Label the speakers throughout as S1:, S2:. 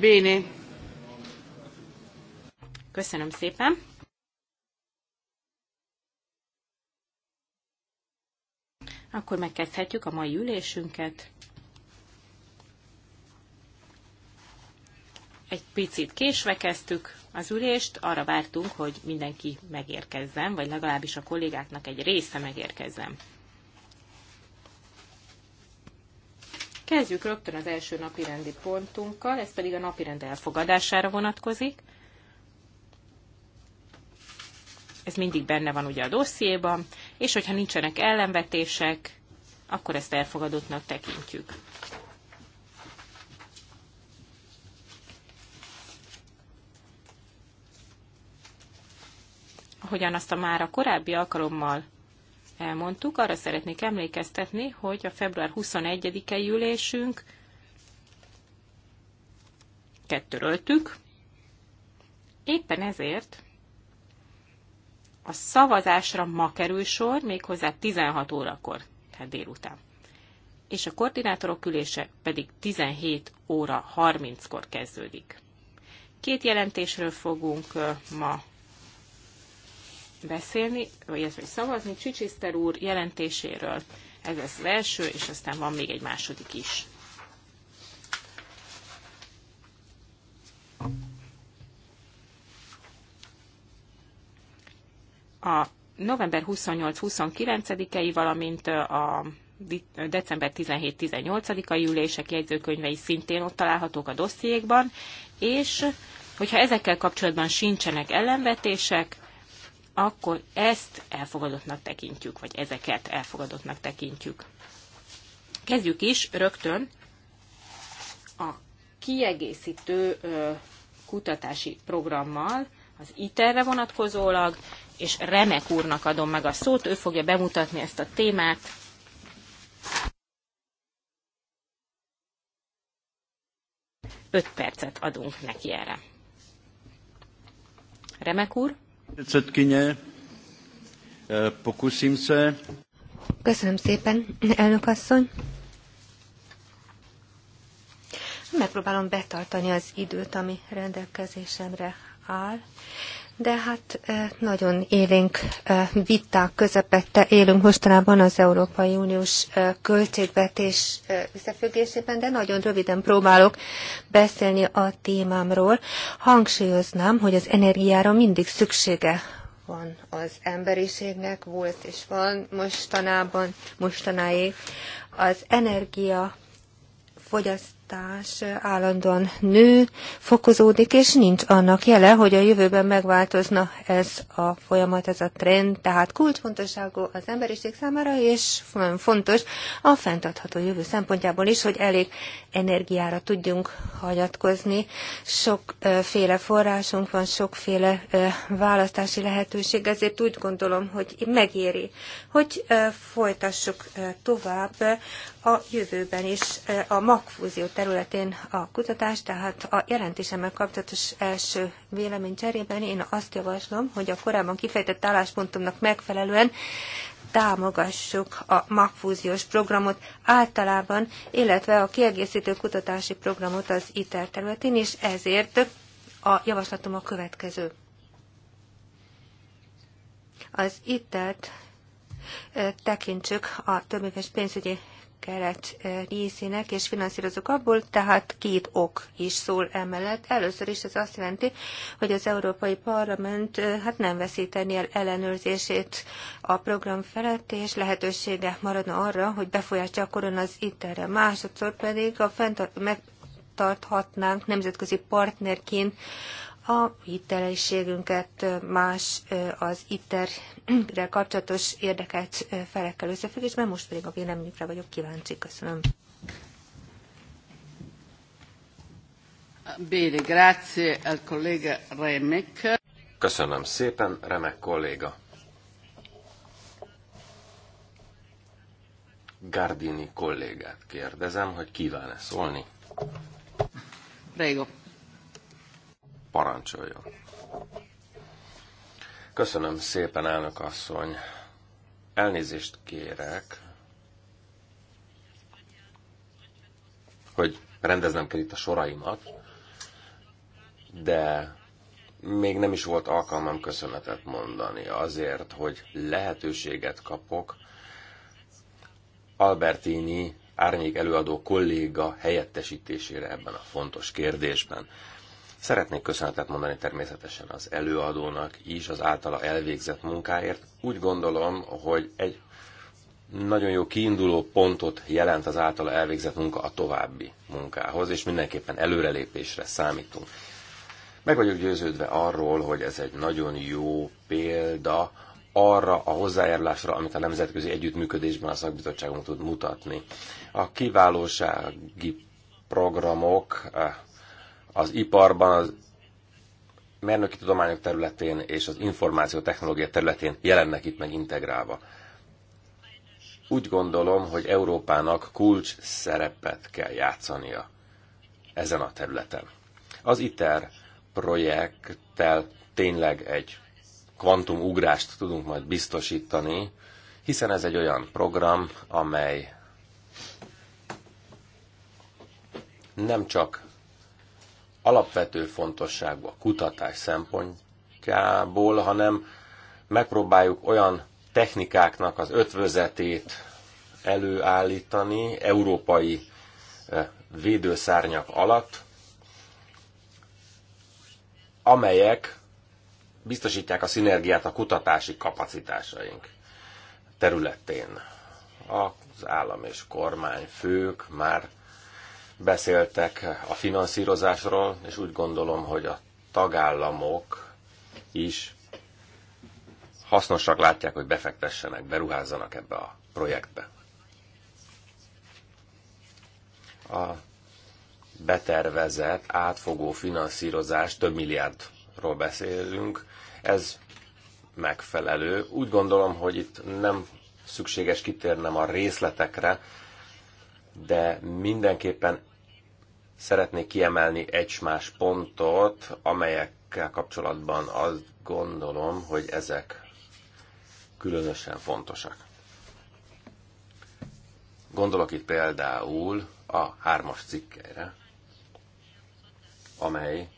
S1: Bene. Köszönöm szépen. Akkor megkezdhetjük a mai ülésünket. Egy picit késve kezdtük az ülést, arra vártunk, hogy mindenki megérkezzen, vagy legalábbis a kollégáknak egy része megérkezzen. Kezdjük rögtön az első napi rendi pontunkkal, ez pedig a napirend elfogadására vonatkozik. Ez mindig benne van ugye a dossziéban, és hogyha nincsenek ellenvetések, akkor ezt elfogadottnak tekintjük. Ahogyan azt a már a korábbi alkalommal elmondtuk. Arra szeretnék emlékeztetni, hogy a február 21 e ülésünk kettőröltük. Éppen ezért a szavazásra ma kerül sor, méghozzá 16 órakor, tehát délután. És a koordinátorok ülése pedig 17 óra 30-kor kezdődik. Két jelentésről fogunk ma beszélni, vagy illetve szavazni Csicsiszter úr jelentéséről. Ez az első, és aztán van még egy második is. A november 28-29-ei, valamint a december 17-18-ai ülések jegyzőkönyvei szintén ott találhatók a dossziékban, és hogyha ezekkel kapcsolatban sincsenek ellenvetések, akkor ezt elfogadottnak tekintjük, vagy ezeket elfogadottnak tekintjük. Kezdjük is rögtön a kiegészítő kutatási programmal, az ITER-re vonatkozólag, és Remek úrnak adom meg a szót, ő fogja bemutatni ezt a témát. Öt percet adunk neki erre.
S2: Remek úr?
S3: Předsedkyně, eh, pokusím se.
S2: Köszönöm szépen, elnök asszony. Megpróbálom betartani az időt, ami rendelkezésemre áll. De hát nagyon élénk viták közepette élünk mostanában az Európai Uniós költségvetés összefüggésében, de nagyon röviden próbálok beszélni a témámról. Hangsúlyoznám, hogy az energiára mindig szüksége van az emberiségnek, volt és van mostanában, mostanáig. Az energia fogyaszt fogyasztás állandóan nő, fokozódik, és nincs annak jele, hogy a jövőben megváltozna ez a folyamat, ez a trend. Tehát kulcsfontosságú az emberiség számára, és fontos a fenntartható jövő szempontjából is, hogy elég energiára tudjunk hagyatkozni. Sokféle forrásunk van, sokféle választási lehetőség, ezért úgy gondolom, hogy megéri, hogy folytassuk tovább a jövőben is e, a magfúzió területén a kutatás, tehát a jelentésemmel kapcsolatos első vélemény cserében én azt javaslom, hogy a korábban kifejtett álláspontomnak megfelelően támogassuk a magfúziós programot általában, illetve a kiegészítő kutatási programot az ITER területén, és ezért a javaslatom a következő. Az ITER-t e, tekintsük a többéves pénzügyi kelet részének, és finanszírozunk abból, tehát két ok is szól emellett. Először is ez azt jelenti, hogy az Európai Parlament hát nem veszíteni el ellenőrzését a program felett, és lehetősége maradna arra, hogy a gyakoroljon az ITER-re. Másodszor pedig a fent, tarthatnánk nemzetközi partnerként a hitelességünket más az ITER-re kapcsolatos érdekelt felekkel összefüggésben, most pedig a véleményükre vagyok kíváncsi. Köszönöm.
S1: Bene, grazie al collega Remek.
S4: Köszönöm szépen, Remek kolléga. Gardini kollégát kérdezem, hogy kíván-e szólni. Prego parancsoljon. Köszönöm szépen, elnök asszony. Elnézést kérek, hogy rendeznem kell itt a soraimat, de még nem is volt alkalmam köszönetet mondani azért, hogy lehetőséget kapok Albertini árnyék előadó kolléga helyettesítésére ebben a fontos kérdésben. Szeretnék köszönetet mondani természetesen az előadónak is, az általa elvégzett munkáért. Úgy gondolom, hogy egy nagyon jó kiinduló pontot jelent az általa elvégzett munka a további munkához, és mindenképpen előrelépésre számítunk. Meg vagyok győződve arról, hogy ez egy nagyon jó példa arra a hozzájárulásra, amit a nemzetközi együttműködésben a szakbizottságunk tud mutatni. A kiválósági programok eh, az iparban, az mérnöki tudományok területén és az technológia területén jelennek itt meg integrálva. Úgy gondolom, hogy Európának kulcs szerepet kell játszania ezen a területen. Az ITER projekttel tényleg egy kvantumugrást tudunk majd biztosítani, hiszen ez egy olyan program, amely nem csak alapvető fontosságú a kutatás szempontjából, hanem megpróbáljuk olyan technikáknak az ötvözetét előállítani európai eh, védőszárnyak alatt, amelyek biztosítják a szinergiát a kutatási kapacitásaink területén. Az állam és kormányfők már Beszéltek a finanszírozásról, és úgy gondolom, hogy a tagállamok is hasznosak látják, hogy befektessenek, beruházzanak ebbe a projektbe. A betervezett, átfogó finanszírozás, több milliárdról beszélünk, ez megfelelő. Úgy gondolom, hogy itt nem szükséges kitérnem a részletekre, de mindenképpen Szeretnék kiemelni egy más pontot, amelyekkel kapcsolatban azt gondolom, hogy ezek különösen fontosak. Gondolok itt például a hármas cikkeire, amely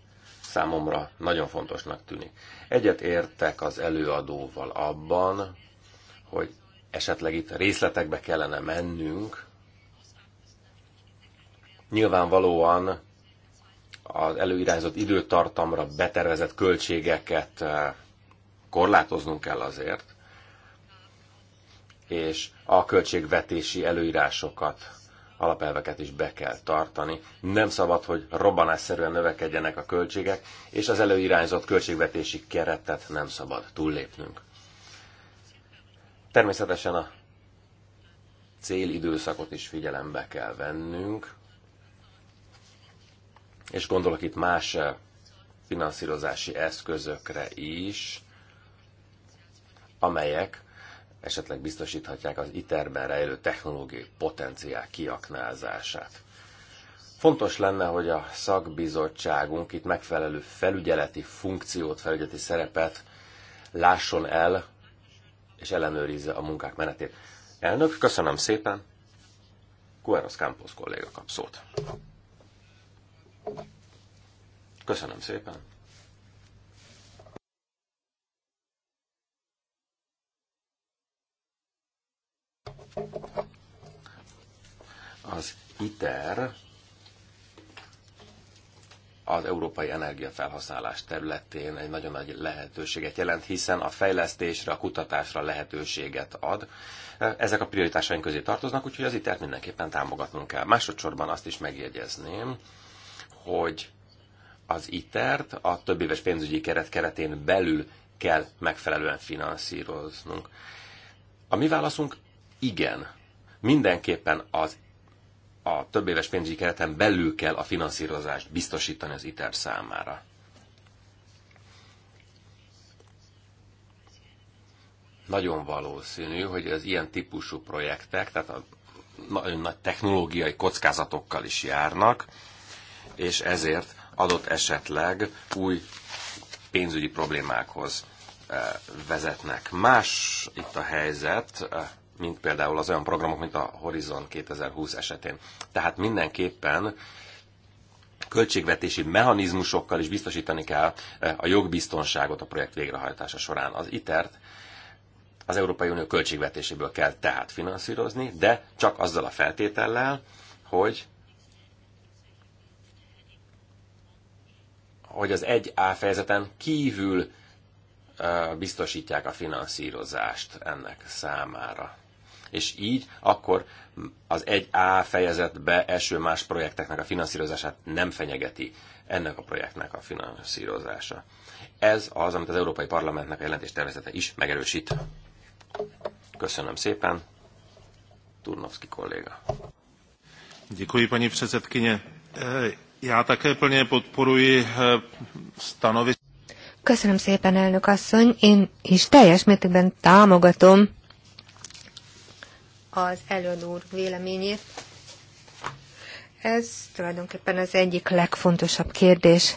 S4: számomra nagyon fontosnak tűnik. Egyet értek az előadóval abban, hogy esetleg itt részletekbe kellene mennünk, Nyilvánvalóan az előirányzott időtartamra betervezett költségeket eh, korlátoznunk kell azért, és a költségvetési előírásokat, alapelveket is be kell tartani. Nem szabad, hogy robbanásszerűen növekedjenek a költségek, és az előirányzott költségvetési keretet nem szabad túllépnünk. Természetesen a célidőszakot is figyelembe kell vennünk, és gondolok itt más eh, finanszírozási eszközökre is, amelyek esetleg biztosíthatják az ITER-ben rejlő technológiai potenciál kiaknázását. Fontos lenne, hogy a szakbizottságunk itt megfelelő felügyeleti funkciót, felügyeleti szerepet lásson el, és ellenőrizze a munkák menetét. Elnök, köszönöm szépen. Kuerosz Campos kolléga kap szót. Köszönöm szépen. Az ITER az európai energiafelhasználás területén egy nagyon nagy lehetőséget jelent, hiszen a fejlesztésre, a kutatásra lehetőséget ad. Ezek a prioritásaink közé tartoznak, úgyhogy az ITER mindenképpen támogatnunk kell. Másodszorban azt is megjegyezném, hogy az ITER-t a többéves pénzügyi keret keretén belül kell megfelelően finanszíroznunk. A mi válaszunk igen. Mindenképpen az a többéves pénzügyi kereten belül kell a finanszírozást biztosítani az ITER számára. Nagyon valószínű, hogy az ilyen típusú projektek, tehát a nagyon nagy technológiai kockázatokkal is járnak, és ezért adott esetleg új pénzügyi problémákhoz eh, vezetnek. Más itt a helyzet, eh, mint például az olyan programok, mint a Horizon 2020 esetén. Tehát mindenképpen költségvetési mechanizmusokkal is biztosítani kell eh, a jogbiztonságot a projekt végrehajtása során. Az iter az Európai Unió költségvetéséből kell tehát finanszírozni, de csak azzal a feltétellel, hogy hogy az egy a fejezeten kívül biztosítják a finanszírozást ennek számára. És így akkor az egy a fejezetbe eső más projekteknek a finanszírozását nem fenyegeti ennek a projektnek a finanszírozása. Ez az, amit az Európai Parlamentnek a jelentés tervezete is megerősít. Köszönöm szépen.
S3: Turnovski kolléga. Děkuji, paní předsedkyně. Eh, Já také plně podporuji eh, stanovisko.
S2: Köszönöm szépen, elnök asszony. Én is teljes mértékben támogatom az előadó úr véleményét. Ez tulajdonképpen az egyik legfontosabb kérdés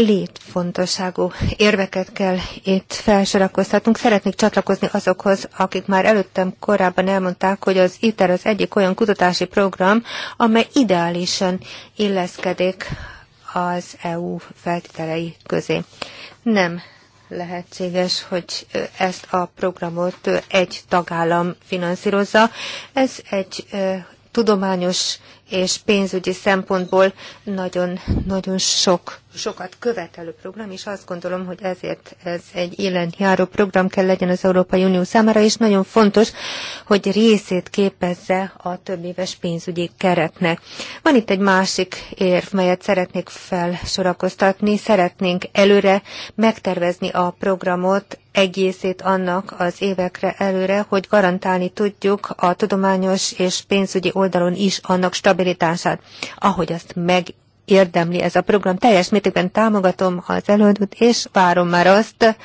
S2: létfontosságú érveket kell itt felsorakoztatnunk. Szeretnék csatlakozni azokhoz, akik már előttem korábban elmondták, hogy az ITER az egyik olyan kutatási program, amely ideálisan illeszkedik az EU feltételei közé. Nem lehetséges, hogy ezt a programot egy tagállam finanszírozza. Ez egy tudományos és pénzügyi szempontból nagyon-nagyon sok sokat követelő program, és azt gondolom, hogy ezért ez egy járó program kell legyen az Európai Unió számára, és nagyon fontos, hogy részét képezze a több éves pénzügyi keretnek. Van itt egy másik érv, melyet szeretnék felsorakoztatni. Szeretnénk előre megtervezni a programot, egészét annak az évekre előre, hogy garantálni tudjuk a tudományos és pénzügyi oldalon is annak stabilitását, ahogy azt meg Érdemli ez a program. Teljes mértékben támogatom az előadót, és várom már azt,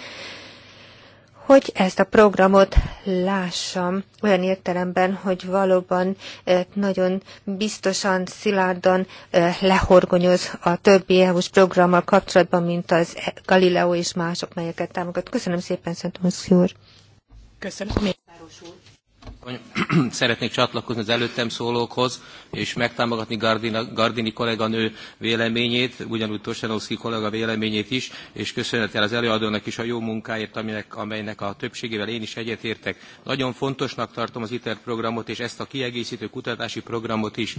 S2: hogy ezt a programot lássam olyan értelemben, hogy valóban eh, nagyon biztosan, szilárdan eh, lehorgonyoz a többi EU-s programmal kapcsolatban, mint az Galileo és mások, melyeket támogat. Köszönöm szépen, Szent úr.
S3: Köszönöm. Mészáros úr. Szeretnék csatlakozni az előttem szólókhoz, és megtámogatni Gardini kolléganő véleményét, ugyanúgy Tosanovszki kollega véleményét is, és köszönettel az előadónak is a jó munkáért, aminek, amelynek a többségével én is egyetértek. Nagyon fontosnak tartom az ITER programot, és ezt a kiegészítő kutatási programot is.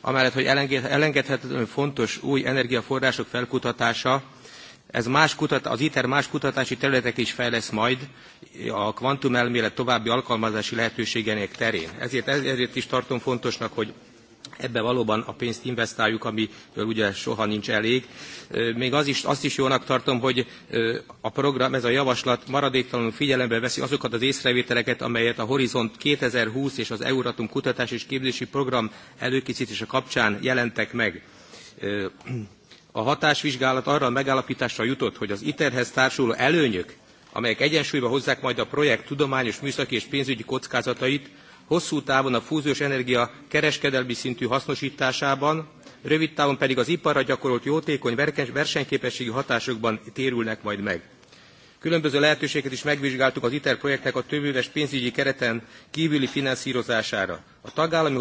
S3: Amellett, hogy elengedhetetlenül fontos új energiaforrások felkutatása, ez más kutat, az ITER más kutatási területek is fejlesz majd a kvantumelmélet további alkalmazási lehetőségeinek terén. Ezért, ezért is tartom fontosnak, hogy ebbe valóban a pénzt investáljuk, amiből ugye soha nincs elég. Még az is, azt is jónak tartom, hogy a program, ez a javaslat maradéktalanul figyelembe veszi azokat az észrevételeket, amelyet a Horizont 2020 és az Euratom kutatás és képzési program előkészítése kapcsán jelentek meg a hatásvizsgálat arra a megállapításra jutott, hogy az ITER-hez társuló előnyök, amelyek egyensúlyba hozzák majd a projekt tudományos, műszaki és pénzügyi kockázatait, hosszú távon a fúziós energia kereskedelmi szintű hasznosításában, rövid távon pedig az iparra gyakorolt jótékony versenyképességi hatásokban térülnek majd meg. Különböző lehetőséget is megvizsgáltuk az ITER projektnek a többéves pénzügyi kereten kívüli finanszírozására. A tagállami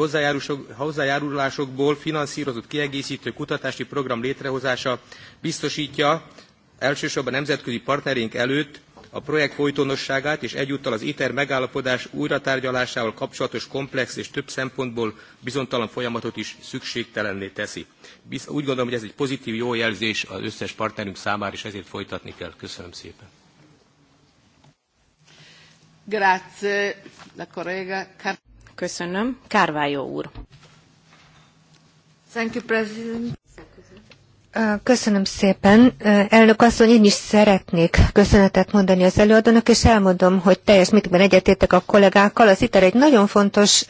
S3: hozzájárulásokból finanszírozott kiegészítő kutatási program létrehozása biztosítja elsősorban nemzetközi partnerink előtt a projekt folytonosságát és egyúttal az ITER megállapodás újratárgyalásával kapcsolatos komplex és több szempontból bizonytalan folyamatot is szükségtelenné teszi. Úgy gondolom, hogy ez egy pozitív jó jelzés az összes partnerünk számára, és ezért folytatni kell. Köszönöm szépen.
S1: Grazie, la collega Car- Köszönöm. Kárvályó
S2: úr. Thank you, President. Köszönöm szépen. Elnök asszony, én is szeretnék köszönetet mondani az előadónak, és elmondom, hogy teljes mértékben egyetértek a kollégákkal. Az ITER egy nagyon fontos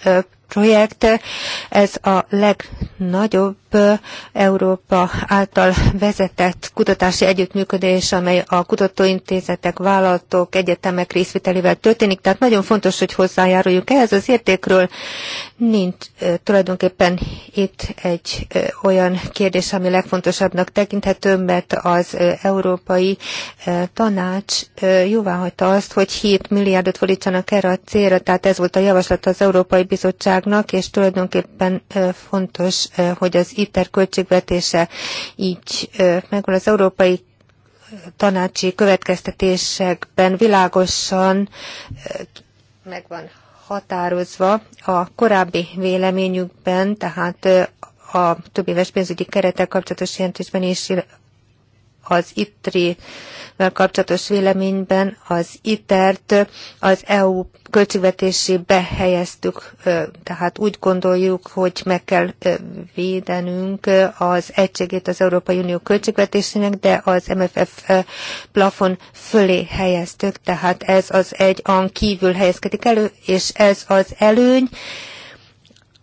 S2: projekt, ez a legnagyobb Európa által vezetett kutatási együttműködés, amely a kutatóintézetek, vállalatok, egyetemek részvételével történik, tehát nagyon fontos, hogy hozzájáruljunk ehhez az értékről. Nincs tulajdonképpen itt egy olyan kérdés, ami legfontosabbnak tekinthető, mert az Európai Tanács jóváhagyta azt, hogy 7 milliárdot fordítsanak erre a célra, tehát ez volt a javaslat az Európai Bizottságnak, és tulajdonképpen fontos, hogy az ITER költségvetése, így megvan az európai tanácsi következtetésekben világosan megvan határozva a korábbi véleményükben, tehát a több éves pénzügyi keretek kapcsolatos jelentésben is az itri kapcsolatos véleményben az ITER-t az EU költségvetésébe helyeztük, tehát úgy gondoljuk, hogy meg kell védenünk az egységét az Európai Unió költségvetésének, de az MFF plafon fölé helyeztük, tehát ez az egy an kívül helyezkedik elő, és ez az előny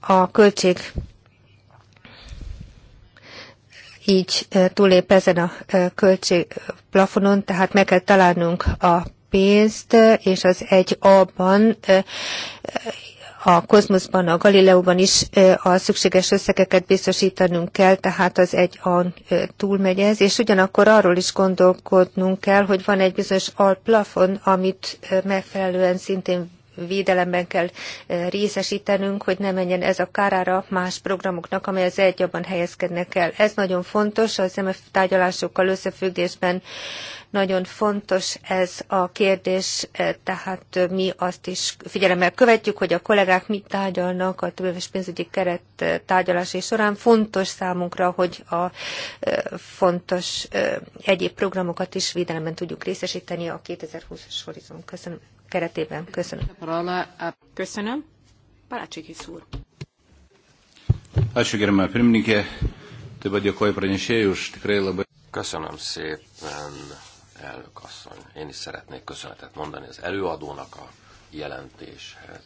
S2: a költség így túlép ezen a költség plafonon, tehát meg kell találnunk a pénzt, és az egy abban a Kozmoszban, a Galileóban is a szükséges összegeket biztosítanunk kell, tehát az egy a túlmegy ez, és ugyanakkor arról is gondolkodnunk kell, hogy van egy bizonyos alplafon, amit megfelelően szintén védelemben kell részesítenünk, hogy ne menjen ez a kárára más programoknak, amely az egyabban helyezkednek el. Ez nagyon fontos, az MF tárgyalásokkal összefüggésben nagyon fontos ez a kérdés, tehát mi azt is figyelemmel követjük, hogy a kollégák mit tárgyalnak a többéves pénzügyi keret tárgyalásai során. Fontos számunkra, hogy a fontos egyéb programokat is védelemben tudjuk részesíteni a 2020-as horizont Köszönöm keretében. Köszönöm. Köszönöm.
S1: Palácsik úr.
S4: Köszönöm szépen, elnök asszony. Én is szeretnék köszönetet mondani az előadónak a jelentéshez.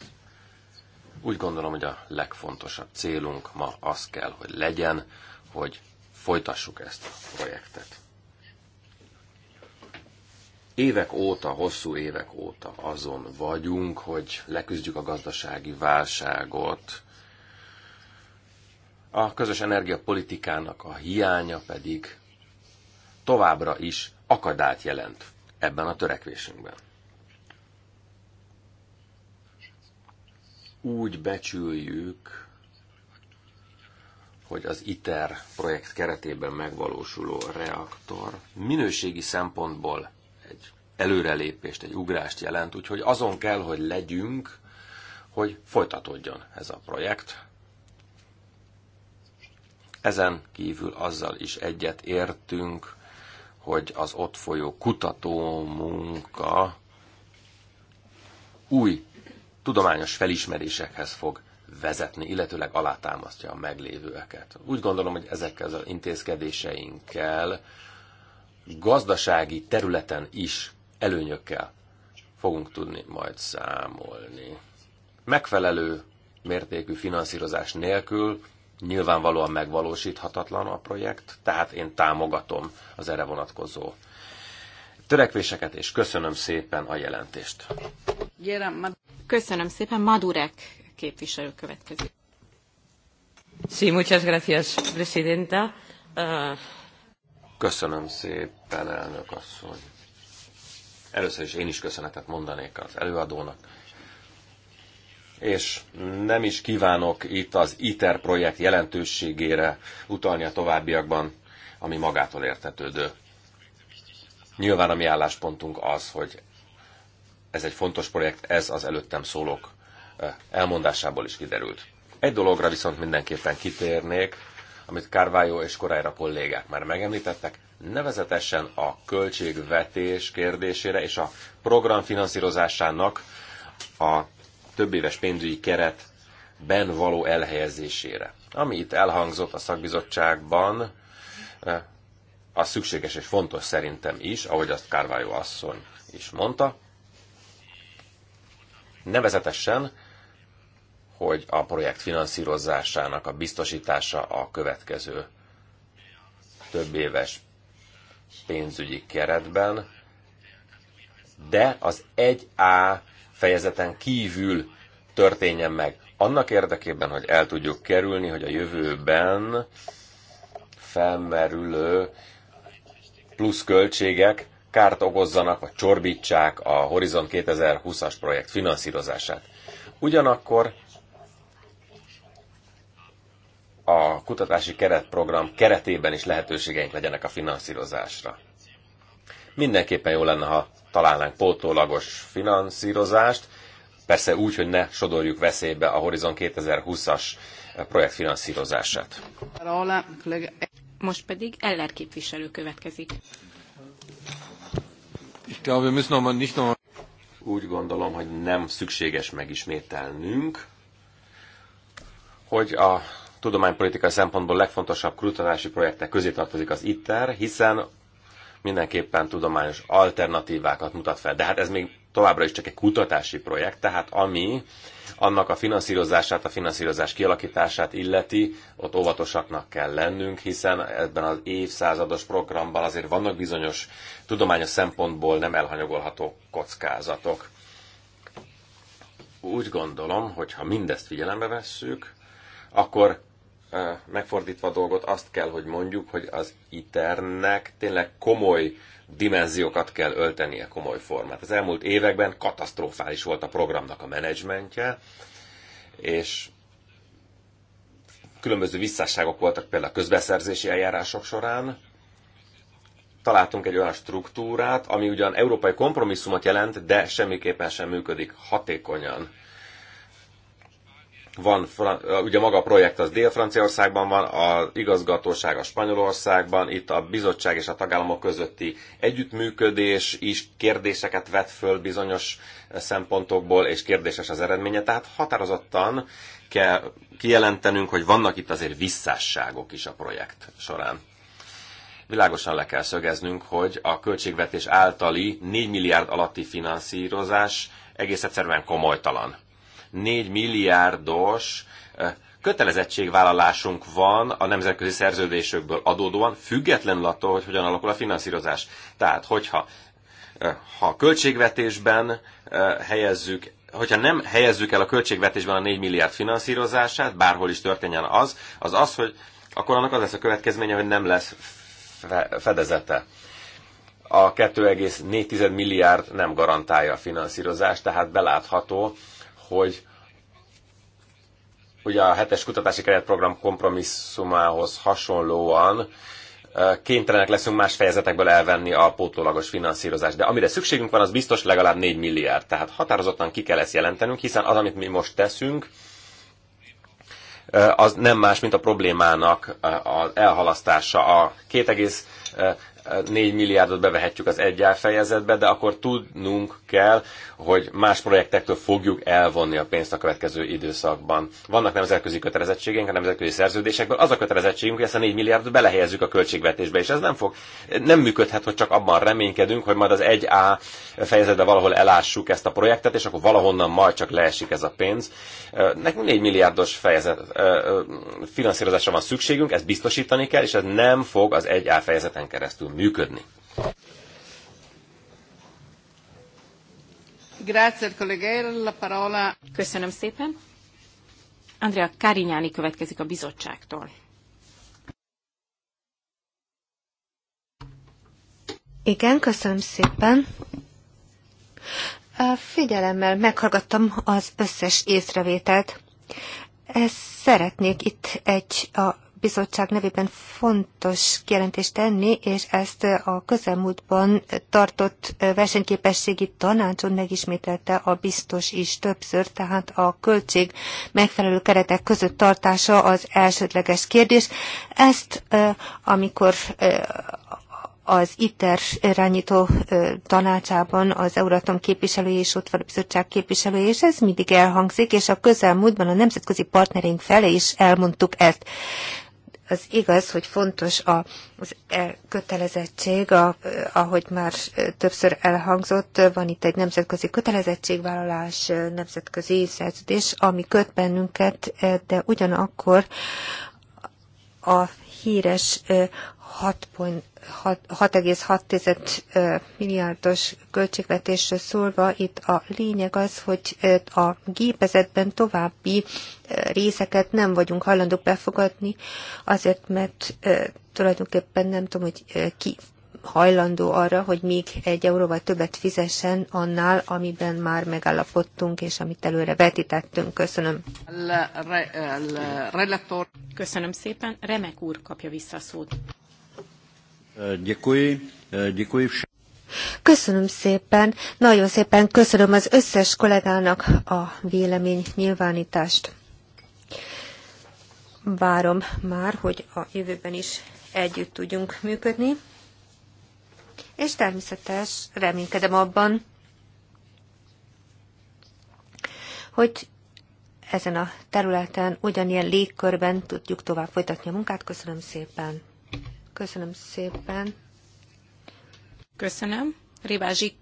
S4: Úgy gondolom, hogy a legfontosabb célunk ma az kell, hogy legyen, hogy folytassuk ezt a projektet évek óta, hosszú évek óta azon vagyunk, hogy leküzdjük a gazdasági válságot. A közös energiapolitikának a hiánya pedig továbbra is akadályt jelent ebben a törekvésünkben. Úgy becsüljük, hogy az ITER projekt keretében megvalósuló reaktor minőségi szempontból előrelépést, egy ugrást jelent, úgyhogy azon kell, hogy legyünk, hogy folytatódjon ez a projekt. Ezen kívül azzal is egyet értünk, hogy az ott folyó kutató munka új tudományos felismerésekhez fog vezetni, illetőleg alátámasztja a meglévőeket. Úgy gondolom, hogy ezekkel az intézkedéseinkkel gazdasági területen is előnyökkel fogunk tudni majd számolni. Megfelelő mértékű finanszírozás nélkül nyilvánvalóan megvalósíthatatlan a projekt, tehát én támogatom az erre vonatkozó törekvéseket, és köszönöm szépen a jelentést.
S1: Köszönöm szépen, Madurek képviselő következő. Sí, muchas gracias, presidenta. Uh...
S4: Köszönöm szépen, elnök asszony. Először is én is köszönetet mondanék az előadónak. És nem is kívánok itt az ITER projekt jelentőségére utalni a továbbiakban, ami magától értetődő. Nyilván a mi álláspontunk az, hogy ez egy fontos projekt, ez az előttem szólók eh, elmondásából is kiderült. Egy dologra viszont mindenképpen kitérnék, amit Carvalho és Korájra kollégák már megemlítettek, nevezetesen a költségvetés kérdésére és a program finanszírozásának a több éves pénzügyi keretben való elhelyezésére. Ami itt elhangzott a szakbizottságban, eh, az szükséges és fontos szerintem is, ahogy azt Carvalho asszony is mondta, nevezetesen hogy a projekt finanszírozásának a biztosítása a következő több éves pénzügyi keretben, de az 1A fejezeten kívül történjen meg. Annak érdekében, hogy el tudjuk kerülni, hogy a jövőben felmerülő plusz költségek kárt okozzanak, vagy csorbítsák a Horizon 2020-as projekt finanszírozását. Ugyanakkor a kutatási keretprogram keretében is lehetőségeink legyenek a finanszírozásra. Mindenképpen jó lenne, ha találnánk pótólagos finanszírozást, persze úgy, hogy ne sodorjuk veszélybe a Horizon 2020-as projekt finanszírozását.
S1: Most pedig Eller képviselő következik.
S4: Úgy gondolom, hogy nem szükséges megismételnünk, hogy a tudománypolitikai szempontból legfontosabb kutatási projektek közé tartozik az ITER, hiszen mindenképpen tudományos alternatívákat mutat fel. De hát ez még továbbra is csak egy kutatási projekt, tehát ami annak a finanszírozását, a finanszírozás kialakítását illeti, ott óvatosaknak kell lennünk, hiszen ebben az évszázados programban azért vannak bizonyos tudományos szempontból nem elhanyagolható kockázatok. Úgy gondolom, hogy ha mindezt figyelembe vesszük, akkor megfordítva a dolgot, azt kell, hogy mondjuk, hogy az iternek tényleg komoly dimenziókat kell öltenie, komoly formát. Az elmúlt években katasztrofális volt a programnak a menedzsmentje, és különböző visszásságok voltak például a közbeszerzési eljárások során. Találtunk egy olyan struktúrát, ami ugyan európai kompromisszumot jelent, de semmiképpen sem működik hatékonyan van, ugye maga a projekt az Dél-Franciaországban van, a igazgatóság a Spanyolországban, itt a bizottság és a tagállamok közötti együttműködés is kérdéseket vet föl bizonyos szempontokból, és kérdéses az eredménye. Tehát határozottan kell kijelentenünk, hogy vannak itt azért visszásságok is a projekt során világosan le kell szögeznünk, hogy a költségvetés általi 4 milliárd alatti finanszírozás egész egyszerűen komolytalan. 4 milliárdos eh, kötelezettségvállalásunk van a nemzetközi szerződésekből adódóan, függetlenül attól, hogy hogyan alakul a finanszírozás. Tehát, hogyha eh, ha a költségvetésben eh, helyezzük hogyha nem helyezzük el a költségvetésben a 4 milliárd finanszírozását, bárhol is történjen az, az az, hogy akkor annak az lesz a következménye, hogy nem lesz fedezete. A 2,4 milliárd nem garantálja a finanszírozást, tehát belátható, hogy ugye a hetes kutatási keretprogram kompromisszumához hasonlóan kénytelenek leszünk más fejezetekből elvenni a pótlólagos finanszírozást. De amire szükségünk van, az biztos legalább 4 milliárd. Tehát határozottan ki kell ezt jelentenünk, hiszen az, amit mi most teszünk, az nem más, mint a problémának az elhalasztása. A 4 milliárdot bevehetjük az egy fejezetbe, de akkor tudnunk kell, hogy más projektektől fogjuk elvonni a pénzt a következő időszakban. Vannak nemzetközi kötelezettségeink, a nemzetközi szerződésekből az a kötelezettségünk, hogy ezt a 4 milliárdot belehelyezzük a költségvetésbe, és ez nem fog, nem működhet, hogy csak abban reménykedünk, hogy majd az 1A fejezetbe valahol elássuk ezt a projektet, és akkor valahonnan majd csak leesik ez a pénz. Nekünk 4 milliárdos fejezet finanszírozásra van szükségünk, ezt biztosítani kell, és ez nem fog az 1A fejezeten keresztül fog működni.
S1: Köszönöm szépen. Andrea Karinyáni következik a bizottságtól.
S2: Igen, köszönöm szépen. Figyelemmel meghallgattam az összes észrevételt. Ezt szeretnék itt egy a bizottság nevében fontos kijelentést tenni, és ezt a közelmúltban tartott versenyképességi tanácson megismételte a biztos is többször, tehát a költség megfelelő keretek között tartása az elsődleges kérdés. Ezt, amikor az ITER irányító tanácsában az Euratom képviselői és ott van a bizottság képviselője, és ez mindig elhangzik, és a közelmúltban a nemzetközi partnerink felé is elmondtuk ezt. Az igaz, hogy fontos a, az e kötelezettség, a, ahogy már többször elhangzott, van itt egy nemzetközi kötelezettségvállalás, nemzetközi szerződés, ami köt bennünket, de ugyanakkor a híres 6,6 milliárdos költségvetésről szólva, itt a lényeg az, hogy a gépezetben további részeket nem vagyunk hajlandók befogadni, azért mert tulajdonképpen nem tudom, hogy ki hajlandó arra, hogy még egy euróval többet fizessen annál, amiben már megállapodtunk, és amit előre vetítettünk. Köszönöm.
S1: Köszönöm szépen. Remek úr kapja vissza a szót.
S2: Köszönöm szépen, nagyon szépen köszönöm az összes kollégának a vélemény nyilvánítást. Várom már, hogy a jövőben is együtt tudjunk működni és természetes reménykedem abban, hogy ezen a területen, ugyanilyen légkörben tudjuk tovább folytatni a munkát. Köszönöm szépen. Köszönöm szépen.
S1: Köszönöm. Rivázsik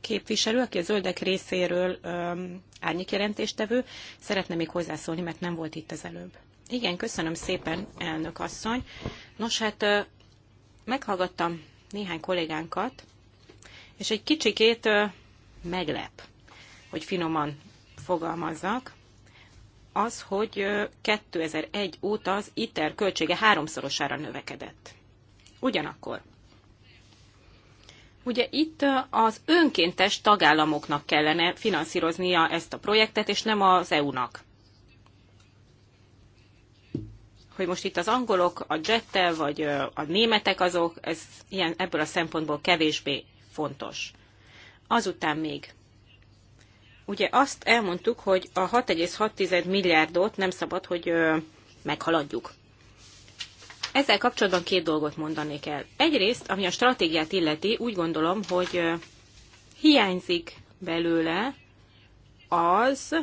S1: képviselő, aki a zöldek részéről um, árnyékjelentéstevő, szeretne még hozzászólni, mert nem volt itt az előbb. Igen, köszönöm szépen, elnök asszony. Nos, hát meghallgattam néhány kollégánkat, és egy kicsikét meglep, hogy finoman fogalmazzak, az, hogy 2001 óta az ITER költsége háromszorosára növekedett. Ugyanakkor. Ugye itt az önkéntes tagállamoknak kellene finanszíroznia ezt a projektet, és nem az EU-nak. hogy most itt az angolok a jettel, vagy a németek azok, ez ilyen, ebből a szempontból kevésbé fontos. Azután még ugye azt elmondtuk, hogy a 6,6 milliárdot nem szabad, hogy meghaladjuk. Ezzel kapcsolatban két dolgot mondanék el. Egyrészt, ami a stratégiát illeti, úgy gondolom, hogy hiányzik belőle az,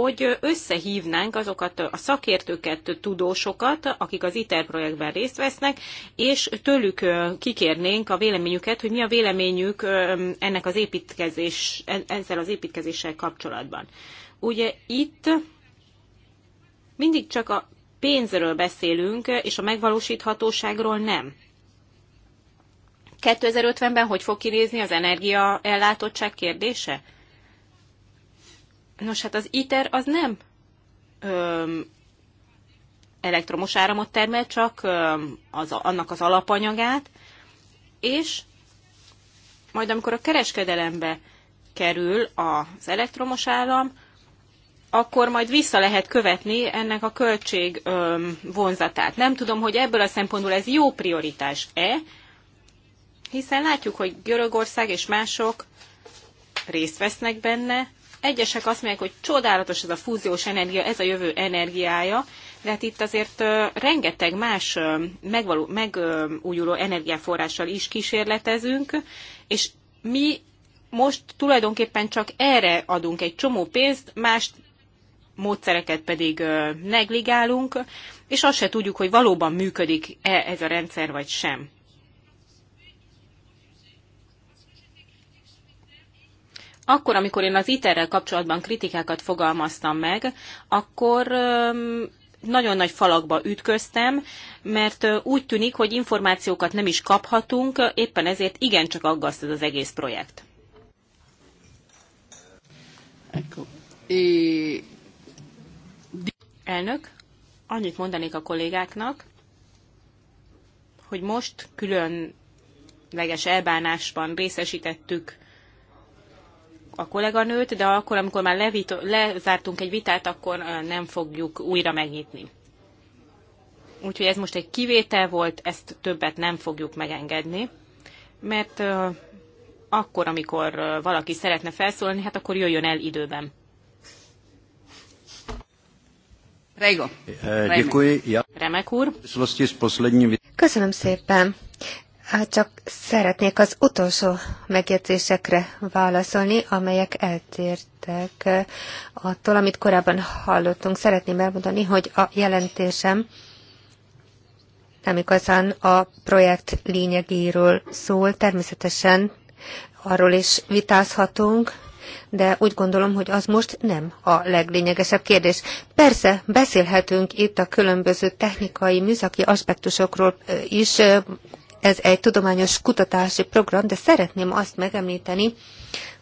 S1: hogy összehívnánk azokat a szakértőket, tudósokat, akik az ITER projektben részt vesznek, és tőlük kikérnénk a véleményüket, hogy mi a véleményük ennek az építkezés, ezzel az építkezéssel kapcsolatban. Ugye itt mindig csak a pénzről beszélünk, és a megvalósíthatóságról nem. 2050-ben hogy fog kinézni az energiaellátottság kérdése? Nos, hát az ITER az nem öm, elektromos áramot termel, csak öm, az, annak az alapanyagát, és majd amikor a kereskedelembe kerül az elektromos áram, akkor majd vissza lehet követni ennek a költség öm, vonzatát. Nem tudom, hogy ebből a szempontból ez jó prioritás-e, hiszen látjuk, hogy Görögország és mások részt vesznek benne, egyesek azt mondják, hogy csodálatos ez a fúziós energia, ez a jövő energiája, de hát itt azért rengeteg más megvaló, megújuló energiaforrással is kísérletezünk, és mi most tulajdonképpen csak erre adunk egy csomó pénzt, más módszereket pedig negligálunk, és azt se tudjuk, hogy valóban működik-e ez a rendszer vagy sem. akkor, amikor én az iter kapcsolatban kritikákat fogalmaztam meg, akkor nagyon nagy falakba ütköztem, mert úgy tűnik, hogy információkat nem is kaphatunk, éppen ezért igencsak aggaszt ez az egész projekt. Elnök, annyit mondanék a kollégáknak, hogy most különleges elbánásban részesítettük a kolléganőt, de akkor, amikor már lezártunk egy vitát, akkor nem fogjuk újra megnyitni. Úgyhogy ez most egy kivétel volt, ezt többet nem fogjuk megengedni, mert akkor, amikor valaki szeretne felszólalni, hát akkor jöjjön el időben.
S2: Rego.
S3: Eh,
S2: Remek úr. Köszönöm szépen. Hát csak szeretnék az utolsó megjegyzésekre válaszolni, amelyek eltértek attól, amit korábban hallottunk. Szeretném elmondani, hogy a jelentésem nem igazán a projekt lényegéről szól. Természetesen arról is vitázhatunk, de úgy gondolom, hogy az most nem a leglényegesebb kérdés. Persze beszélhetünk itt a különböző technikai, műszaki aspektusokról is, ez egy tudományos kutatási program, de szeretném azt megemlíteni,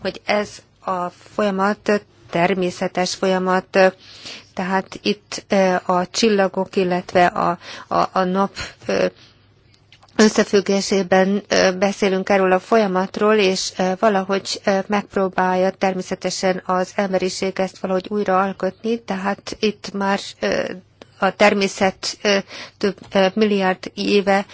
S2: hogy ez a folyamat természetes folyamat, tehát itt e, a csillagok, illetve a, a, a nap e, összefüggésében e, beszélünk erről a folyamatról, és valahogy megpróbálja természetesen az emberiség ezt valahogy újra alkotni, tehát itt már a természet több milliárd éve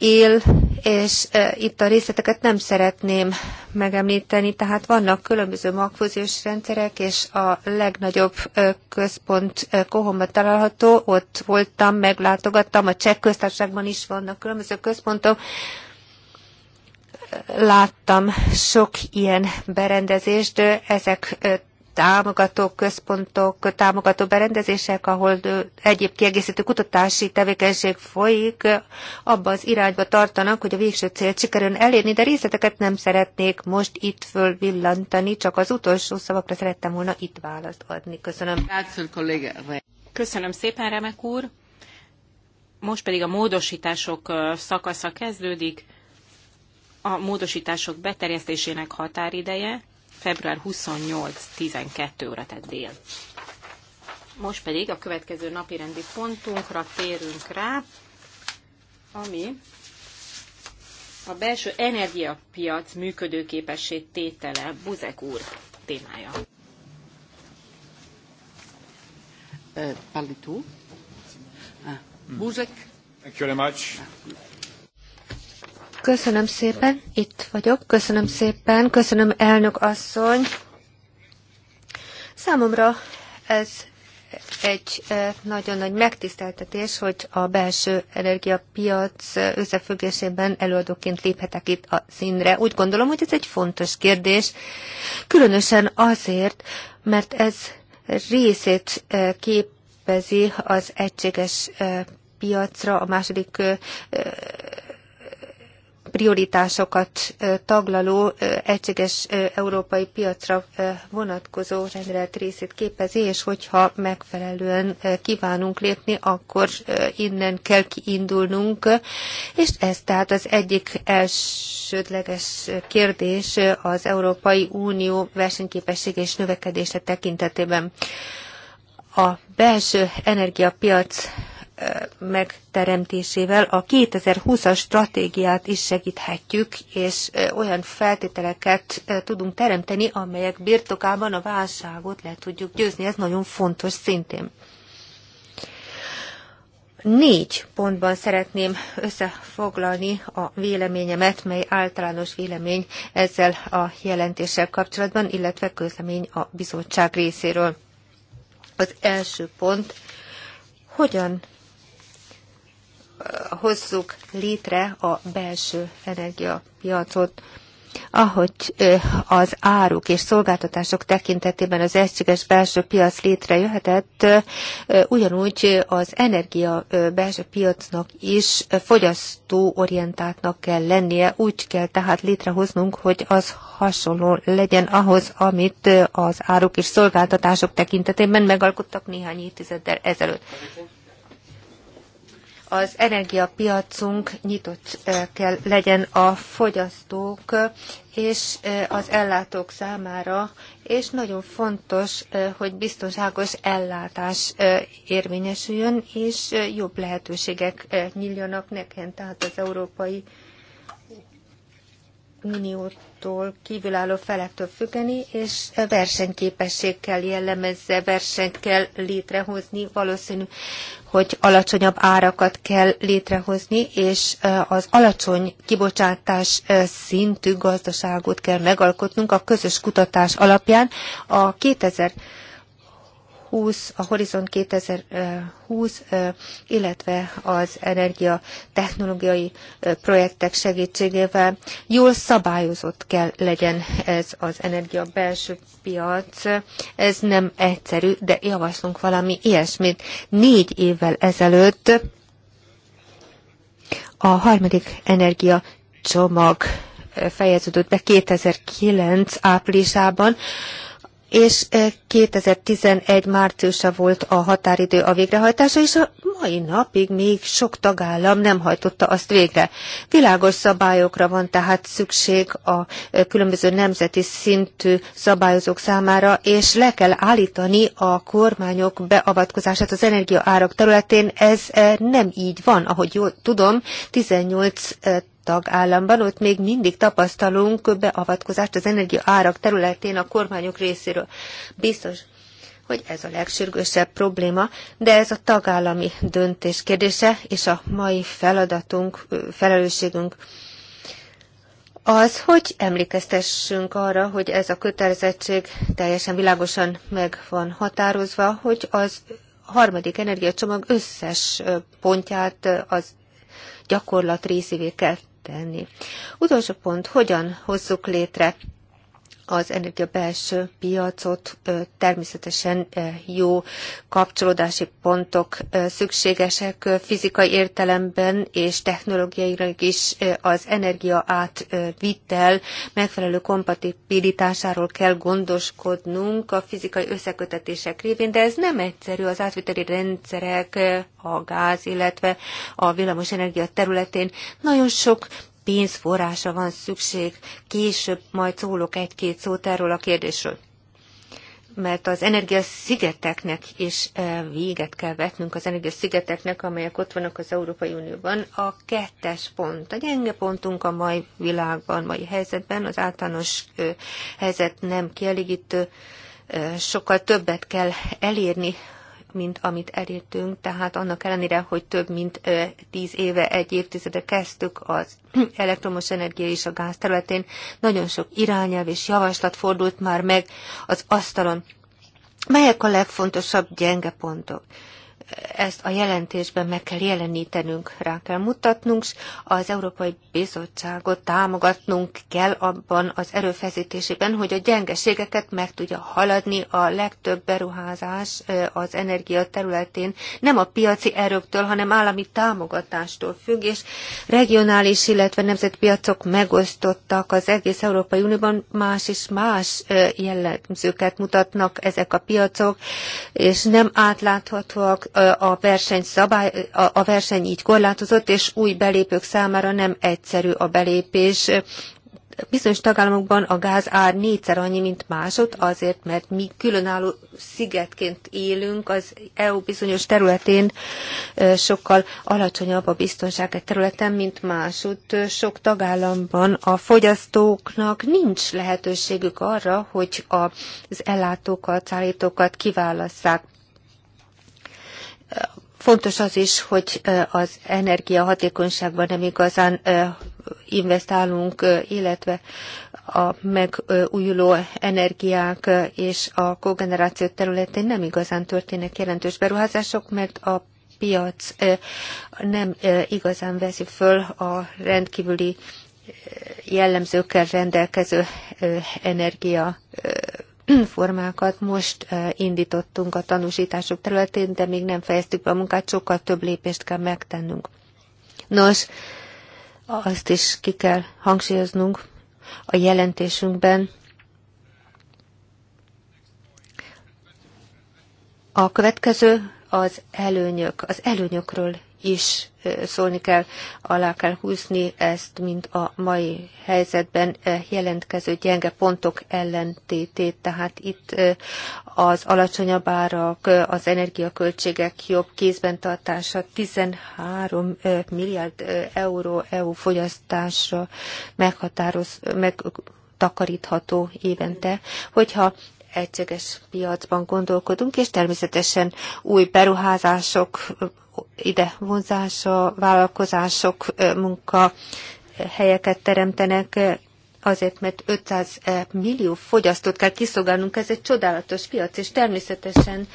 S2: él, és itt a részleteket nem szeretném megemlíteni, tehát vannak különböző magfúziós rendszerek, és a legnagyobb központ Kohomba található, ott voltam, meglátogattam, a cseh köztársaságban is vannak különböző központok, láttam sok ilyen berendezést, ezek támogató központok, támogató berendezések, ahol egyéb kiegészítő kutatási tevékenység folyik, abba az irányba tartanak, hogy a végső célt sikerüljön elérni, de részleteket nem szeretnék most itt fölvillantani, csak az utolsó szavakra szerettem volna itt választ adni. Köszönöm.
S1: Köszönöm szépen, Remek úr. Most pedig a módosítások szakasza kezdődik. A módosítások beterjesztésének határideje február 28-12 óra, tehát dél. Most pedig a következő napi rendi pontunkra térünk rá, ami a belső energiapiac működőképessé tétele Buzek úr témája.
S2: Eh, Palitú. vous eh, Buzek? Thank you very much. Ah, Köszönöm szépen, itt vagyok. Köszönöm szépen, köszönöm elnök asszony. Számomra ez egy eh, nagyon nagy megtiszteltetés, hogy a belső energiapiac eh, összefüggésében előadóként léphetek itt a színre. Úgy gondolom, hogy ez egy fontos kérdés, különösen azért, mert ez részét eh, képezi az egységes piacra, a második prioritásokat taglaló egységes európai piacra vonatkozó rendelet részét képezi, és hogyha megfelelően kívánunk lépni, akkor innen kell kiindulnunk, és ez tehát az egyik elsődleges kérdés az Európai Unió versenyképessége és növekedése tekintetében. A belső energiapiac megteremtésével a 2020-as stratégiát is segíthetjük, és olyan feltételeket tudunk teremteni, amelyek birtokában a válságot le tudjuk győzni. Ez nagyon fontos szintén. Négy pontban szeretném összefoglalni a véleményemet, mely általános vélemény ezzel a jelentéssel kapcsolatban, illetve közlemény a bizottság részéről. Az első pont, hogyan hozzuk létre a belső energiapiacot. Ahogy az áruk és szolgáltatások tekintetében az egységes belső piac létrejöhetett, ugyanúgy az energia belső piacnak is fogyasztóorientáltnak kell lennie, úgy kell tehát létrehoznunk, hogy az hasonló legyen ahhoz, amit az áruk és szolgáltatások tekintetében megalkottak néhány évtizeddel ezelőtt az energiapiacunk nyitott kell legyen a fogyasztók és az ellátók számára, és nagyon fontos, hogy biztonságos ellátás érvényesüljön, és jobb lehetőségek nyíljanak nekem, tehát az európai Uniótól kívülálló felektől függeni, és versenyképesség kell jellemezze, versenyt kell létrehozni. Valószínű, hogy alacsonyabb árakat kell létrehozni, és az alacsony kibocsátás szintű gazdaságot kell megalkotnunk a közös kutatás alapján. A 2000 20, a Horizon 2020, illetve az energia technológiai projektek segítségével jól szabályozott kell legyen ez az energia belső piac. Ez nem egyszerű, de javaslunk valami ilyesmit. Négy évvel ezelőtt a harmadik energia csomag fejeződött be 2009 áprilisában, és 2011 márciusa volt a határidő a végrehajtása, és a mai napig még sok tagállam nem hajtotta azt végre. Világos szabályokra van tehát szükség a különböző nemzeti szintű szabályozók számára, és le kell állítani a kormányok beavatkozását az energiaárak területén. Ez nem így van, ahogy jól tudom, 18 tagállamban, ott még mindig tapasztalunk beavatkozást az energia árak területén a kormányok részéről. Biztos, hogy ez a legsürgősebb probléma, de ez a tagállami döntés kérdése, és a mai feladatunk, felelősségünk az, hogy emlékeztessünk arra, hogy ez a kötelezettség teljesen világosan meg van határozva, hogy az harmadik energiacsomag összes pontját az gyakorlat részévé kell tenni. Utolsó pont, hogyan hozzuk létre az energia belső piacot természetesen jó kapcsolódási pontok szükségesek fizikai értelemben és technológiailag is az energia átvitel megfelelő kompatibilitásáról kell gondoskodnunk a fizikai összekötetések révén, de ez nem egyszerű az átviteli rendszerek, a gáz, illetve a villamosenergia területén. Nagyon sok pénzforrása van szükség. Később majd szólok egy-két szót erről a kérdésről. Mert az energiaszigeteknek is eh, véget kell vetnünk, az energiaszigeteknek, amelyek ott vannak az Európai Unióban. A kettes pont, a gyenge pontunk a mai világban, mai helyzetben, az általános eh, helyzet nem kielégítő, eh, sokkal többet kell elérni mint amit elértünk, tehát annak ellenére, hogy több mint tíz éve, egy évtizede kezdtük az elektromos energia és a gáz területén, nagyon sok irányelv és javaslat fordult már meg az asztalon. Melyek a legfontosabb gyenge pontok? ezt a jelentésben meg kell jelenítenünk, rá kell mutatnunk, az Európai Bizottságot támogatnunk kell abban az erőfeszítésében, hogy a gyengeségeket meg tudja haladni a legtöbb beruházás az energia területén nem a piaci erőktől, hanem állami támogatástól függ, és regionális, illetve nemzetpiacok megosztottak az egész Európai Unióban, más és más jellemzőket mutatnak ezek a piacok, és nem átláthatóak, a verseny, szabály, a verseny így korlátozott, és új belépők számára nem egyszerű a belépés. Bizonyos tagállamokban a gáz ár négyszer annyi, mint másod, azért, mert mi különálló szigetként élünk, az EU bizonyos területén sokkal alacsonyabb a biztonság egy területen, mint másod. Sok tagállamban a fogyasztóknak nincs lehetőségük arra, hogy az ellátókat, szállítókat kiválasszák Fontos az is, hogy az energiahatékonyságban nem igazán investálunk, illetve a megújuló energiák és a kogeneráció területén nem igazán történnek jelentős beruházások, mert a piac nem igazán veszi föl a rendkívüli jellemzőkkel rendelkező energia formákat most indítottunk a tanúsítások területén, de még nem fejeztük be a munkát, sokkal több lépést kell megtennünk. Nos, azt is ki kell hangsúlyoznunk a jelentésünkben, A következő az előnyök. Az előnyökről is szólni kell, alá kell húzni ezt, mint a mai helyzetben jelentkező gyenge pontok ellentétét. Tehát itt az alacsonyabb árak, az energiaköltségek jobb kézben tartása 13 milliárd euró EU fogyasztásra meghatároz, megtakarítható évente, hogyha egységes piacban gondolkodunk, és természetesen új beruházások ide vonzása, vállalkozások munka helyeket teremtenek, azért, mert 500 eh, millió fogyasztót kell kiszolgálnunk, ez egy csodálatos piac, és természetesen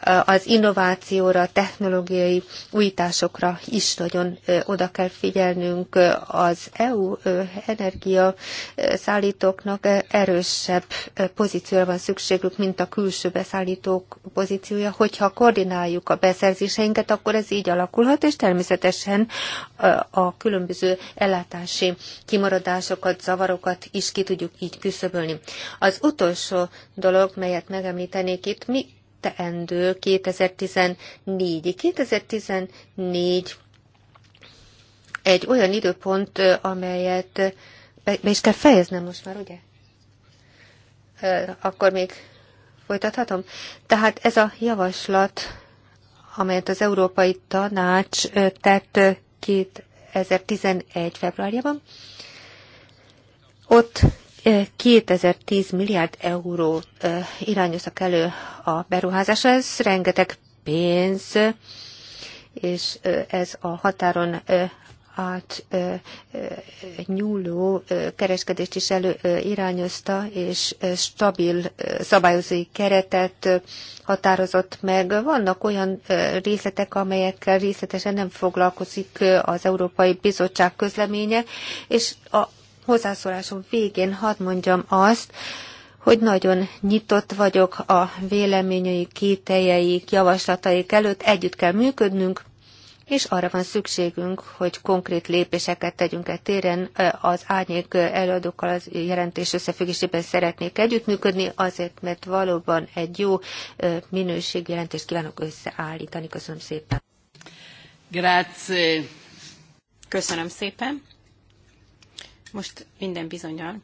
S2: eh, az innovációra, technológiai újításokra is nagyon eh, oda kell figyelnünk. Az EU energia szállítóknak erősebb pozícióra van szükségük, mint a külső beszállítók pozíciója. Hogyha koordináljuk a beszerzéseinket, akkor ez így alakulhat, és természetesen a különböző ellátási kimaradásokat, zavarokat magunkat is ki tudjuk így küszöbölni. Az utolsó dolog, melyet megemlítenék itt, mi teendő 2014 2014 egy olyan időpont, amelyet be, be is kell fejeznem most már, ugye? Akkor még folytathatom? Tehát ez a javaslat, amelyet az Európai Tanács tett 2011. februárjában, ott 2010 milliárd euró irányoztak elő a beruházásra, ez rengeteg pénz, és ez a határon át nyúló kereskedést is elő irányozta, és stabil szabályozói keretet határozott meg. Vannak olyan részletek, amelyekkel részletesen nem foglalkozik az Európai Bizottság közleménye, és a hozzászólásom végén hadd mondjam azt, hogy nagyon nyitott vagyok a véleményeik, kételjeik, javaslataik előtt, együtt kell működnünk, és arra van szükségünk, hogy konkrét lépéseket tegyünk el téren. Az árnyék előadókkal az jelentés összefüggésében szeretnék együttműködni, azért, mert valóban egy jó minőségi jelentést kívánok összeállítani. Köszönöm szépen.
S1: Grazie. Köszönöm szépen most minden bizonyal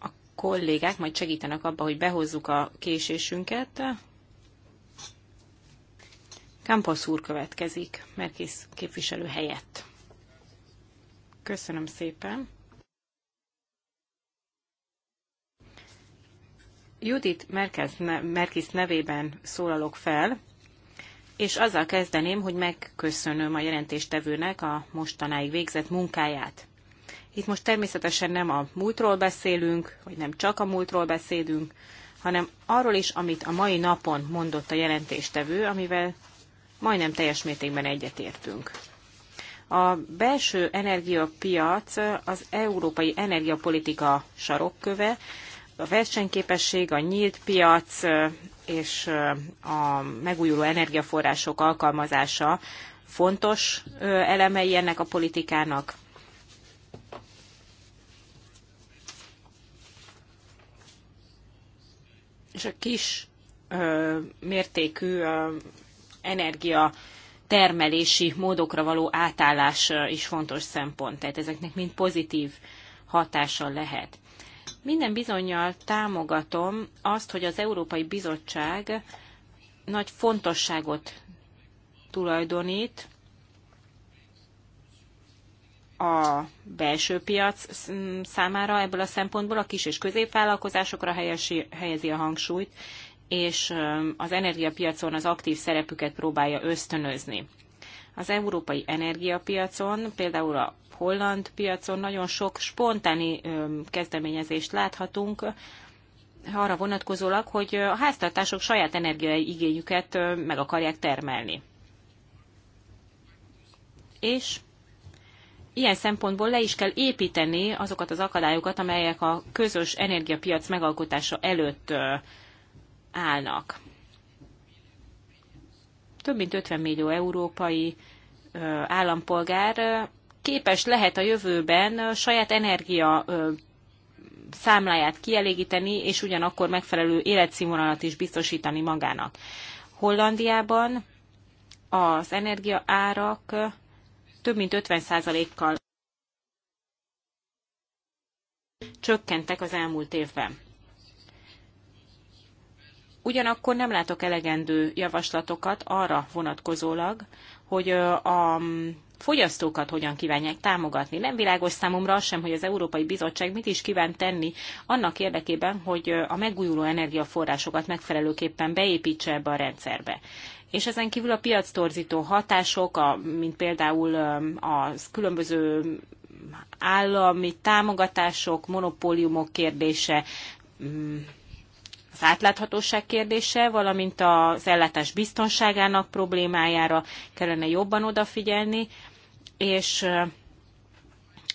S1: a kollégák majd segítenek abba, hogy behozzuk a késésünket. Kampasz úr következik, Merkész képviselő helyett. Köszönöm szépen. Judit Merkis nevében szólalok fel, és azzal kezdeném, hogy megköszönöm a jelentéstevőnek a mostanáig végzett munkáját. Itt most természetesen nem a múltról beszélünk, vagy nem csak a múltról beszélünk, hanem arról is, amit a mai napon mondott a jelentéstevő, amivel majdnem teljes mértékben egyetértünk. A belső energiapiac az európai energiapolitika sarokköve, a versenyképesség, a nyílt piac, és a megújuló energiaforrások alkalmazása fontos elemei ennek a politikának. És a kis ö, mértékű ö, energia termelési módokra való átállás is fontos szempont, tehát ezeknek mind pozitív hatása lehet. Minden bizonyal támogatom azt, hogy az Európai Bizottság nagy fontosságot tulajdonít a belső piac számára ebből a szempontból a kis és középvállalkozásokra helyesi, helyezi a hangsúlyt, és az energiapiacon az aktív szerepüket próbálja ösztönözni az európai energiapiacon, például a holland piacon nagyon sok spontáni kezdeményezést láthatunk, arra vonatkozólag, hogy a háztartások saját energiaigényüket meg akarják termelni. És ilyen szempontból le is kell építeni azokat az akadályokat, amelyek a közös energiapiac megalkotása előtt állnak több mint 50 millió európai állampolgár képes lehet a jövőben saját energia számláját kielégíteni, és ugyanakkor megfelelő életszínvonalat is biztosítani magának. Hollandiában az energiaárak több mint 50%-kal csökkentek az elmúlt évben. Ugyanakkor nem látok elegendő javaslatokat arra vonatkozólag, hogy a fogyasztókat hogyan kívánják támogatni. Nem világos számomra az sem, hogy az Európai Bizottság mit is kíván tenni annak érdekében, hogy a megújuló energiaforrásokat megfelelőképpen beépítse ebbe a rendszerbe. És ezen kívül a piac torzító hatások, a, mint például a különböző állami támogatások, monopóliumok kérdése, az átláthatóság kérdése, valamint az ellátás biztonságának problémájára kellene jobban odafigyelni, és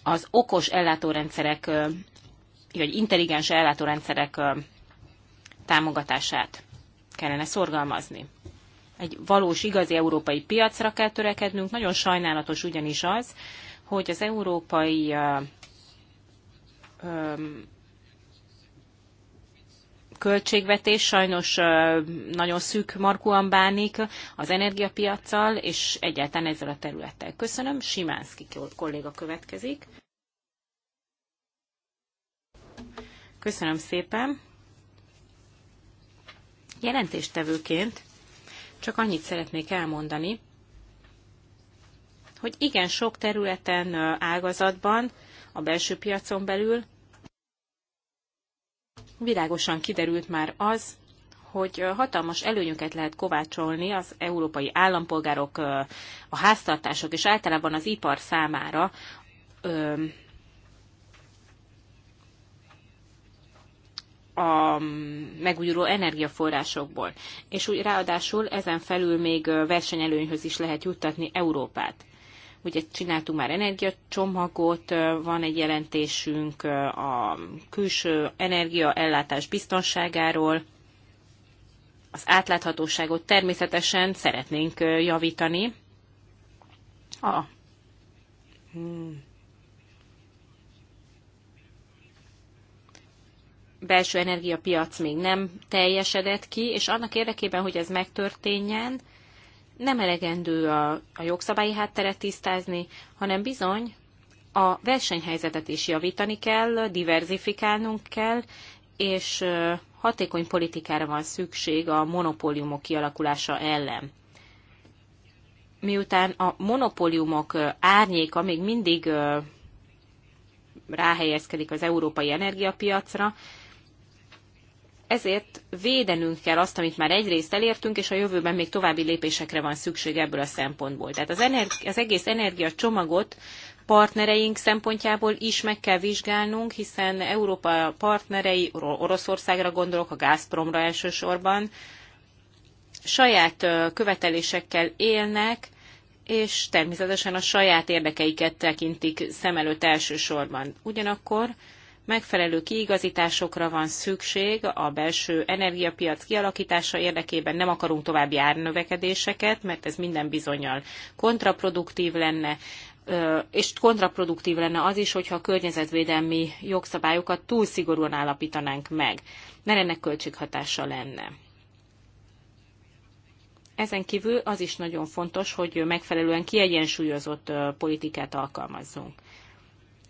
S1: az okos ellátórendszerek, vagy intelligens ellátórendszerek támogatását kellene szorgalmazni. Egy valós, igazi európai piacra kell törekednünk. Nagyon sajnálatos ugyanis az, hogy az európai költségvetés sajnos nagyon szűk markúan bánik az energiapiacsal, és egyáltalán ezzel a területtel. Köszönöm. Simánszki kolléga következik. Köszönöm szépen. Jelentéstevőként csak annyit szeretnék elmondani, hogy igen, sok területen, ágazatban, a belső piacon belül világosan kiderült már az, hogy hatalmas előnyöket lehet kovácsolni az európai állampolgárok, a háztartások és általában az ipar számára a megújuló energiaforrásokból. És úgy ráadásul ezen felül még versenyelőnyhöz is lehet juttatni Európát. Ugye csináltunk már energiacsomagot, van egy jelentésünk a külső energiaellátás biztonságáról, az átláthatóságot természetesen szeretnénk javítani. A hmm. belső energiapiac még nem teljesedett ki, és annak érdekében, hogy ez megtörténjen, nem elegendő a, a jogszabályi hátteret tisztázni, hanem bizony a versenyhelyzetet is javítani kell, diverzifikálnunk kell, és hatékony politikára van szükség a monopóliumok kialakulása ellen. Miután a monopóliumok árnyéka még mindig ráhelyezkedik az európai energiapiacra, ezért védenünk kell azt, amit már egyrészt elértünk, és a jövőben még további lépésekre van szükség ebből a szempontból. Tehát az, energi- az egész energiacsomagot partnereink szempontjából is meg kell vizsgálnunk, hiszen Európa partnerei, Oroszországra gondolok, a Gazpromra elsősorban, saját követelésekkel élnek, és természetesen a saját érdekeiket tekintik szem előtt elsősorban. Ugyanakkor megfelelő kiigazításokra van szükség a belső energiapiac kialakítása érdekében. Nem akarunk további árnövekedéseket, mert ez minden bizonyal kontraproduktív lenne, és kontraproduktív lenne az is, hogyha a környezetvédelmi jogszabályokat túl szigorúan állapítanánk meg, mert ennek költséghatása lenne. Ezen kívül az is nagyon fontos, hogy megfelelően kiegyensúlyozott politikát alkalmazzunk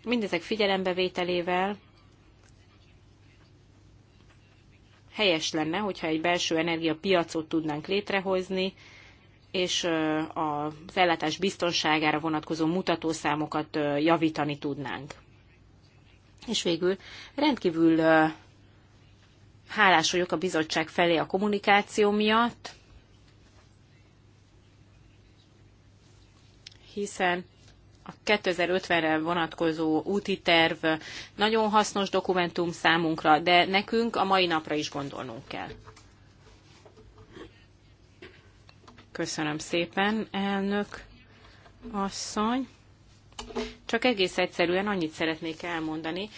S1: mindezek figyelembevételével helyes lenne, hogyha egy belső energiapiacot tudnánk létrehozni, és az ellátás biztonságára vonatkozó mutatószámokat javítani tudnánk. És végül rendkívül hálás vagyok a bizottság felé a kommunikáció miatt, hiszen a 2050-re vonatkozó úti terv nagyon hasznos dokumentum számunkra, de nekünk a mai napra is gondolnunk kell. Köszönöm szépen, elnök asszony. Csak egész egyszerűen annyit szeretnék elmondani,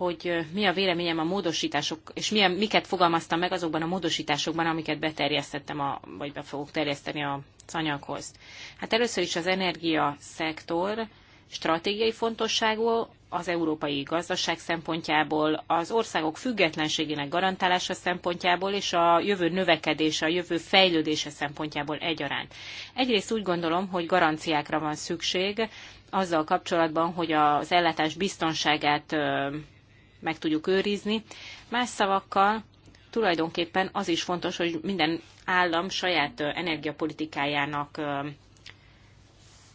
S1: hogy mi a véleményem a módosítások, és milyen, miket fogalmaztam meg azokban a módosításokban, amiket beterjesztettem, a, vagy be fogok terjeszteni a szanyaghoz. Hát először is az energia szektor stratégiai fontosságú az európai gazdaság szempontjából, az országok függetlenségének garantálása szempontjából és a jövő növekedése, a jövő fejlődése szempontjából egyaránt. Egyrészt úgy gondolom, hogy garanciákra van szükség azzal kapcsolatban, hogy az ellátás biztonságát meg tudjuk őrizni. Más szavakkal tulajdonképpen az is fontos, hogy minden állam saját energiapolitikájának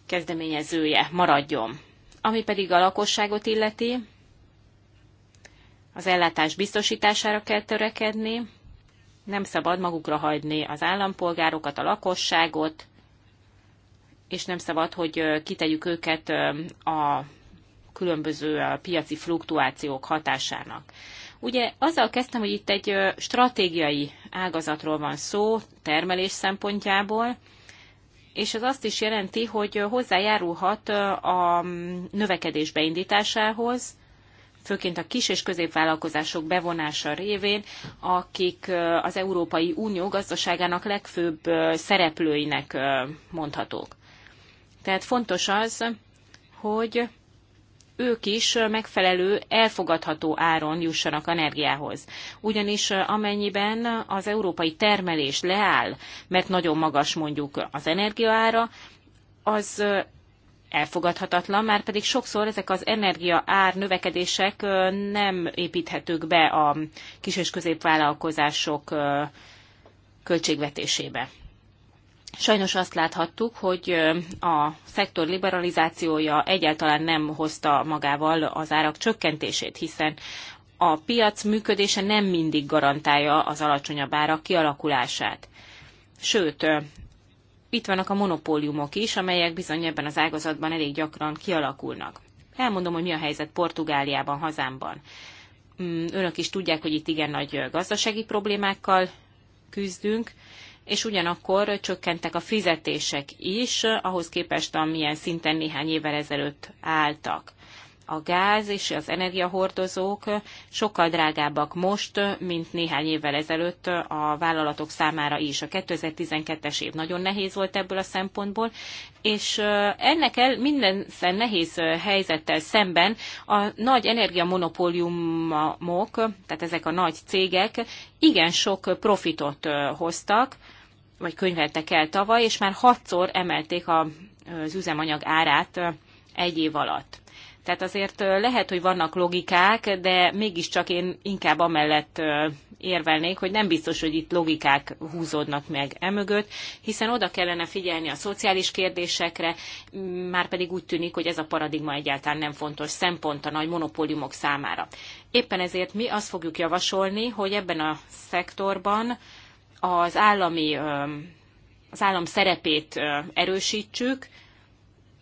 S1: kezdeményezője maradjon. Ami pedig a lakosságot illeti, az ellátás biztosítására kell törekedni, nem szabad magukra hagyni az állampolgárokat, a lakosságot, és nem szabad, hogy kitegyük őket a különböző piaci fluktuációk hatásának. Ugye azzal kezdtem, hogy itt egy stratégiai ágazatról van szó, termelés szempontjából, és ez azt is jelenti, hogy hozzájárulhat a növekedés beindításához, főként a kis és középvállalkozások bevonása révén, akik az Európai Unió gazdaságának legfőbb szereplőinek mondhatók. Tehát fontos az, hogy ők is megfelelő, elfogadható áron jussanak energiához. Ugyanis eh, amennyiben az európai termelés leáll, mert nagyon magas mondjuk az energiaára, az eh, elfogadhatatlan, már pedig sokszor ezek az energia ár növekedések eh, nem építhetők be a kis- és középvállalkozások költségvetésébe. Sajnos azt láthattuk, hogy a szektor liberalizációja egyáltalán nem hozta magával az árak csökkentését, hiszen a piac működése nem mindig garantálja az alacsonyabb árak kialakulását. Sőt, itt vannak a monopóliumok is, amelyek bizony ebben az ágazatban elég gyakran kialakulnak. Elmondom, hogy mi a helyzet Portugáliában, hazámban. Mm, önök is tudják, hogy itt igen nagy gazdasági problémákkal küzdünk, és ugyanakkor csökkentek a fizetések is, ahhoz képest, amilyen szinten néhány évvel ezelőtt álltak. A gáz és az energiahordozók sokkal drágábbak most, mint néhány évvel ezelőtt a vállalatok számára is. A 2012-es év nagyon nehéz volt ebből a szempontból, és ennek el minden nehéz helyzettel szemben a nagy energiamonopóliumok, tehát ezek a nagy cégek igen sok profitot hoztak, vagy könyveltek el tavaly, és már hatszor emelték a, az üzemanyag árát egy év alatt. Tehát azért lehet, hogy vannak logikák, de mégiscsak én inkább amellett érvelnék, hogy nem biztos, hogy itt logikák húzódnak meg emögött, hiszen oda kellene figyelni a szociális kérdésekre, már pedig úgy tűnik, hogy ez a paradigma egyáltalán nem fontos szempont a nagy monopóliumok számára. Éppen ezért mi azt fogjuk javasolni, hogy ebben a szektorban az állami, az állam szerepét erősítsük,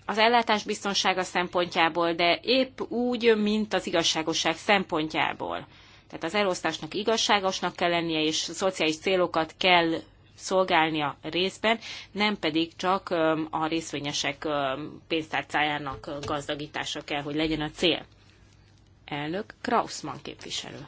S1: az ellátás biztonsága szempontjából, de épp úgy, mint az igazságosság szempontjából. Tehát az elosztásnak igazságosnak kell lennie, és szociális célokat kell szolgálnia részben, nem pedig csak a részvényesek pénztárcájának gazdagítása kell, hogy legyen a cél. Elnök Krausman képviselő.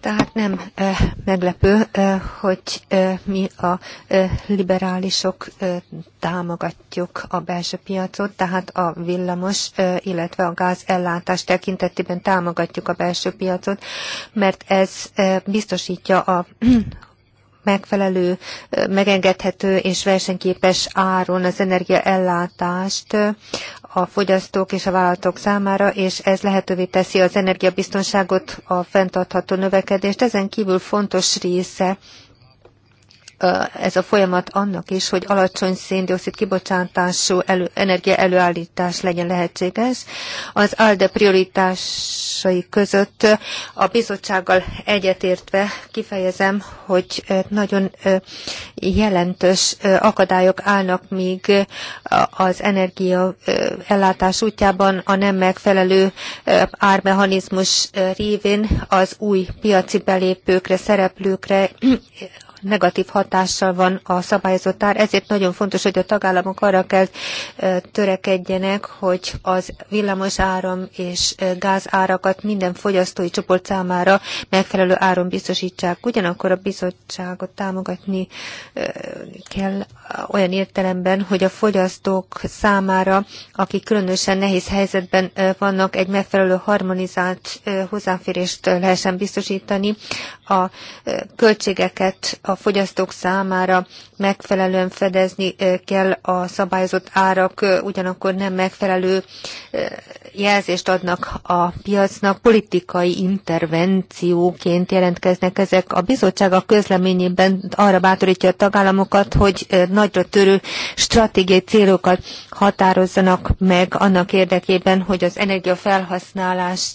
S2: Tehát nem eh, meglepő, eh, hogy eh, mi a eh, liberálisok eh, támogatjuk a belső piacot, tehát a villamos, eh, illetve a gáz ellátás tekintetében támogatjuk a belső piacot, mert ez eh, biztosítja a megfelelő, megengedhető és versenyképes áron az energiaellátást a fogyasztók és a vállalatok számára, és ez lehetővé teszi az energiabiztonságot, a fenntartható növekedést. Ezen kívül fontos része ez a folyamat annak is, hogy alacsony széndiokszid kibocsátású elő, előállítás legyen lehetséges. Az ALDE prioritásai között a bizottsággal egyetértve kifejezem, hogy nagyon jelentős akadályok állnak még az energia ellátás útjában a nem megfelelő ármechanizmus révén az új piaci belépőkre, szereplőkre negatív hatással van a szabályozott ár, ezért nagyon fontos, hogy a tagállamok arra kell törekedjenek, hogy az villamos áram és gáz árakat minden fogyasztói csoport számára megfelelő áron biztosítsák. Ugyanakkor a bizottságot támogatni kell olyan értelemben, hogy a fogyasztók számára, akik különösen nehéz helyzetben vannak, egy megfelelő harmonizált hozzáférést lehessen biztosítani a költségeket a fogyasztók számára megfelelően fedezni kell a szabályozott árak, ugyanakkor nem megfelelő jelzést adnak a piacnak, politikai intervencióként jelentkeznek ezek. A bizottság a közleményében arra bátorítja a tagállamokat, hogy nagyra törő stratégiai célokat határozzanak meg annak érdekében, hogy az energiafelhasználás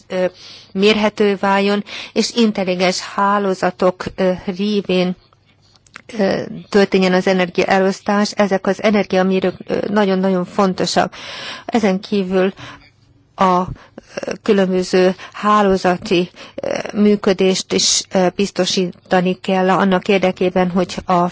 S2: mérhető váljon, és intelligens hálózatok révén történjen az energiaelosztás, ezek az energiamérők nagyon-nagyon fontosak. Ezen kívül a különböző hálózati eh, működést is eh, biztosítani kell annak érdekében, hogy a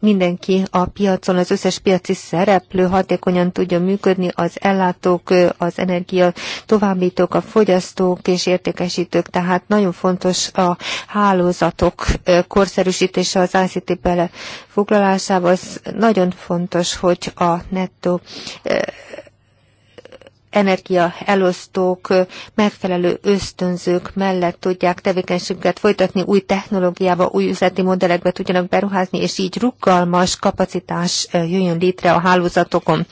S2: mindenki a piacon, az összes piaci szereplő hatékonyan tudja működni, az ellátók, eh, az energia továbbítók, a fogyasztók és értékesítők, tehát nagyon fontos a hálózatok korszerűsítése az ICT belefoglalásával. nagyon fontos, hogy a nettó energiaelosztók megfelelő ösztönzők mellett tudják tevékenységüket folytatni, új technológiába, új üzleti modellekbe tudjanak beruházni, és így rugalmas kapacitás jöjjön létre a hálózatokon.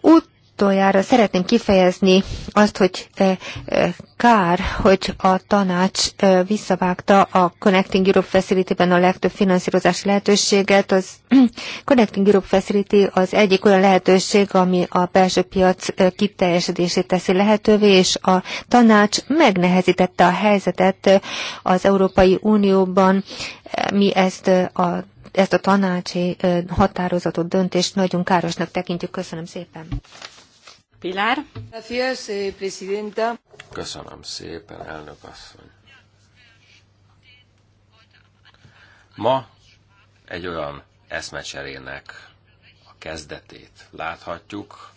S2: Út utoljára szeretném kifejezni azt, hogy eh, kár, hogy a tanács eh, visszavágta a Connecting Europe Facility-ben a legtöbb finanszírozási lehetőséget. Az Connecting Europe Facility az egyik olyan lehetőség, ami a belső piac eh, kiteljesedését teszi lehetővé, és a tanács megnehezítette a helyzetet az Európai Unióban. Mi ezt a ezt a tanácsi határozatot, döntést nagyon károsnak tekintjük. Köszönöm szépen.
S1: Pilar. Eh,
S4: Köszönöm szépen, elnök asszony. Ma egy olyan eszmecserének a kezdetét láthatjuk,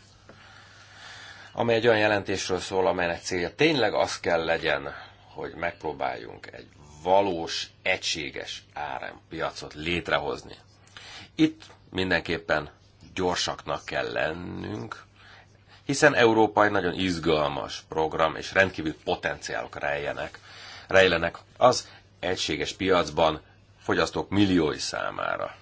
S4: amely egy olyan jelentésről szól, amelynek célja tényleg az kell legyen, hogy megpróbáljunk egy valós, egységes árampiacot létrehozni. Itt mindenképpen gyorsaknak kell lennünk, hiszen Európa egy nagyon izgalmas program, és rendkívül potenciálok rejlenek. rejlenek az egységes piacban fogyasztók milliói számára.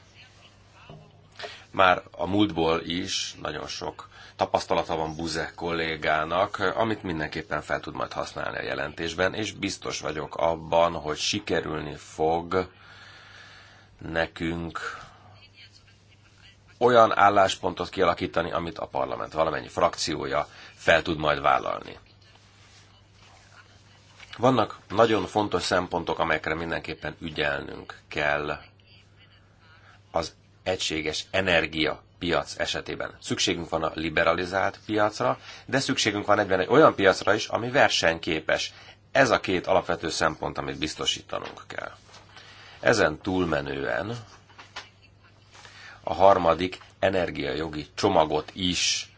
S4: Már a múltból is nagyon sok tapasztalata van Buze kollégának, amit mindenképpen fel tud majd használni a jelentésben, és biztos vagyok abban, hogy sikerülni fog nekünk olyan álláspontot kialakítani, amit a parlament valamennyi frakciója fel tud majd vállalni. Vannak nagyon fontos szempontok, amelyekre mindenképpen ügyelnünk kell az egységes piac esetében. Szükségünk van a liberalizált piacra, de szükségünk van egyben egy olyan piacra is, ami versenyképes. Ez a két alapvető szempont, amit biztosítanunk kell. Ezen túlmenően a harmadik energiajogi csomagot is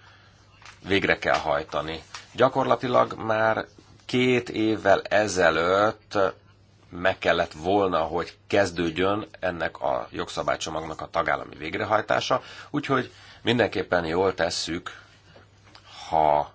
S4: végre kell hajtani. Gyakorlatilag már két évvel ezelőtt meg kellett volna, hogy kezdődjön ennek a jogszabálycsomagnak a tagállami végrehajtása, úgyhogy mindenképpen jól tesszük, ha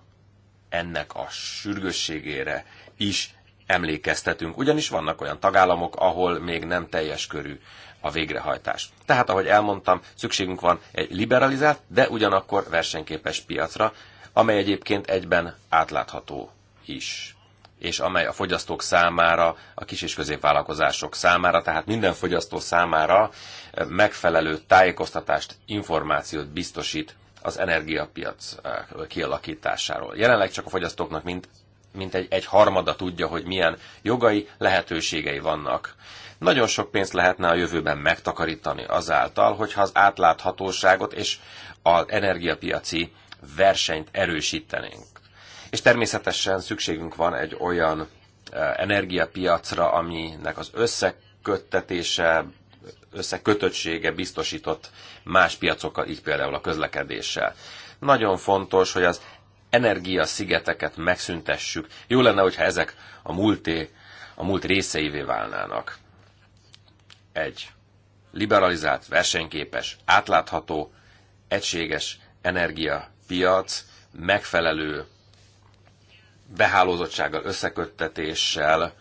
S4: ennek a sürgősségére is emlékeztetünk, ugyanis vannak olyan tagállamok, ahol még nem teljes körű a végrehajtás. Tehát, ahogy elmondtam, szükségünk van egy liberalizált, de ugyanakkor versenyképes piacra, amely egyébként egyben átlátható is és amely a fogyasztók számára, a kis- és középvállalkozások számára, tehát minden fogyasztó számára eh, megfelelő tájékoztatást, információt biztosít az energiapiac eh, kialakításáról. Jelenleg csak a fogyasztóknak mint, mint egy, egy harmada tudja, hogy milyen jogai, lehetőségei vannak. Nagyon sok pénzt lehetne a jövőben megtakarítani azáltal, hogyha az átláthatóságot és az energiapiaci versenyt erősítenénk. És természetesen szükségünk van egy olyan e, energiapiacra, aminek az összeköttetése, összekötöttsége biztosított más piacokkal, így például a közlekedéssel. Nagyon fontos, hogy az energiaszigeteket megszüntessük. Jó lenne, hogyha ezek a múlté, a múlt részeivé válnának. Egy. Liberalizált, versenyképes, átlátható, egységes energiapiac, megfelelő behálózottsággal, összeköttetéssel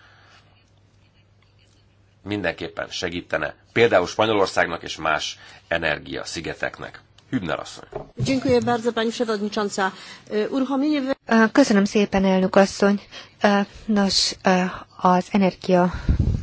S4: mindenképpen segítene például Spanyolországnak és más energiaszigeteknek. Hübner
S2: e, e, Köszönöm szépen, elnök asszony. E, nos, az energia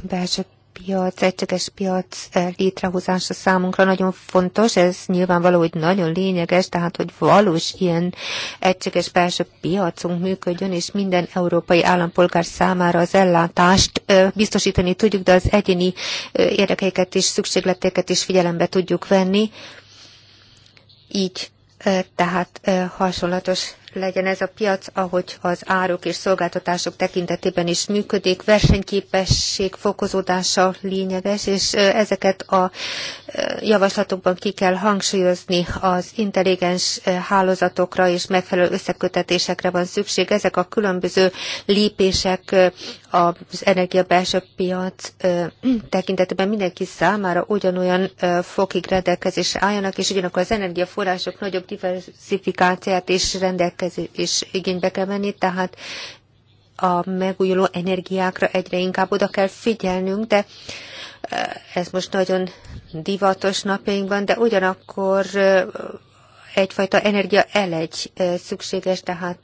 S2: belső piac, egységes piac eh, létrehozása számunkra nagyon fontos, ez nyilvánvaló, hogy nagyon lényeges, tehát hogy valós ilyen egységes belső piacunk működjön, és minden európai állampolgár számára az ellátást eh, biztosítani tudjuk, de az egyéni eh, érdekeiket és szükségleteket is figyelembe tudjuk venni. Így tehát hasonlatos legyen ez a piac, ahogy az áruk és szolgáltatások tekintetében is működik. Versenyképesség fokozódása lényeges, és ezeket a javaslatokban ki kell hangsúlyozni. Az intelligens hálózatokra és megfelelő összekötetésekre van szükség. Ezek a különböző lépések az energia belső piac tekintetében mindenki számára ugyanolyan fokig rendelkezésre álljanak, és ugyanakkor az energiaforrások nagyobb diversifikációját és rendelkezésre ez is igénybe kell venni, tehát a megújuló energiákra egyre inkább oda kell figyelnünk, de eh, ez most nagyon divatos napjainkban, de ugyanakkor eh, egyfajta energia elegy eh, szükséges, tehát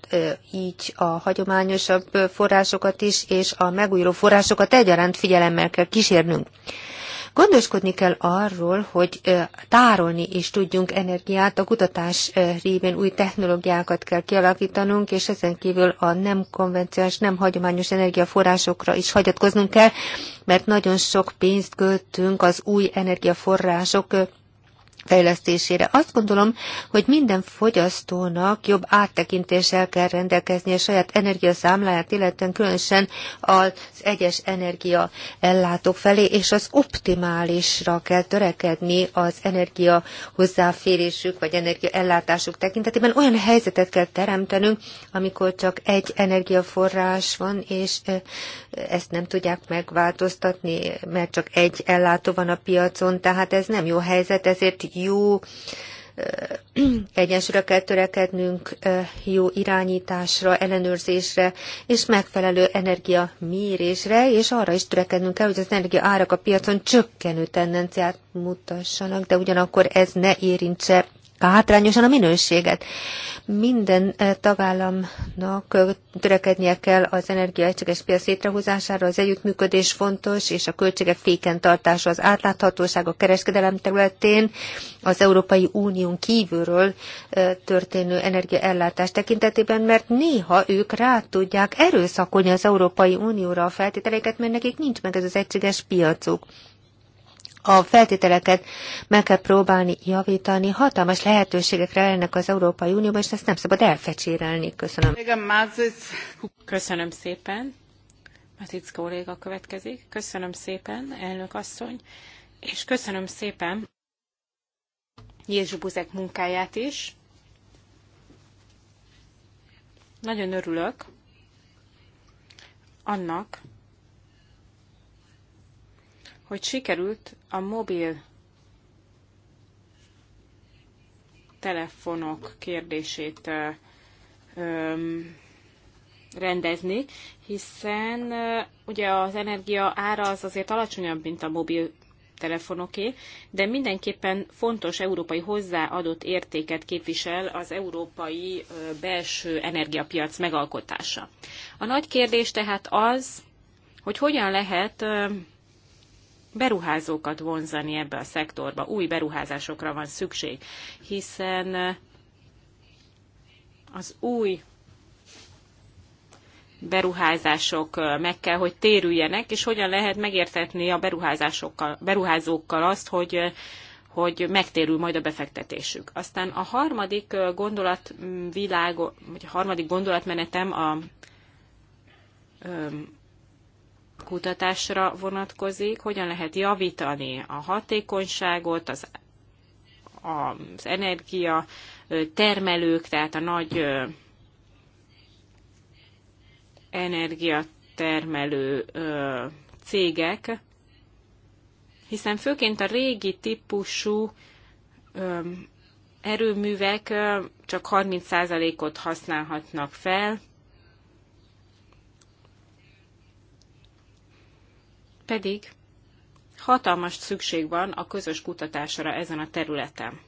S2: így a hagyományosabb forrásokat is, és a megújuló forrásokat egyaránt figyelemmel kell kísérnünk. Gondoskodni kell arról, hogy tárolni is tudjunk energiát, a kutatás révén új technológiákat kell kialakítanunk, és ezen kívül a nem konvencionális, nem hagyományos energiaforrásokra is hagyatkoznunk kell, mert nagyon sok pénzt költünk az új energiaforrások fejlesztésére. Azt gondolom, hogy minden fogyasztónak jobb áttekintéssel kell rendelkeznie saját energiaszámláját, illetve különösen az egyes energia ellátók felé, és az optimálisra kell törekedni az energia hozzáférésük, vagy energia ellátásuk tekintetében. Olyan helyzetet kell teremtenünk, amikor csak egy energiaforrás van, és ezt nem tudják megváltoztatni, mert csak egy ellátó van a piacon, tehát ez nem jó helyzet, ezért egy jó egyensúlyra kell törekednünk, jó irányításra, ellenőrzésre és megfelelő energia mérésre és arra is törekednünk kell, hogy az energia árak a piacon csökkenő tendenciát mutassanak, de ugyanakkor ez ne érintse hátrányosan a minőséget. Minden eh, tagállamnak törekednie kell az energia piac létrehozására, az együttműködés fontos, és a költségek féken tartása, az átláthatóság a kereskedelem területén, az Európai Unión kívülről eh, történő energiaellátás tekintetében, mert néha ők rá tudják erőszakolni az Európai Unióra a feltételeket, mert nekik nincs meg ez az egységes piacuk a feltételeket meg kell próbálni javítani. Hatalmas lehetőségekre ellenek az Európai Unióban, és ezt nem szabad elfecsérelni. Köszönöm.
S1: Köszönöm szépen. Matic kolléga következik. Köszönöm szépen, elnök asszony, és köszönöm szépen Jézsu Buzek munkáját is. Nagyon örülök annak, hogy sikerült a mobil telefonok kérdését rendezni, hiszen ugye az energia ára az azért alacsonyabb, mint a mobil telefonoké, de mindenképpen fontos európai hozzáadott értéket képvisel az európai belső energiapiac megalkotása. A nagy kérdés tehát az, hogy hogyan lehet beruházókat vonzani ebbe a szektorba, új beruházásokra van szükség, hiszen az új beruházások meg kell, hogy térüljenek, és hogyan lehet megértetni a beruházásokkal, beruházókkal azt, hogy, hogy megtérül majd a befektetésük. Aztán a harmadik gondolatvilág, vagy a harmadik gondolatmenetem a kutatásra vonatkozik, hogyan lehet javítani a hatékonyságot, az, az energia termelők, tehát a nagy energiatermelő cégek, hiszen főként a régi típusú erőművek csak 30%-ot használhatnak fel, pedig hatalmas szükség van a közös kutatásra ezen a területen.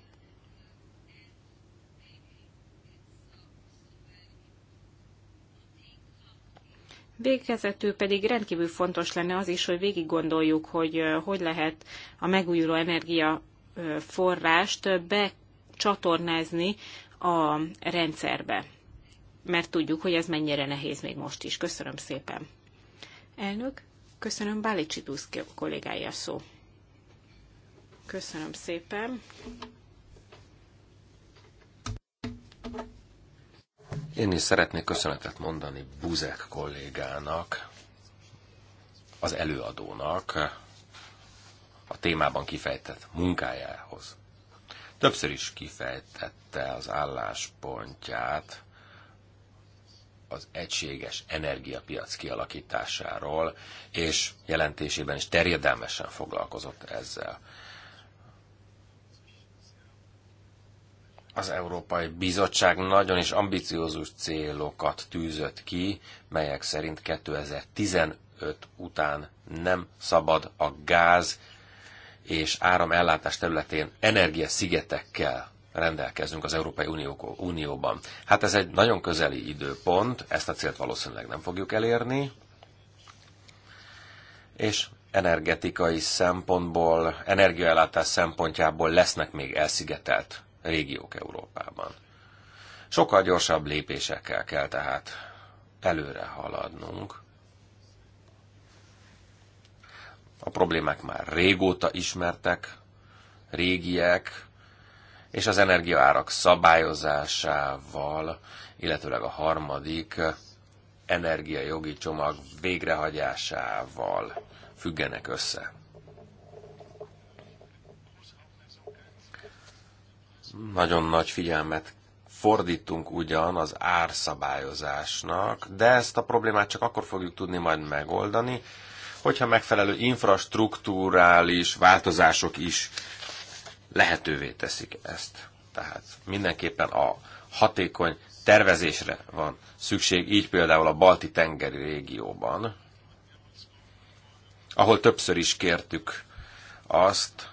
S1: Végezetül pedig rendkívül fontos lenne az is, hogy végig gondoljuk, hogy hogy lehet a megújuló energia forrást becsatornázni a rendszerbe. Mert tudjuk, hogy ez mennyire nehéz még most is. Köszönöm szépen. Elnök, Köszönöm, Bálicsi Duszki kollégája szó. Köszönöm szépen.
S4: Én is szeretnék köszönetet mondani Buzek kollégának, az előadónak a témában kifejtett munkájához. Többször is kifejtette az álláspontját, az egységes energiapiac kialakításáról, és jelentésében is terjedelmesen foglalkozott ezzel. Az Európai Bizottság nagyon is ambiciózus célokat tűzött ki, melyek szerint 2015 után nem szabad a gáz és áramellátás területén energiaszigetekkel rendelkezünk az Európai Unió, Unióban. Hát ez egy nagyon közeli időpont, ezt a célt valószínűleg nem fogjuk elérni, és energetikai szempontból, energiaellátás szempontjából lesznek még elszigetelt régiók Európában. Sokkal gyorsabb lépésekkel kell tehát előre haladnunk. A problémák már régóta ismertek, régiek, és az energiaárak szabályozásával, illetőleg a harmadik energiajogi csomag végrehajtásával függenek össze. Nagyon nagy figyelmet fordítunk ugyan az árszabályozásnak, de ezt a problémát csak akkor fogjuk tudni majd megoldani, hogyha megfelelő infrastruktúrális változások is lehetővé teszik ezt. Tehát mindenképpen a hatékony tervezésre van szükség, így például a balti tengeri régióban, ahol többször is kértük azt,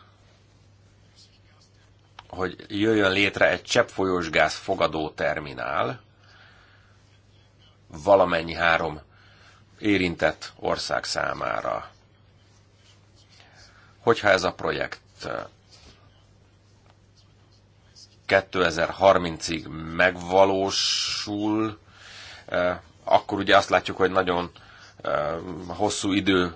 S4: hogy jöjjön létre egy cseppfolyós gáz fogadó terminál valamennyi három érintett ország számára. Hogyha ez a projekt 2030-ig megvalósul, eh, akkor ugye azt látjuk, hogy nagyon eh, hosszú idő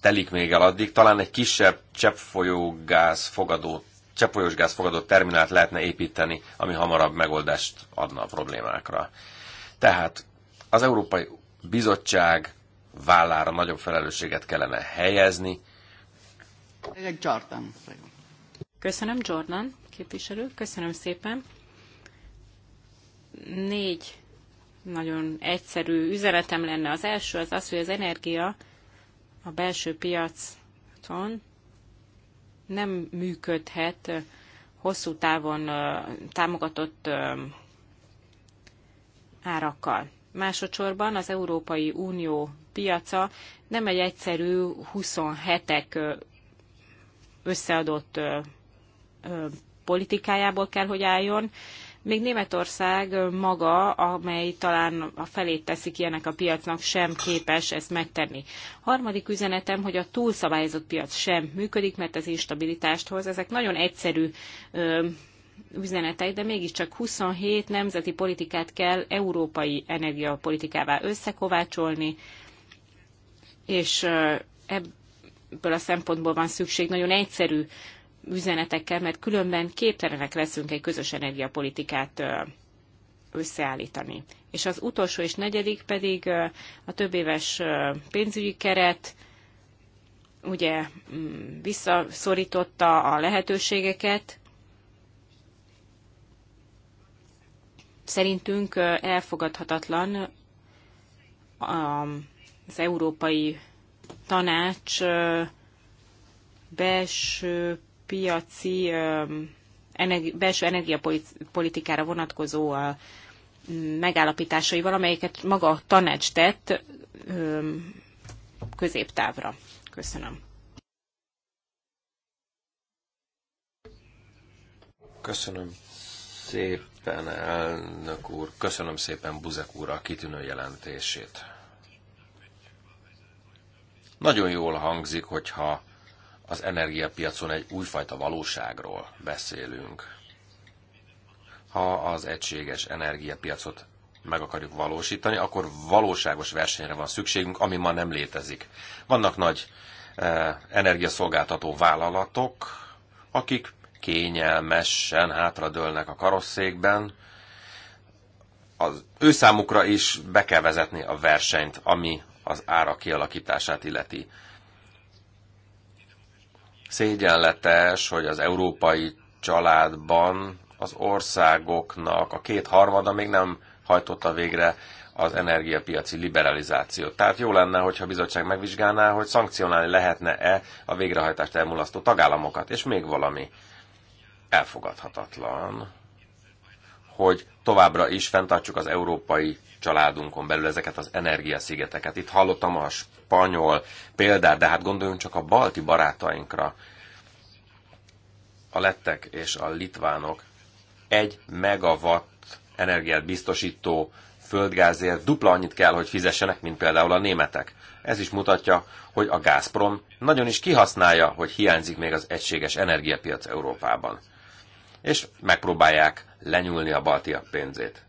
S4: telik még el addig. Talán egy kisebb cseppfolyógáz fogadó, cseppfolyós gáz fogadó terminált lehetne építeni, ami hamarabb megoldást adna a problémákra. Tehát az Európai Bizottság vállára nagyobb felelősséget kellene helyezni.
S1: Jordan. Köszönöm, Jordan képviselő. Köszönöm szépen. Négy nagyon egyszerű üzenetem lenne. Az első az az, hogy az energia a belső piacon nem működhet hosszú távon támogatott árakkal. Másodszorban az Európai Unió piaca nem egy egyszerű 27-ek összeadott politikájából kell, hogy álljon. Még Németország maga, amely talán a felét teszik ilyenek a piacnak, sem képes ezt megtenni. Harmadik üzenetem, hogy a túlszabályozott piac sem működik, mert az instabilitást hoz. Ezek nagyon egyszerű ö, üzenetek, de mégiscsak 27 nemzeti politikát kell európai energiapolitikává összekovácsolni, és ebből a szempontból van szükség nagyon egyszerű üzenetekkel, mert különben képtelenek leszünk egy közös energiapolitikát összeállítani. És az utolsó és negyedik pedig a éves pénzügyi keret, ugye mm, visszaszorította a lehetőségeket. Szerintünk elfogadhatatlan az Európai Tanács belső piaci energi, belső energiapolitikára vonatkozó a megállapításaival, amelyeket maga a tanács tett középtávra. Köszönöm.
S4: Köszönöm szépen, elnök úr. Köszönöm szépen Buzek úr a kitűnő jelentését. Nagyon jól hangzik, hogyha az energiapiacon egy újfajta valóságról beszélünk. Ha az egységes energiapiacot meg akarjuk valósítani, akkor valóságos versenyre van szükségünk, ami ma nem létezik. Vannak nagy eh, energiaszolgáltató vállalatok, akik kényelmesen hátradőlnek a karosszékben, az ő számukra is be kell vezetni a versenyt, ami az ára kialakítását illeti. Szégyenletes, hogy az európai családban az országoknak a két harmada még nem hajtotta végre az energiapiaci liberalizációt. Tehát jó lenne, hogyha a bizottság megvizsgálná, hogy szankcionálni lehetne-e a végrehajtást elmulasztó tagállamokat. És még valami elfogadhatatlan, hogy továbbra is fenntartsuk az európai családunkon belül ezeket az energiaszigeteket. Itt hallottam a spanyol példát, de hát gondoljunk csak a balti barátainkra. A lettek és a litvánok egy megawatt energiát biztosító földgázért dupla annyit kell, hogy fizessenek, mint például a németek. Ez is mutatja, hogy a Gazprom nagyon is kihasználja, hogy hiányzik még az egységes energiapiac Európában. És megpróbálják lenyúlni a baltiak pénzét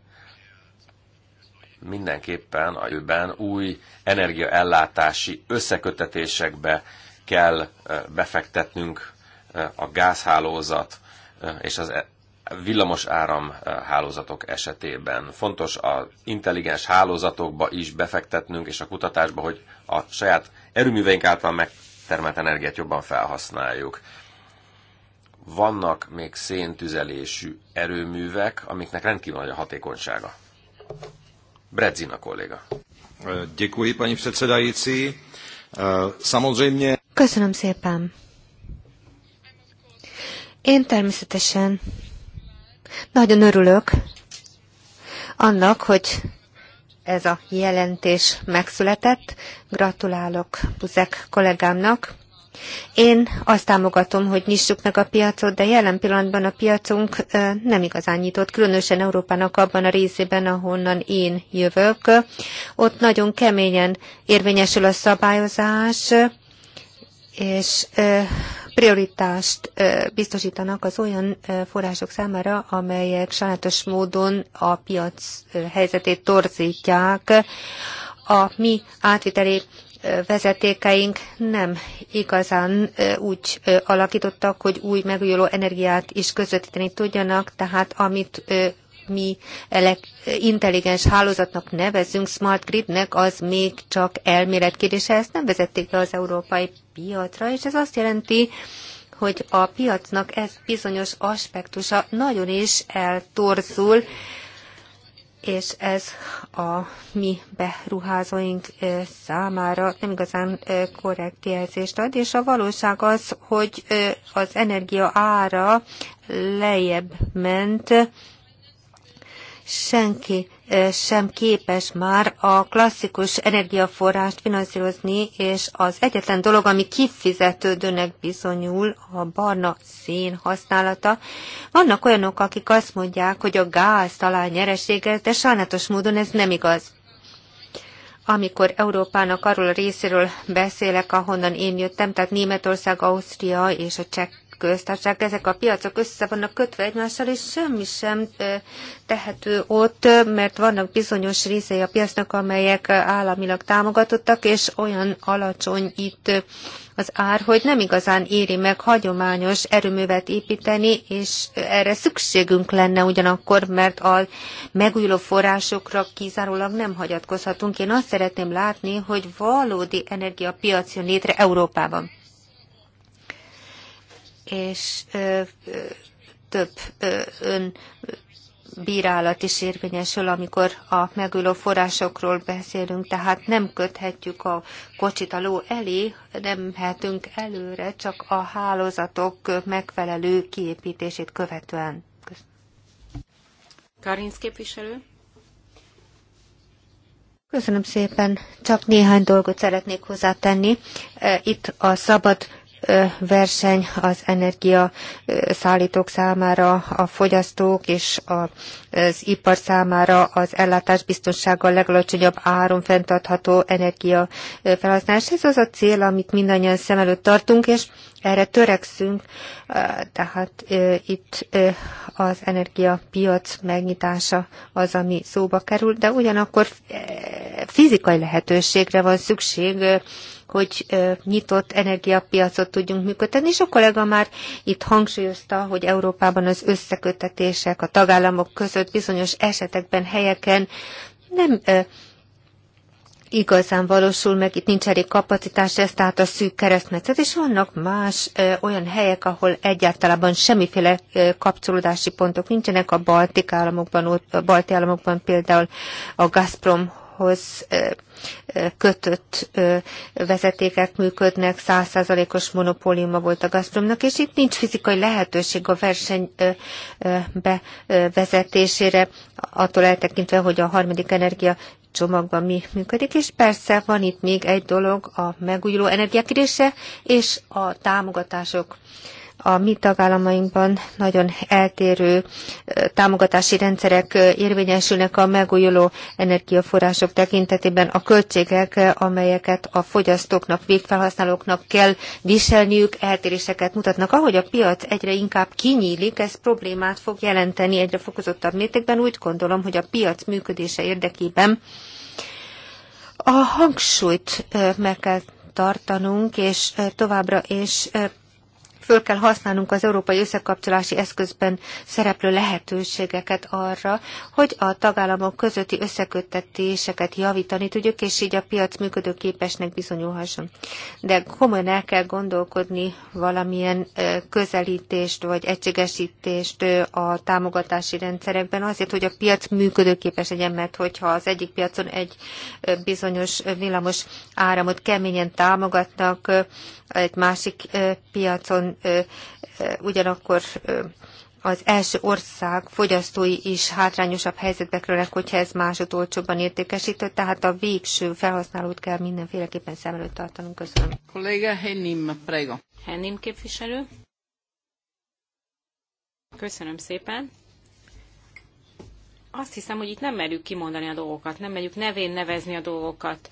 S4: mindenképpen a jövőben új energiaellátási összekötetésekbe kell befektetnünk a gázhálózat és az e- villamos áram hálózatok esetében. Fontos az intelligens hálózatokba is befektetnünk, és a kutatásba, hogy a saját erőműveink által megtermelt energiát jobban felhasználjuk. Vannak még széntüzelésű erőművek, amiknek rendkívül nagy a hatékonysága. Bredzina kolléga. E,
S3: děkuji, paní předsedající. E, samozřejmě...
S2: Köszönöm szépen. Én természetesen nagyon örülök annak, hogy ez a jelentés megszületett. Gratulálok Buzek kollégámnak. Én azt támogatom, hogy nyissuk meg a piacot, de jelen pillanatban a piacunk nem igazán nyitott, különösen Európának abban a részében, ahonnan én jövök. Ott nagyon keményen érvényesül a szabályozás, és prioritást biztosítanak az olyan források számára, amelyek sajátos módon a piac helyzetét torzítják. A mi átviteli vezetékeink nem igazán úgy alakítottak, hogy új megújuló energiát is közvetíteni tudjanak, tehát amit mi intelligens hálózatnak nevezünk, smart gridnek, az még csak kérdése. Ezt nem vezették be az európai piacra, és ez azt jelenti, hogy a piacnak ez bizonyos aspektusa nagyon is eltorzul, és ez a mi beruházóink számára nem igazán korrekt jelzést ad, és a valóság az, hogy az energia ára lejjebb ment, senki sem képes már a klasszikus energiaforrást finanszírozni, és az egyetlen dolog, ami kifizetődőnek bizonyul, a barna szén használata. Vannak olyanok, akik azt mondják, hogy a gáz talán nyereséges, de sajnálatos módon ez nem igaz. Amikor Európának arról a részéről beszélek, ahonnan én jöttem, tehát Németország, Ausztria és a Cseh köztársaság, ezek a piacok össze vannak kötve egymással, és semmi sem tehető ott, mert vannak bizonyos részei a piacnak, amelyek államilag támogatottak, és olyan alacsony itt az ár, hogy nem igazán éri meg hagyományos erőművet építeni, és erre szükségünk lenne ugyanakkor, mert a megújuló forrásokra kizárólag nem hagyatkozhatunk. Én azt szeretném látni, hogy valódi energiapiac jön létre Európában és több ön bírálat is érvényesül, amikor a megülő forrásokról beszélünk, tehát nem köthetjük a kocsit a ló elé, nem hetünk előre, csak a hálózatok megfelelő kiépítését követően.
S1: Köszönöm. képviselő.
S2: Köszönöm szépen. Csak néhány dolgot szeretnék hozzátenni. Itt a szabad verseny az energia szállítók számára, a fogyasztók és az ipar számára az ellátás biztonsággal legalacsonyabb áron fenntartható energia felhasználás. Ez az a cél, amit mindannyian szem előtt tartunk, és erre törekszünk, tehát itt az energiapiac megnyitása az, ami szóba kerül, de ugyanakkor fizikai lehetőségre van szükség hogy nyitott energiapiacot tudjunk működtetni, és a kollega már itt hangsúlyozta, hogy Európában az összekötetések a tagállamok között bizonyos esetekben, helyeken nem igazán valósul meg, itt nincs elég kapacitás, ez tehát a szűk keresztmetszet, és vannak más ö, olyan helyek, ahol egyáltalán semmiféle ö, kapcsolódási pontok nincsenek, a balti államokban, a balti államokban például a Gazprom hoz kötött vezetékek működnek, százszázalékos monopóliuma volt a Gazpromnak, és itt nincs fizikai lehetőség a verseny bevezetésére, attól eltekintve, hogy a harmadik energia csomagban mi működik, és persze van itt még egy dolog, a megújuló energiakérése és a támogatások a mi tagállamainkban nagyon eltérő támogatási rendszerek érvényesülnek a megújuló energiaforrások tekintetében. A költségek, amelyeket a fogyasztóknak, végfelhasználóknak kell viselniük, eltéréseket mutatnak. Ahogy a piac egyre inkább kinyílik, ez problémát fog jelenteni egyre fokozottabb mértékben. Úgy gondolom, hogy a piac működése érdekében a hangsúlyt meg kell tartanunk, és továbbra is föl kell használnunk az európai összekapcsolási eszközben szereplő lehetőségeket arra, hogy a tagállamok közötti összeköttetéseket javítani tudjuk, és így a piac működőképesnek bizonyulhasson. De komolyan el kell gondolkodni valamilyen közelítést vagy egységesítést a támogatási rendszerekben azért, hogy a piac működőképes legyen, mert hogyha az egyik piacon egy bizonyos villamos áramot keményen támogatnak, egy másik piacon ugyanakkor az első ország fogyasztói is hátrányosabb helyzetbe kerülnek, hogyha ez másod olcsóban értékesítő, tehát a végső felhasználót kell mindenféleképpen szem előtt tartanunk. Köszönöm.
S1: Kolléga Hennim, prego. Hennim képviselő. Köszönöm szépen. Azt hiszem, hogy itt nem merjük kimondani a dolgokat, nem merjük nevén nevezni a dolgokat.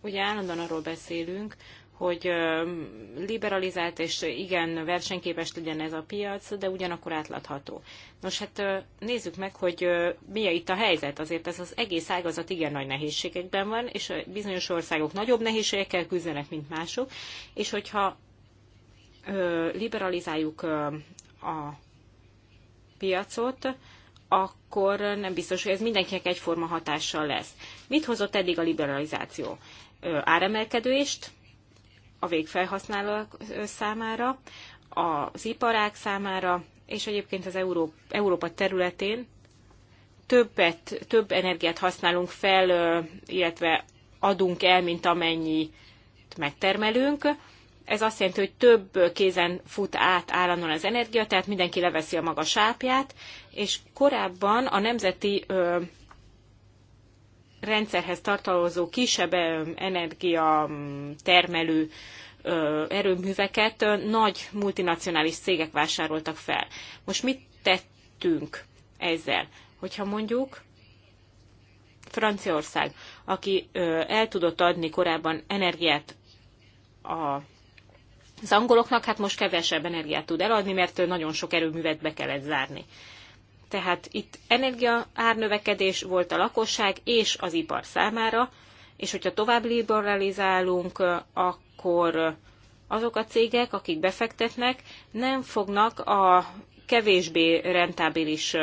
S1: Ugye állandóan arról beszélünk, hogy liberalizált és igen versenyképes legyen ez a piac, de ugyanakkor átlátható. Nos, hát nézzük meg, hogy mi a itt a helyzet. Azért ez az egész ágazat igen nagy nehézségekben van, és bizonyos országok nagyobb nehézségekkel küzdenek, mint mások, és hogyha liberalizáljuk a piacot, akkor nem biztos, hogy ez mindenkinek egyforma hatással lesz. Mit hozott eddig a liberalizáció? Áremelkedést, a végfelhasználók számára, az iparák számára, és egyébként az Európa, Európa területén többet, több energiát használunk fel, illetve adunk el, mint amennyi megtermelünk. Ez azt jelenti, hogy több kézen fut át állandóan az energia, tehát mindenki leveszi a maga sápját, és korábban a nemzeti rendszerhez tartalmazó kisebb energia termelő erőműveket nagy multinacionális cégek vásároltak fel. Most mit tettünk ezzel? Hogyha mondjuk Franciaország, aki el tudott adni korábban energiát a az angoloknak hát most kevesebb energiát tud eladni, mert nagyon sok erőművet be kellett zárni. Tehát itt energia árnövekedés volt a lakosság és az ipar számára, és hogyha tovább liberalizálunk, akkor azok a cégek, akik befektetnek, nem fognak a kevésbé rentábilis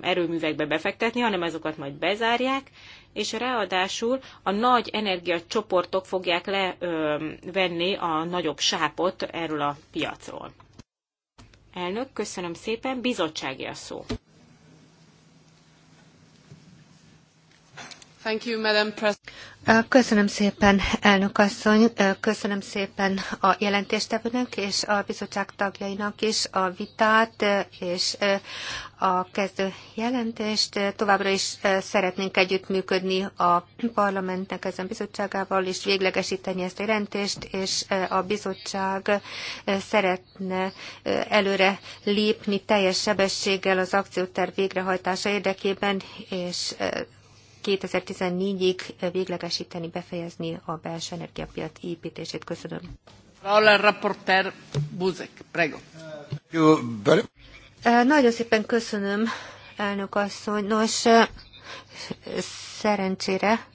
S1: erőművekbe befektetni, hanem azokat majd bezárják, és ráadásul a nagy energiacsoportok fogják levenni a nagyobb sápot erről a piacról. Elnök, köszönöm szépen,
S2: bizottsági a szó. Thank you, Madam Köszönöm szépen, elnök asszony, köszönöm szépen a jelentéstevőnek és a bizottság tagjainak is a vitát és a kezdő jelentést. Továbbra is szeretnénk együttműködni a parlamentnek ezen bizottságával, és véglegesíteni ezt a jelentést, és a bizottság szeretne előre lépni teljes sebességgel az akcióterv végrehajtása érdekében, és 2014-ig véglegesíteni, befejezni a belső energiapiac építését. Köszönöm. Raúl Rapporter Buzek, prego. Nagyon szépen köszönöm, elnök asszony. Nos, szerencsére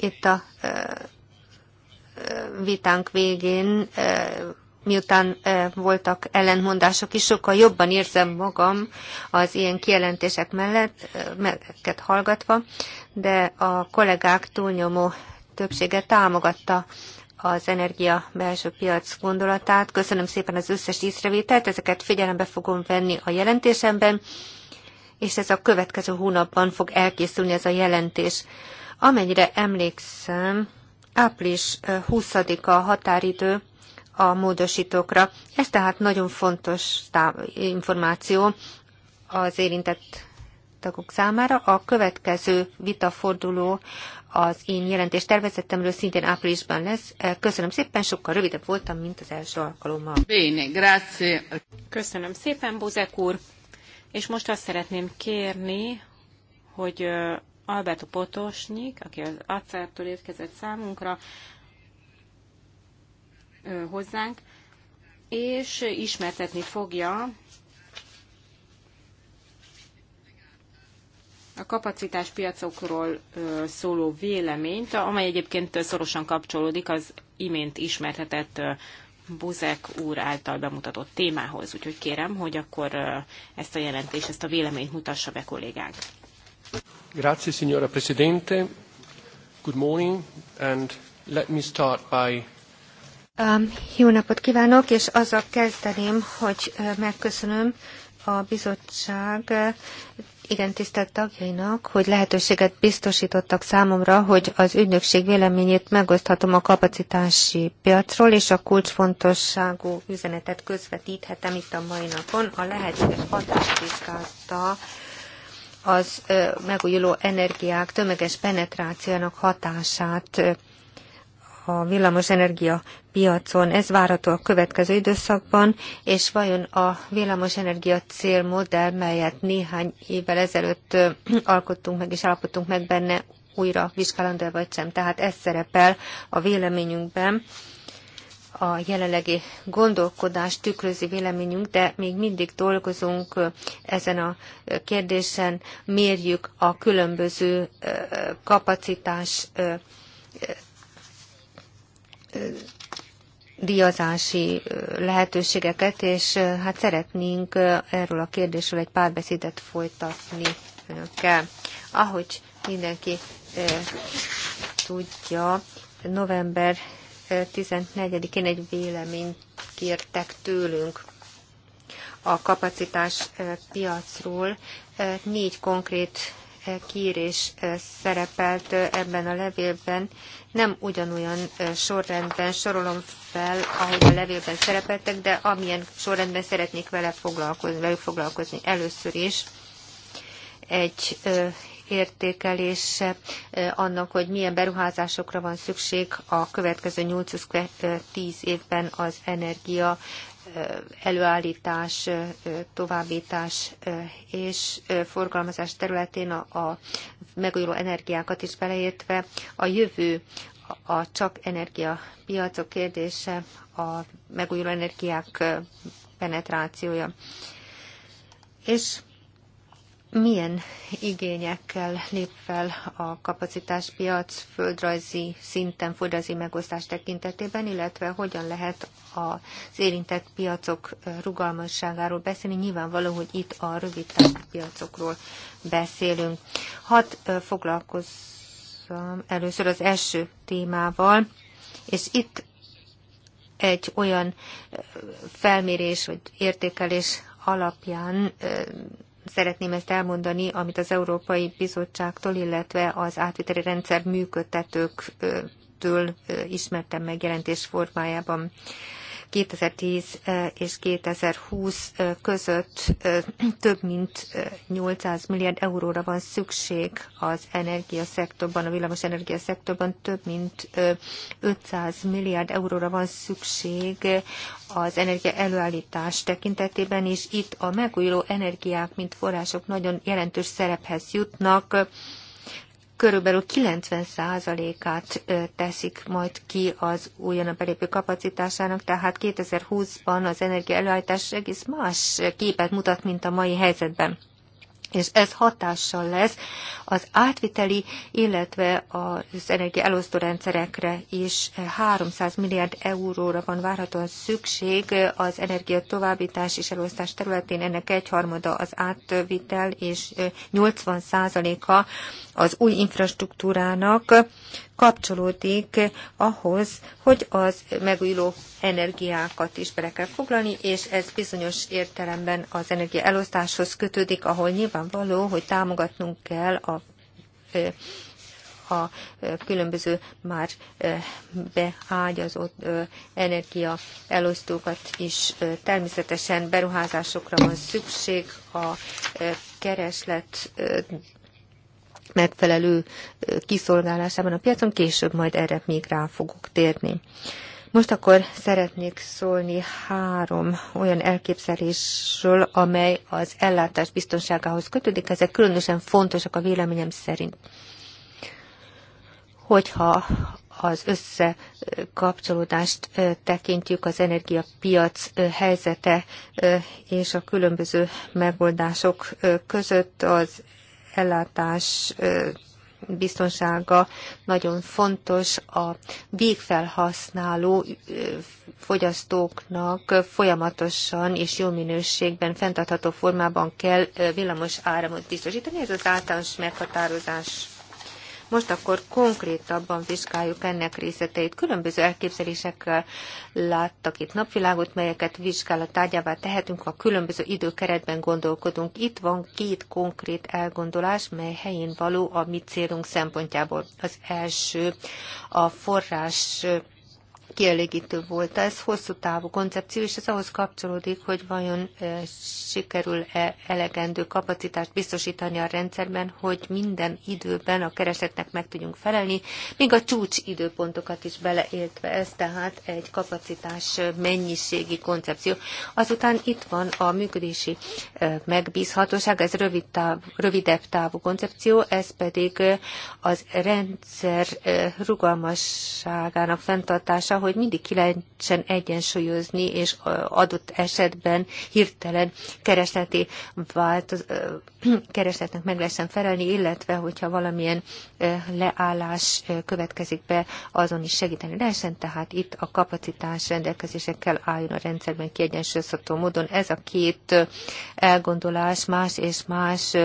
S2: itt a vitánk végén miután e, voltak ellentmondások is, sokkal jobban érzem magam az ilyen kijelentések mellett, e, melleket hallgatva, de a kollégák túlnyomó többsége támogatta az energia belső piac gondolatát. Köszönöm szépen az összes észrevételt, ezeket figyelembe fogom venni a jelentésemben, és ez a következő hónapban fog elkészülni ez a jelentés. Amennyire emlékszem, április 20-a e, határidő a módosítókra. Ez tehát nagyon fontos információ az érintett tagok számára. A következő vitaforduló az én jelentés tervezettemről szintén áprilisban lesz. Köszönöm szépen, sokkal rövidebb voltam, mint az első alkalommal.
S1: Béni, grazie. Köszönöm szépen, Buzek úr. És most azt szeretném kérni, hogy Alberto Potosnyik, aki az acer érkezett számunkra, hozzánk, és ismertetni fogja a kapacitáspiacokról szóló véleményt, amely egyébként szorosan kapcsolódik az imént ismertetett Buzek úr által bemutatott témához. Úgyhogy kérem, hogy akkor ezt a jelentést, ezt a véleményt mutassa be kollégánk.
S4: Grazie, signora Presidente. Good morning, and let me start by
S2: jó napot kívánok, és azzal kezdeném, hogy megköszönöm a bizottság igen tisztelt tagjainak, hogy lehetőséget biztosítottak számomra, hogy az ügynökség véleményét megoszthatom a kapacitási piacról, és a kulcsfontosságú üzenetet közvetíthetem itt a mai napon. A lehetséges hatást az megújuló energiák tömeges penetrációnak hatását a villamosenergia piacon. Ez várható a következő időszakban, és vajon a villamosenergia célmodell, melyet néhány évvel ezelőtt alkottunk meg és állapodtunk meg benne, újra vizsgálandó vagy sem. Tehát ez szerepel a véleményünkben a jelenlegi gondolkodás tükrözi véleményünk, de még mindig dolgozunk ezen a kérdésen, mérjük a különböző kapacitás díjazási lehetőségeket, és hát szeretnénk erről a kérdésről egy párbeszédet folytatni önökkel. Ahogy mindenki tudja, november 14-én egy véleményt kértek tőlünk a kapacitás piacról. Négy konkrét kiírés szerepelt ebben a levélben, nem ugyanolyan sorrendben sorolom fel, ahogy a levélben szerepeltek, de amilyen sorrendben szeretnék vele foglalkozni, velük foglalkozni először is. Egy értékelése annak, hogy milyen beruházásokra van szükség a következő 8-10 évben az energia előállítás, továbbítás és forgalmazás területén a megújuló energiákat is beleértve a jövő a csak energiapiacok kérdése, a megújuló energiák penetrációja. És milyen igényekkel lép fel a kapacitáspiac földrajzi szinten, földrajzi megosztás tekintetében, illetve hogyan lehet az érintett piacok rugalmasságáról beszélni. Nyilvánvaló, hogy itt a rövid piacokról beszélünk. Hat foglalkozom először az első témával, és itt egy olyan felmérés vagy értékelés alapján Szeretném ezt elmondani, amit az Európai Bizottságtól, illetve az átviteli rendszer működtetőktől ismertem meg jelentés formájában. 2010 eh, és 2020 eh, között eh, több mint 800 milliárd euróra van szükség az energiaszektorban, a villamos energiaszektorban több mint 500 milliárd euróra van szükség az energia előállítás tekintetében, és itt a megújuló energiák, mint források nagyon jelentős szerephez jutnak, körülbelül 90%-át teszik majd ki az újonnan belépő kapacitásának, tehát 2020-ban az energiaelőállítás egész más képet mutat, mint a mai helyzetben és ez hatással lesz az átviteli, illetve az energiaelosztó rendszerekre is 300 milliárd euróra van várhatóan szükség az energia továbbítás és elosztás területén. Ennek egyharmada az átvitel, és 80 százaléka az új infrastruktúrának kapcsolódik ahhoz, hogy az megújuló energiákat is bele kell foglalni, és ez bizonyos értelemben az energia elosztáshoz kötődik, ahol nyilvánvaló, hogy támogatnunk kell a a különböző már beágyazott energia elosztókat is természetesen beruházásokra van szükség a kereslet megfelelő kiszolgálásában a piacon, később majd erre még rá fogok térni. Most akkor szeretnék szólni három olyan elképzelésről, amely az ellátás biztonságához kötődik. Ezek különösen fontosak a véleményem szerint. Hogyha az összekapcsolódást tekintjük, az energiapiac helyzete és a különböző megoldások között az ellátás biztonsága nagyon fontos a végfelhasználó fogyasztóknak folyamatosan és jó minőségben, fenntartható formában kell villamos áramot biztosítani. Ez az általános meghatározás most akkor konkrétabban vizsgáljuk ennek részleteit. Különböző elképzelésekkel láttak itt napvilágot, melyeket vizsgálat tárgyává tehetünk, ha különböző időkeretben gondolkodunk. Itt van két konkrét elgondolás, mely helyén való a mi célunk szempontjából. Az első a forrás kielégítő volt ez, hosszú távú koncepció, és ez ahhoz kapcsolódik, hogy vajon e, sikerül-e elegendő kapacitást biztosítani a rendszerben, hogy minden időben a keresetnek meg tudjunk felelni, még a csúcs időpontokat is beleértve ez, tehát egy kapacitás mennyiségi koncepció. Azután itt van a működési e, megbízhatóság, ez rövid táv, rövidebb távú koncepció, ez pedig e, az rendszer rugalmasságának fenntartása, feladata, hogy mindig ki lehessen egyensúlyozni, és adott esetben hirtelen keresleti változ, keresletnek meg lehessen felelni, illetve hogyha valamilyen leállás következik be, azon is segíteni lehessen, tehát itt a kapacitás rendelkezésekkel álljon a rendszerben kiegyensúlyozható módon. Ez a két elgondolás más és más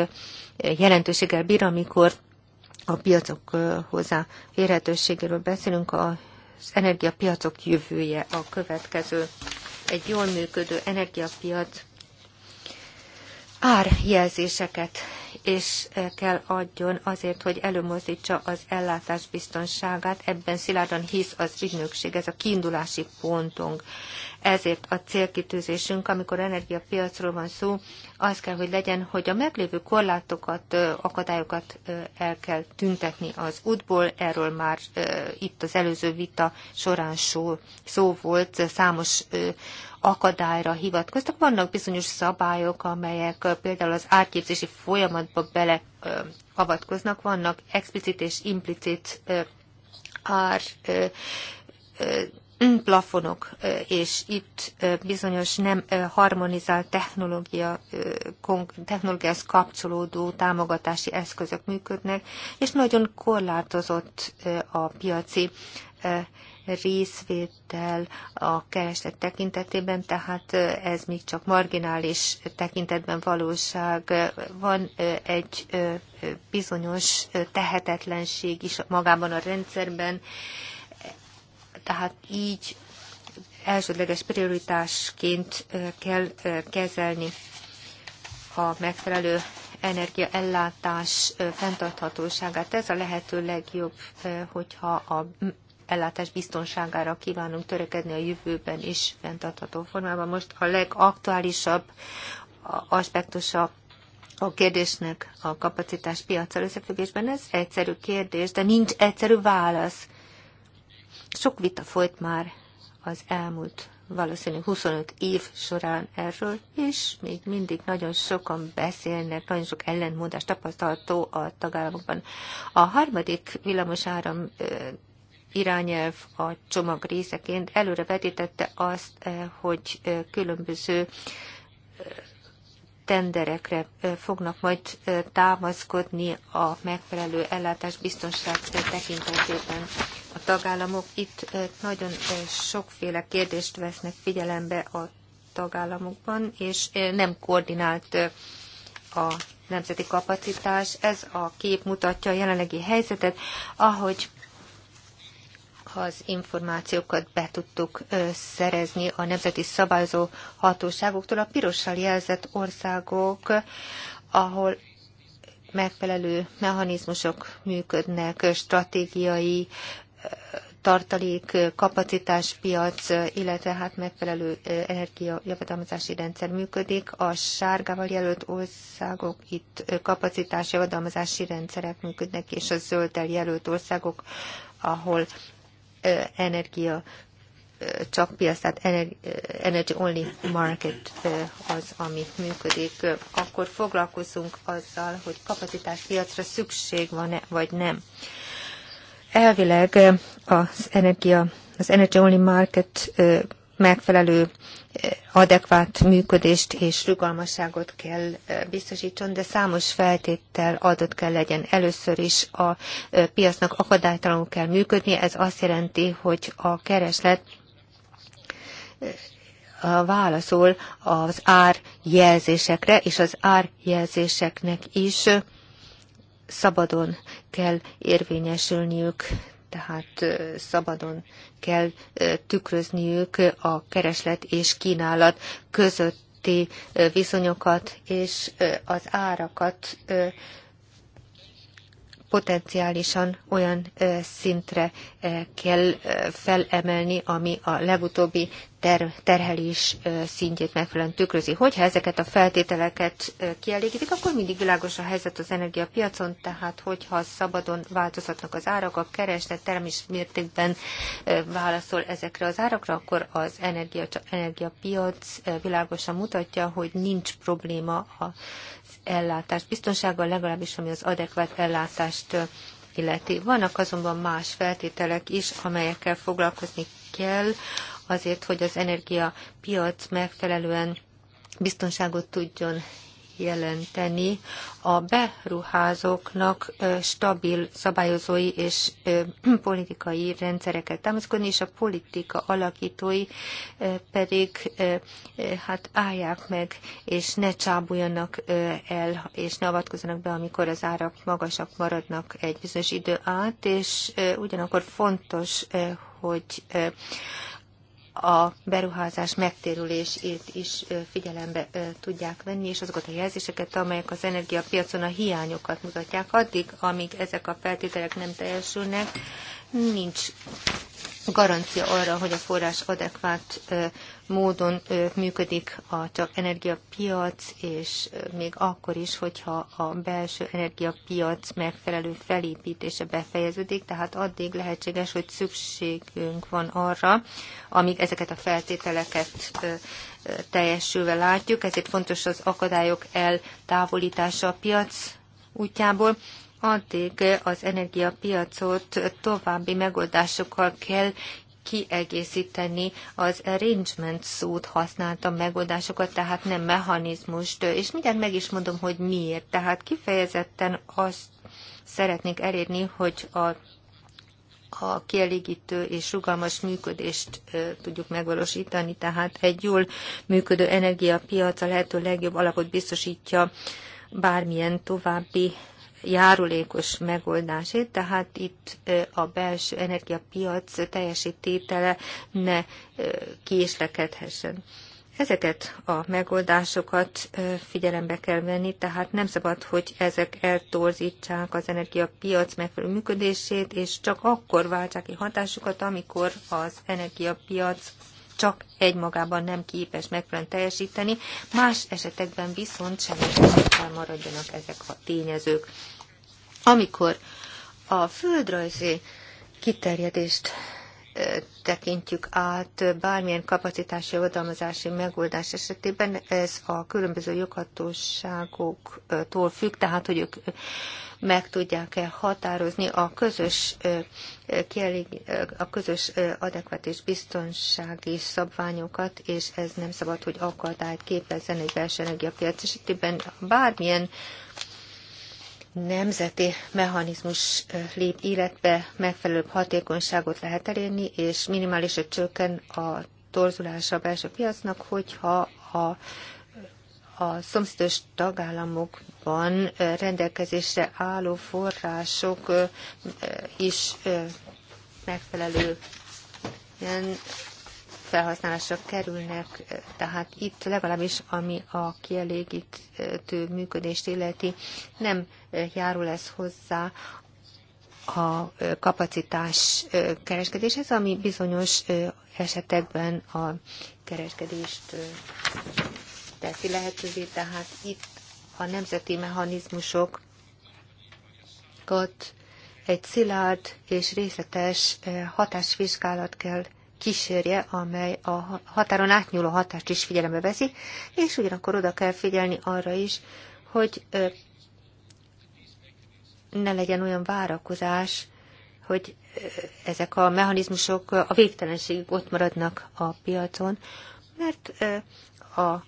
S2: jelentőséggel bír, amikor a piacok hozzáférhetőségéről beszélünk, a az energiapiacok jövője a következő. Egy jól működő energiapiac árjelzéseket és eh, kell adjon azért, hogy előmozdítsa az ellátás biztonságát. Ebben szilárdan hisz az ügynökség, ez a kiindulási pontunk. Ezért a célkitűzésünk, amikor energiapiacról van szó, az kell, hogy legyen, hogy a meglévő korlátokat, akadályokat el kell tüntetni az útból. Erről már itt az előző vita során szó, szó volt, számos akadályra hivatkoztak. Vannak bizonyos szabályok, amelyek például az átképzési folyamatba beleavatkoznak vannak explicit és implicit ár plafonok, és itt bizonyos nem harmonizált technológia, technológiához kapcsolódó támogatási eszközök működnek, és nagyon korlátozott a piaci részvétel a kereslet tekintetében, tehát ez még csak marginális tekintetben valóság. Van egy bizonyos tehetetlenség is magában a rendszerben, tehát így elsődleges prioritásként kell kezelni a megfelelő energiaellátás fenntarthatóságát. Ez a lehető legjobb, hogyha a ellátás biztonságára kívánunk törekedni a jövőben is fenntartható formában. Most a legaktuálisabb aspektusa a kérdésnek a kapacitás piacsal összefüggésben. Ez egyszerű kérdés, de nincs egyszerű válasz. Sok vita folyt már az elmúlt valószínűleg 25 év során erről, és még mindig nagyon sokan beszélnek, nagyon sok ellentmondást tapasztalható a tagállamokban. A harmadik villamosáram irányelv a csomag részeként előre vetítette azt, hogy különböző tenderekre fognak majd támaszkodni a megfelelő ellátás biztonság tekintetében a tagállamok. Itt nagyon sokféle kérdést vesznek figyelembe a tagállamokban, és nem koordinált a nemzeti kapacitás. Ez a kép mutatja a jelenlegi helyzetet, ahogy ha az információkat be tudtuk szerezni a nemzeti szabályozó hatóságoktól, a pirossal jelzett országok, ahol megfelelő mechanizmusok működnek, stratégiai tartalék, kapacitáspiac, illetve hát megfelelő energiajavadalmazási rendszer működik. A sárgával jelölt országok itt kapacitásjavadalmazási rendszerek működnek, és a zölddel jelölt országok, ahol energia csak piac, tehát Energy Only Market az, ami működik, akkor foglalkozunk azzal, hogy kapacitás piacra szükség van-e, vagy nem. Elvileg az energia, az Energy Only Market megfelelő adekvát működést és rugalmasságot kell biztosítson, de számos feltétel adott kell legyen. Először is a piacnak akadálytalanul kell működnie, ez azt jelenti, hogy a kereslet válaszol az árjelzésekre, és az árjelzéseknek is szabadon kell érvényesülniük tehát szabadon kell tükrözniük a kereslet és kínálat közötti viszonyokat és az árakat potenciálisan olyan szintre kell felemelni, ami a legutóbbi ter- terhelés szintjét megfelelően tükrözi. Hogyha ezeket a feltételeket kielégítik, akkor mindig világos a helyzet az energiapiacon, tehát hogyha szabadon változhatnak az árak, a kereslet termés mértékben válaszol ezekre az árakra, akkor az energia, energiapiac világosan mutatja, hogy nincs probléma a ellátást, biztonsággal legalábbis, ami az adekvát ellátást illeti. Vannak azonban más feltételek is, amelyekkel foglalkozni kell azért, hogy az energiapiac megfelelően biztonságot tudjon jelenteni a beruházóknak stabil szabályozói és politikai rendszereket támaszkodni, és a politika alakítói pedig hát állják meg, és ne csábuljanak el, és ne avatkozzanak be, amikor az árak magasak maradnak egy bizonyos idő át, és ugyanakkor fontos, hogy a beruházás megtérülését is figyelembe tudják venni, és azokat a jelzéseket, amelyek az energiapiacon a hiányokat mutatják. Addig, amíg ezek a feltételek nem teljesülnek, nincs garancia arra, hogy a forrás adekvát módon működik a csak energiapiac, és még akkor is, hogyha a belső energiapiac megfelelő felépítése befejeződik, tehát addig lehetséges, hogy szükségünk van arra, amíg ezeket a feltételeket teljesülve látjuk, ezért fontos az akadályok eltávolítása a piac útjából, addig az energiapiacot további megoldásokkal kell kiegészíteni az arrangement szót használta megoldásokat, tehát nem mechanizmust, és mindjárt meg is mondom, hogy miért. Tehát kifejezetten azt szeretnék elérni, hogy a a kielégítő és rugalmas működést tudjuk megvalósítani, tehát egy jól működő energiapiac a lehető legjobb alapot biztosítja bármilyen további járulékos megoldásét, tehát itt a belső energiapiac teljesítétele ne késlekedhessen. Ezeket a megoldásokat figyelembe kell venni, tehát nem szabad, hogy ezek eltorzítsák az energiapiac megfelelő működését, és csak akkor váltsák ki hatásukat, amikor az energiapiac csak egymagában nem képes megfelelően teljesíteni, más esetekben viszont semmiképpen maradjanak ezek a tényezők. Amikor a földrajzi kiterjedést tekintjük át bármilyen kapacitási javadalmazási megoldás esetében, ez a különböző joghatóságoktól függ, tehát hogy ők meg tudják-e határozni a közös, kielég, a közös adekvát és biztonsági szabványokat, és ez nem szabad, hogy akadályt képezzen egy belső energiapiac esetében bármilyen nemzeti mechanizmus lép életbe, megfelelőbb hatékonyságot lehet elérni, és minimálisra csökken a torzulása a belső piacnak, hogyha a a szomszédos tagállamokban rendelkezésre álló források is megfelelő ilyen felhasználásra kerülnek, tehát itt legalábbis ami a kielégítő működést illeti, nem járul ez hozzá a kapacitás kereskedéshez, ami bizonyos esetekben a kereskedést teszi lehetővé, tehát itt a nemzeti mechanizmusokat egy szilárd és részletes eh, hatásvizsgálat kell kísérje, amely a határon átnyúló hatást is figyelembe veszi, és ugyanakkor oda kell figyelni arra is, hogy eh, ne legyen olyan várakozás, hogy eh, ezek a mechanizmusok a végtelenségig ott maradnak a piacon, mert a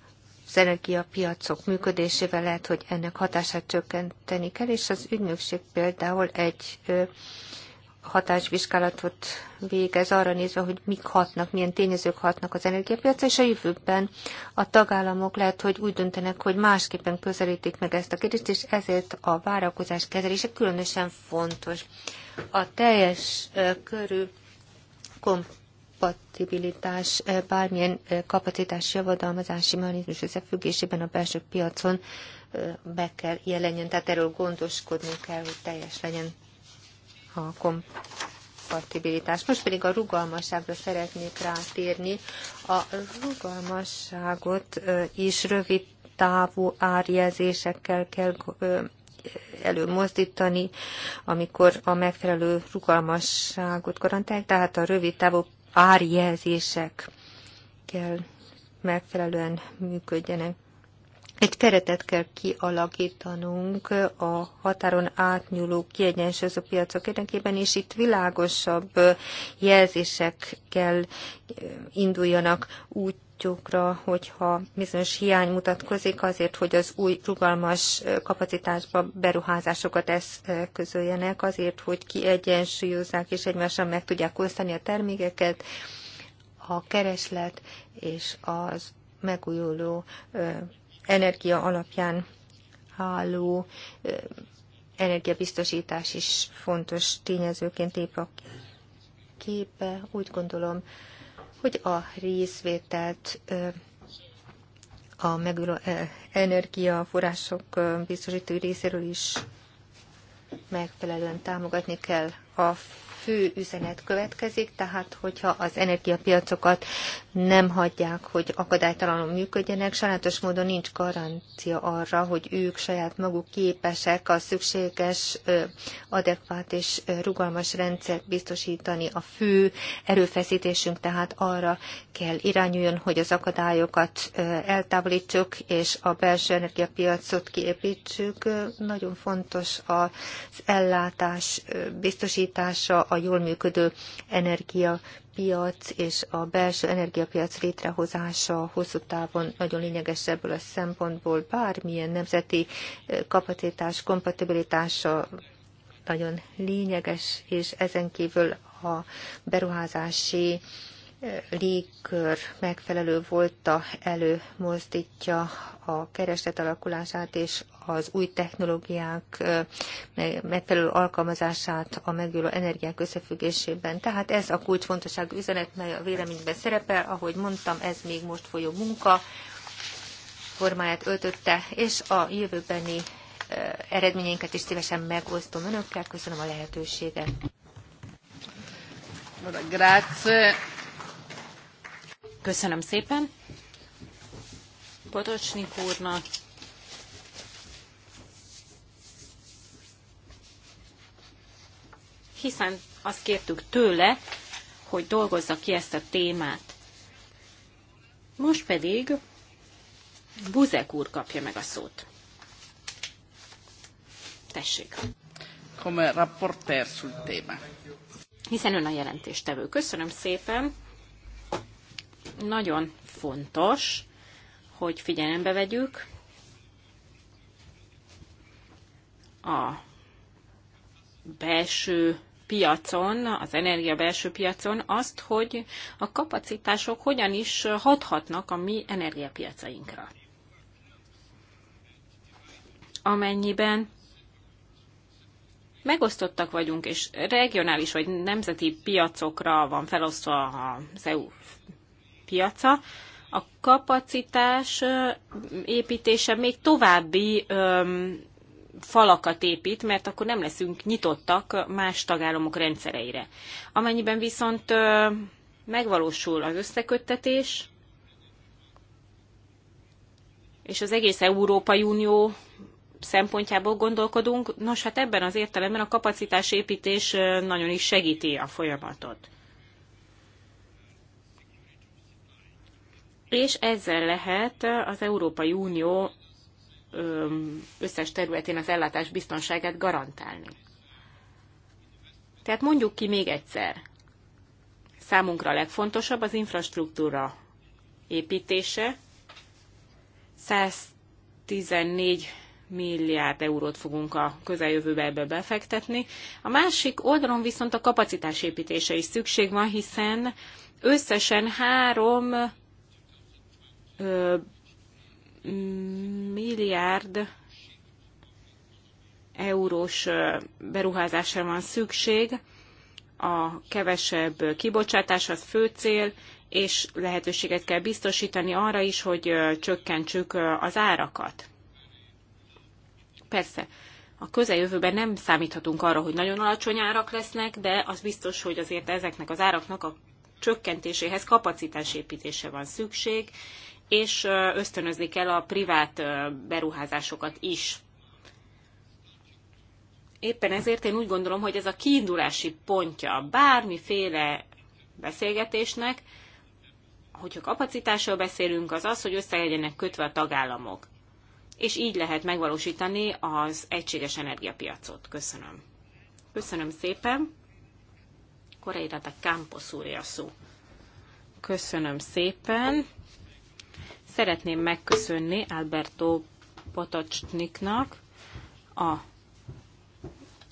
S2: az energiapiacok működésével lehet, hogy ennek hatását csökkenteni kell, és az ügynökség például egy hatásvizsgálatot végez arra nézve, hogy mik hatnak, milyen tényezők hatnak az energiapiacra, és a jövőben a tagállamok lehet, hogy úgy döntenek, hogy másképpen közelítik meg ezt a kérdést, és ezért a várakozás kezelése különösen fontos. A teljes körű komp- kompatibilitás eh, bármilyen eh, kapacitás javadalmazási mechanizmus összefüggésében a belső piacon eh, be kell jelenjen, tehát erről gondoskodni kell, hogy teljes legyen a kompatibilitás. Most pedig a rugalmasságra szeretnék rátérni. A rugalmasságot is rövid távú árjelzésekkel kell előmozdítani, amikor a megfelelő rugalmasságot garantálják, tehát a rövid távú árjelzések kell megfelelően működjenek. Egy keretet kell kialakítanunk a határon átnyúló kiegyensúlyozó piacok érdekében, és itt világosabb jelzések kell eh, induljanak úgy módosítókra, hogyha bizonyos hiány mutatkozik azért, hogy az új rugalmas kapacitásba beruházásokat eszközöljenek, azért, hogy kiegyensúlyozzák és egymással meg tudják osztani a termékeket, a kereslet és az megújuló energia alapján álló energiabiztosítás is fontos tényezőként épp a képbe. Úgy gondolom, hogy a részvételt a megülő energiaforrások biztosító részéről is megfelelően támogatni kell. A fő üzenet következik, tehát hogyha az energiapiacokat nem hagyják, hogy akadálytalanul működjenek, sajnálatos módon nincs garancia arra, hogy ők saját maguk képesek a szükséges, adekvát és rugalmas rendszert biztosítani. A fő erőfeszítésünk tehát arra kell irányuljon, hogy az akadályokat eltávolítsuk, és a belső energiapiacot kiépítsük. Nagyon fontos az ellátás biztosítása, a jól működő energiapiac és a belső energiapiac létrehozása hosszú távon nagyon lényeges ebből a szempontból. Bármilyen nemzeti eh, kapacitás, kompatibilitása nagyon lényeges, és ezen kívül a beruházási légkör megfelelő volt volta előmozdítja a kereslet alakulását és az új technológiák megfelelő alkalmazását a megülő energiák összefüggésében. Tehát ez a kulcsfontosság üzenet, mely a véleményben szerepel. Ahogy mondtam, ez még most folyó munka formáját öltötte, és a jövőbeni eredményeinket is szívesen megosztom önökkel. Köszönöm a lehetőséget. Grazie.
S1: Köszönöm szépen. Potocsnik úrnak. Hiszen azt kértük tőle, hogy dolgozza ki ezt a témát. Most pedig Buzek úr kapja meg a szót. Tessék. Come rapporter sul téma. Hiszen ön a jelentéstevő. Köszönöm szépen nagyon fontos, hogy figyelembe vegyük a belső piacon, az energia belső piacon azt, hogy a kapacitások hogyan is hathatnak a mi energiapiacainkra. Amennyiben megosztottak vagyunk, és regionális vagy nemzeti piacokra van felosztva az EU piaca, a kapacitás építése még további falakat épít, mert akkor nem leszünk nyitottak más tagállamok rendszereire. Amennyiben viszont megvalósul az összeköttetés, és az egész Európai Unió szempontjából gondolkodunk, nos hát ebben az értelemben a kapacitásépítés nagyon is segíti a folyamatot. és ezzel lehet az Európai Unió összes területén az ellátás biztonságát garantálni. Tehát mondjuk ki még egyszer, számunkra a legfontosabb az infrastruktúra építése. 114 milliárd eurót fogunk a közeljövőbe ebbe befektetni. A másik oldalon viszont a építése is szükség van, hiszen összesen három milliárd eurós beruházásra van szükség, a kevesebb kibocsátás az fő cél, és lehetőséget kell biztosítani arra is, hogy csökkentsük az árakat. Persze, a közeljövőben nem számíthatunk arra, hogy nagyon alacsony árak lesznek, de az biztos, hogy azért ezeknek az áraknak a csökkentéséhez kapacitásépítése van szükség, és ösztönözni kell a privát beruházásokat is. Éppen ezért én úgy gondolom, hogy ez a kiindulási pontja bármiféle beszélgetésnek, hogyha kapacitásról beszélünk, az az, hogy össze legyenek kötve a tagállamok. És így lehet megvalósítani az egységes energiapiacot. Köszönöm. Köszönöm szépen. Koreira de Campos úr szó. Köszönöm szépen. Szeretném megköszönni Alberto Patacsniknak a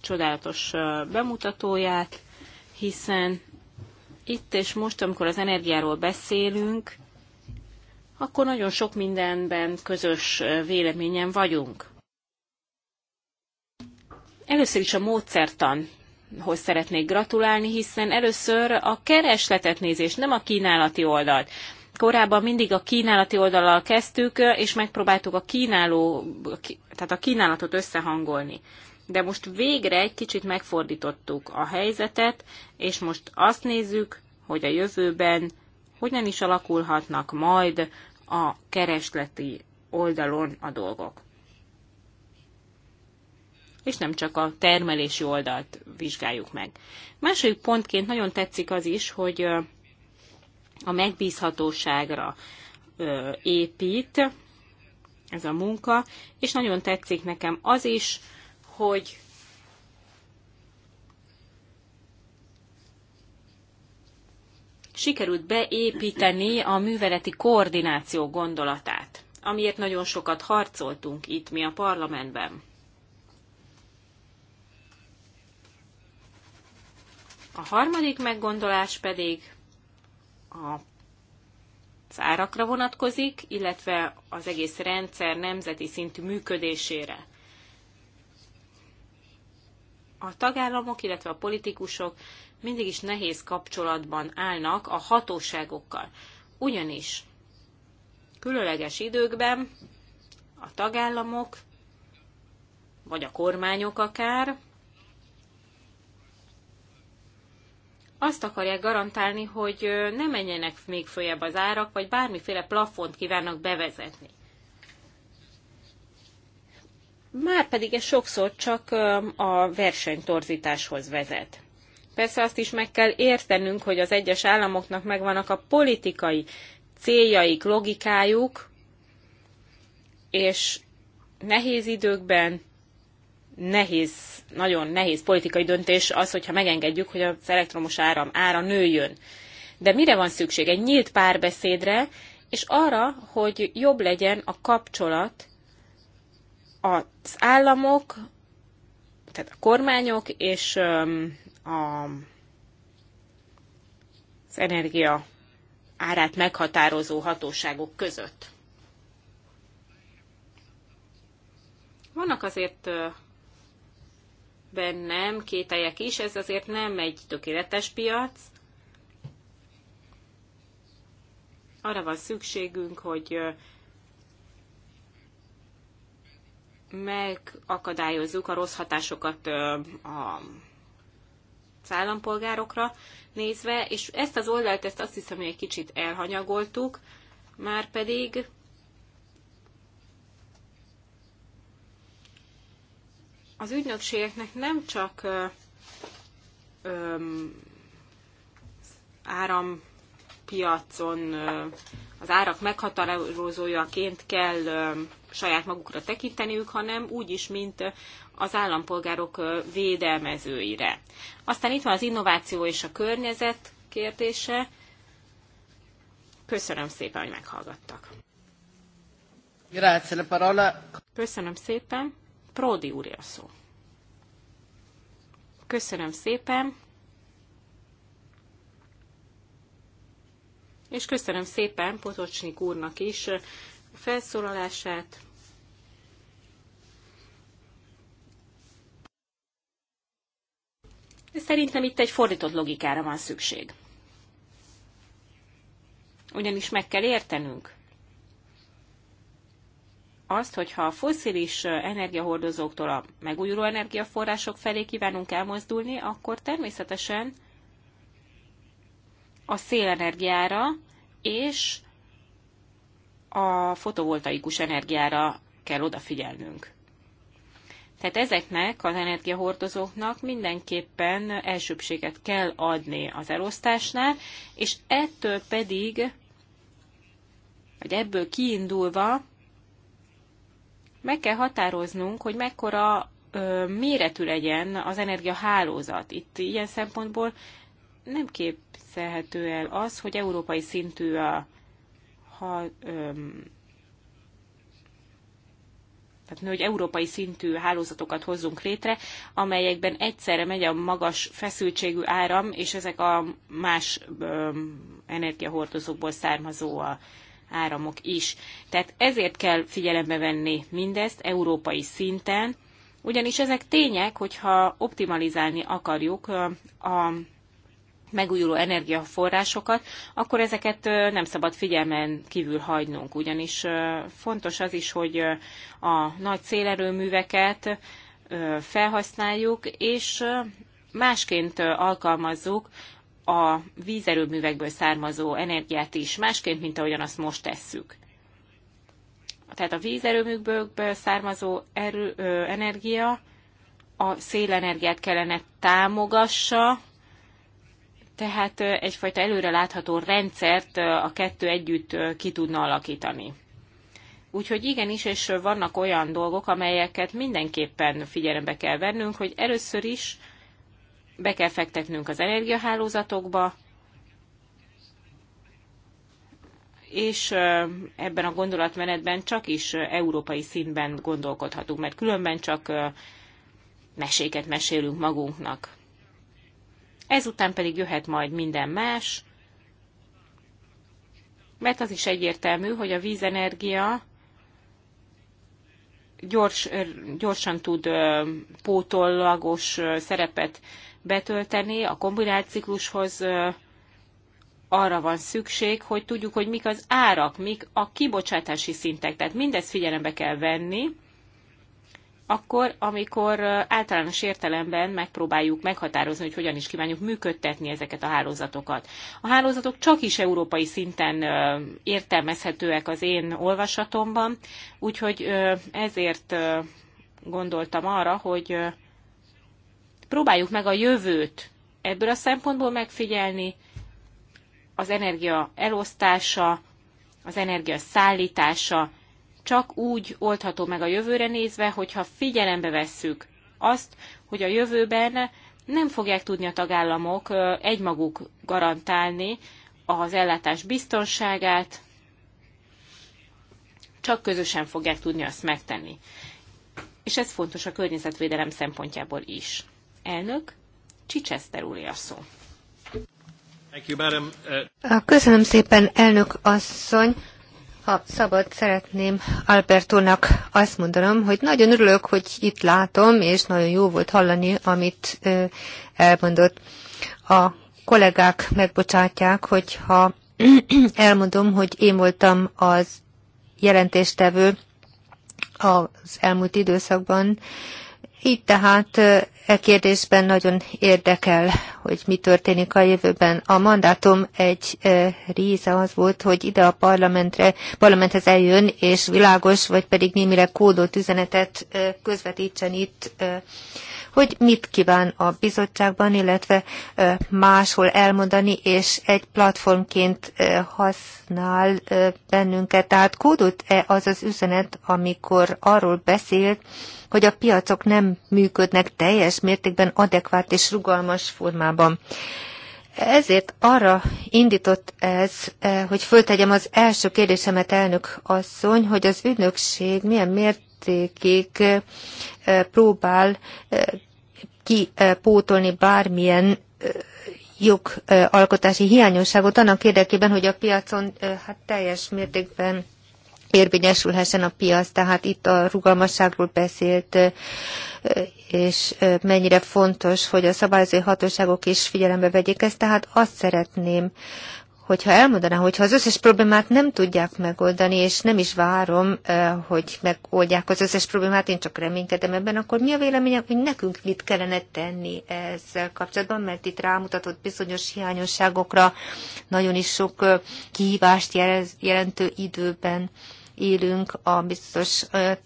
S1: csodálatos bemutatóját, hiszen itt és most, amikor az energiáról beszélünk, akkor nagyon sok mindenben közös véleményen vagyunk. Először is a módszertan hogy szeretnék gratulálni, hiszen először a keresletet nézés, nem a kínálati oldalt korábban mindig a kínálati oldalal kezdtük, és megpróbáltuk a kínáló, tehát a kínálatot összehangolni. De most végre egy kicsit megfordítottuk a helyzetet, és most azt nézzük, hogy a jövőben hogyan is alakulhatnak majd a keresleti oldalon a dolgok. És nem csak a termelési oldalt vizsgáljuk meg. Második pontként nagyon tetszik az is, hogy a megbízhatóságra épít ez a munka, és nagyon tetszik nekem az is, hogy sikerült beépíteni a műveleti koordináció gondolatát, amiért nagyon sokat harcoltunk itt mi a parlamentben. A harmadik meggondolás pedig a árakra vonatkozik, illetve az egész rendszer nemzeti szintű működésére. A tagállamok, illetve a politikusok mindig is nehéz kapcsolatban állnak a hatóságokkal. Ugyanis különleges időkben a tagállamok, vagy a kormányok akár, azt akarják garantálni, hogy ne menjenek még följebb az árak, vagy bármiféle plafont kívánnak bevezetni. Már pedig ez sokszor csak a versenytorzításhoz vezet. Persze azt is meg kell értenünk, hogy az egyes államoknak megvannak a politikai céljaik, logikájuk, és nehéz időkben nehéz, nagyon nehéz politikai döntés az, hogyha megengedjük, hogy az elektromos áram ára nőjön. De mire van szükség? Egy nyílt párbeszédre, és arra, hogy jobb legyen a kapcsolat az államok, tehát a kormányok és a, az energia árát meghatározó hatóságok között. Vannak azért bennem kételjek is, ez azért nem egy tökéletes piac. Arra van szükségünk, hogy megakadályozzuk a rossz hatásokat a állampolgárokra nézve, és ezt az oldalt, ezt azt hiszem, hogy egy kicsit elhanyagoltuk, már pedig az ügynökségeknek nem csak ö, árampiacon az árak meghatározójaként kell saját magukra tekinteniük, hanem úgy is, mint az állampolgárok védelmezőire. Aztán itt van az innováció és a környezet kérdése. Köszönöm szépen, hogy meghallgattak. Grazie, la parola. Köszönöm szépen. Pródi úrja szó. Köszönöm szépen, és köszönöm szépen Potocsnik úrnak is a felszólalását. szerintem itt egy fordított logikára van szükség. Ugyanis meg kell értenünk, azt, hogyha a foszilis energiahordozóktól a megújuló energiaforrások felé kívánunk elmozdulni, akkor természetesen a szélenergiára és a fotovoltaikus energiára kell odafigyelnünk. Tehát ezeknek az energiahordozóknak mindenképpen elsőbséget kell adni az elosztásnál, és ettől pedig, vagy ebből kiindulva meg kell határoznunk, hogy mekkora ö, méretű legyen az energiahálózat. Itt ilyen szempontból nem képzelhető el az, hogy európai szintű a ha, ö, tehát hogy európai szintű hálózatokat hozzunk létre, amelyekben egyszerre megy a magas feszültségű áram, és ezek a más öm, energiahordozókból származó a áramok is. Tehát ezért kell figyelembe venni mindezt európai szinten, ugyanis ezek tények, hogyha optimalizálni akarjuk a megújuló energiaforrásokat, akkor ezeket nem szabad figyelmen kívül hagynunk, ugyanis fontos az is, hogy a nagy szélerőműveket felhasználjuk, és másként alkalmazzuk a vízerőművekből származó energiát is, másként, mint ahogyan azt most tesszük. Tehát a vízerőműkből származó erő, ö, energia a szélenergiát kellene támogassa, tehát egyfajta előrelátható rendszert a kettő együtt ki tudna alakítani. Úgyhogy igenis, és vannak olyan dolgok, amelyeket mindenképpen figyelembe kell vennünk, hogy először is be kell fektetnünk az energiahálózatokba, és ebben a gondolatmenetben csak is európai színben gondolkodhatunk, mert különben csak meséket mesélünk magunknak. Ezután pedig jöhet majd minden más, mert az is egyértelmű, hogy a vízenergia gyors, gyorsan tud pótollagos szerepet betölteni a kombinált ciklushoz, arra van szükség, hogy tudjuk, hogy mik az árak, mik a kibocsátási szintek. Tehát mindezt figyelembe kell venni, akkor, amikor általános értelemben megpróbáljuk meghatározni, hogy hogyan is kívánjuk működtetni ezeket a hálózatokat. A hálózatok csak is európai szinten értelmezhetőek az én olvasatomban, úgyhogy ezért gondoltam arra, hogy próbáljuk meg a jövőt ebből a szempontból megfigyelni, az energia elosztása, az energia szállítása csak úgy oldható meg a jövőre nézve, hogyha figyelembe vesszük azt, hogy a jövőben nem fogják tudni a tagállamok egymaguk garantálni az ellátás biztonságát, csak közösen fogják tudni azt megtenni. És ez fontos a környezetvédelem szempontjából is. Elnök, Csicseszter úr a szó.
S4: Uh,
S2: Köszönöm szépen, elnök asszony. Ha szabad, szeretném Albertónak azt mondanom, hogy nagyon örülök, hogy itt látom, és nagyon jó volt hallani, amit elmondott. A kollégák megbocsátják, hogyha elmondom, hogy én voltam az jelentéstevő az elmúlt időszakban, így tehát E kérdésben nagyon érdekel, hogy mi történik a jövőben. A mandátum egy e, része az volt, hogy ide a parlamentre, parlamenthez eljön, és világos, vagy pedig némileg kódolt üzenetet e, közvetítsen itt e, hogy mit kíván a bizottságban, illetve máshol elmondani, és egy platformként használ bennünket. Tehát kódolt e az az üzenet, amikor arról beszélt, hogy a piacok nem működnek teljes mértékben adekvát és rugalmas formában. Ezért arra indított ez, eh, hogy föltegyem az első kérdésemet elnök asszony, hogy az ügynökség milyen mértékig eh, próbál eh, kipótolni bármilyen jogalkotási hiányosságot annak érdekében, hogy a piacon hát teljes mértékben érvényesülhessen a piac. Tehát itt a rugalmasságról beszélt, és mennyire fontos, hogy a szabályozó hatóságok is figyelembe vegyék ezt. Tehát azt szeretném, hogyha elmondaná, hogyha az összes problémát nem tudják megoldani, és nem is várom, hogy megoldják az összes problémát, én csak reménykedem ebben, akkor mi a véleményem, hogy nekünk mit kellene tenni ezzel kapcsolatban, mert itt rámutatott bizonyos hiányosságokra nagyon is sok kihívást jelentő időben élünk. A biztos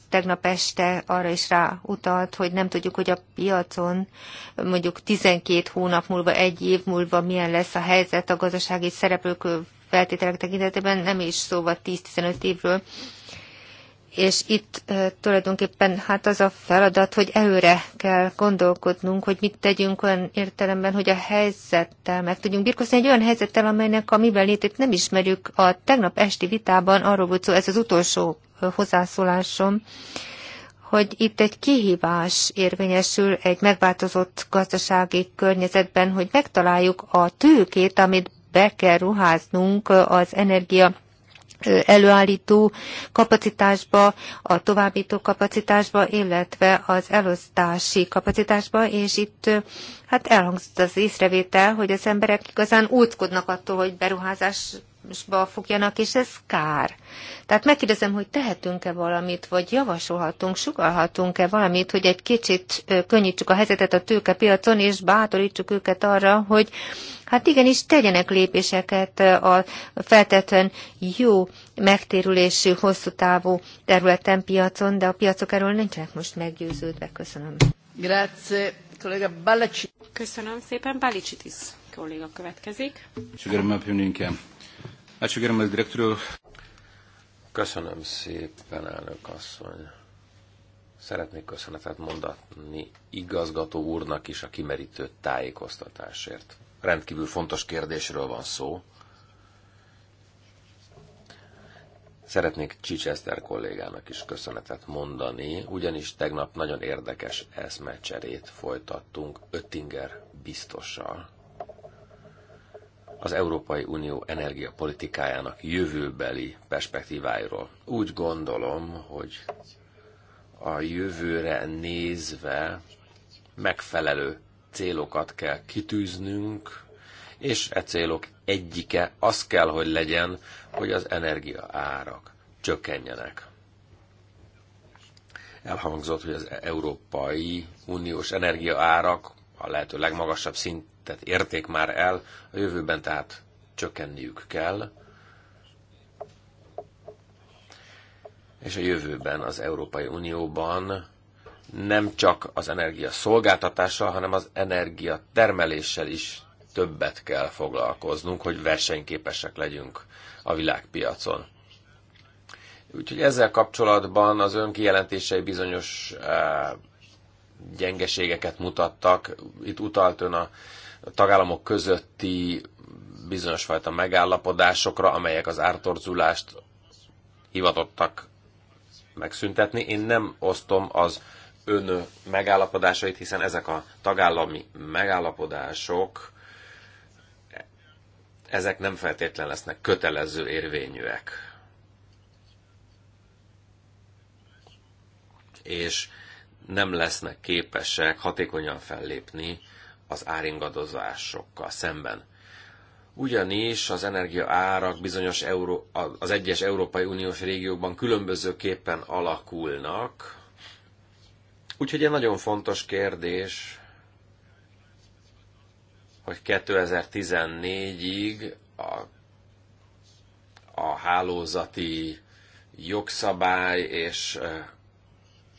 S2: tegnap este arra is ráutalt, hogy nem tudjuk, hogy a piacon mondjuk 12 hónap múlva, egy év múlva milyen lesz a helyzet a gazdasági szereplők feltételek tekintetében, nem is szóval 10-15 évről, és itt tulajdonképpen hát az a feladat, hogy előre kell gondolkodnunk, hogy mit tegyünk olyan értelemben, hogy a helyzettel meg tudjunk birkozni, egy olyan helyzettel, amelynek a miben létét nem ismerjük. A tegnap esti vitában arról volt szó, ez az utolsó hozzászólásom, hogy itt egy kihívás érvényesül egy megváltozott gazdasági környezetben, hogy megtaláljuk a tőkét, amit be kell ruháznunk az energia előállító kapacitásba, a továbbító kapacitásba, illetve az elosztási kapacitásba, és itt hát elhangzott az észrevétel, hogy az emberek igazán úckodnak attól, hogy beruházásba fogjanak, és ez kár. Tehát megkérdezem, hogy tehetünk-e valamit, vagy javasolhatunk, sugalhatunk-e valamit, hogy egy kicsit könnyítsük a helyzetet a tőkepiacon, és bátorítsuk őket arra, hogy Hát igenis, tegyenek lépéseket a feltetően jó megtérülésű, hosszú távú területen, piacon, de a piacok erről nincsenek most meggyőződve. Köszönöm.
S1: Grazie. Kollega Balacsi. Köszönöm szépen. Balicsitis kolléga következik.
S4: Hát Köszönöm szépen, elnök asszony. Szeretnék köszönetet mondani igazgató úrnak is a kimerítő tájékoztatásért rendkívül fontos kérdésről van szó. Szeretnék Csicseszter kollégának is köszönetet mondani, ugyanis tegnap nagyon érdekes eszmecserét folytattunk Öttinger biztossal. Az Európai Unió energiapolitikájának jövőbeli perspektíváiról. Úgy gondolom, hogy a jövőre nézve megfelelő célokat kell kitűznünk, és e célok egyike az kell, hogy legyen, hogy az energia árak csökkenjenek. Elhangzott, hogy az Európai Uniós energiaárak a lehető legmagasabb szintet érték már el, a jövőben tehát csökkenniük kell, és a jövőben az Európai Unióban nem csak az energia szolgáltatással, hanem az energia termeléssel is többet kell foglalkoznunk, hogy versenyképesek legyünk a világpiacon. Úgyhogy ezzel kapcsolatban az ön kijelentései bizonyos eh, gyengeségeket mutattak. Itt utalt ön a tagállamok közötti bizonyos fajta megállapodásokra, amelyek az ártorzulást hivatottak megszüntetni. Én nem osztom az ön megállapodásait, hiszen ezek a tagállami megállapodások ezek nem feltétlen lesznek kötelező érvényűek. És nem lesznek képesek hatékonyan fellépni az áringadozásokkal szemben. Ugyanis az energia árak bizonyos Euró- az egyes Európai Uniós régiókban különbözőképpen alakulnak, Úgyhogy egy nagyon fontos kérdés, hogy 2014-ig a, a hálózati jogszabály és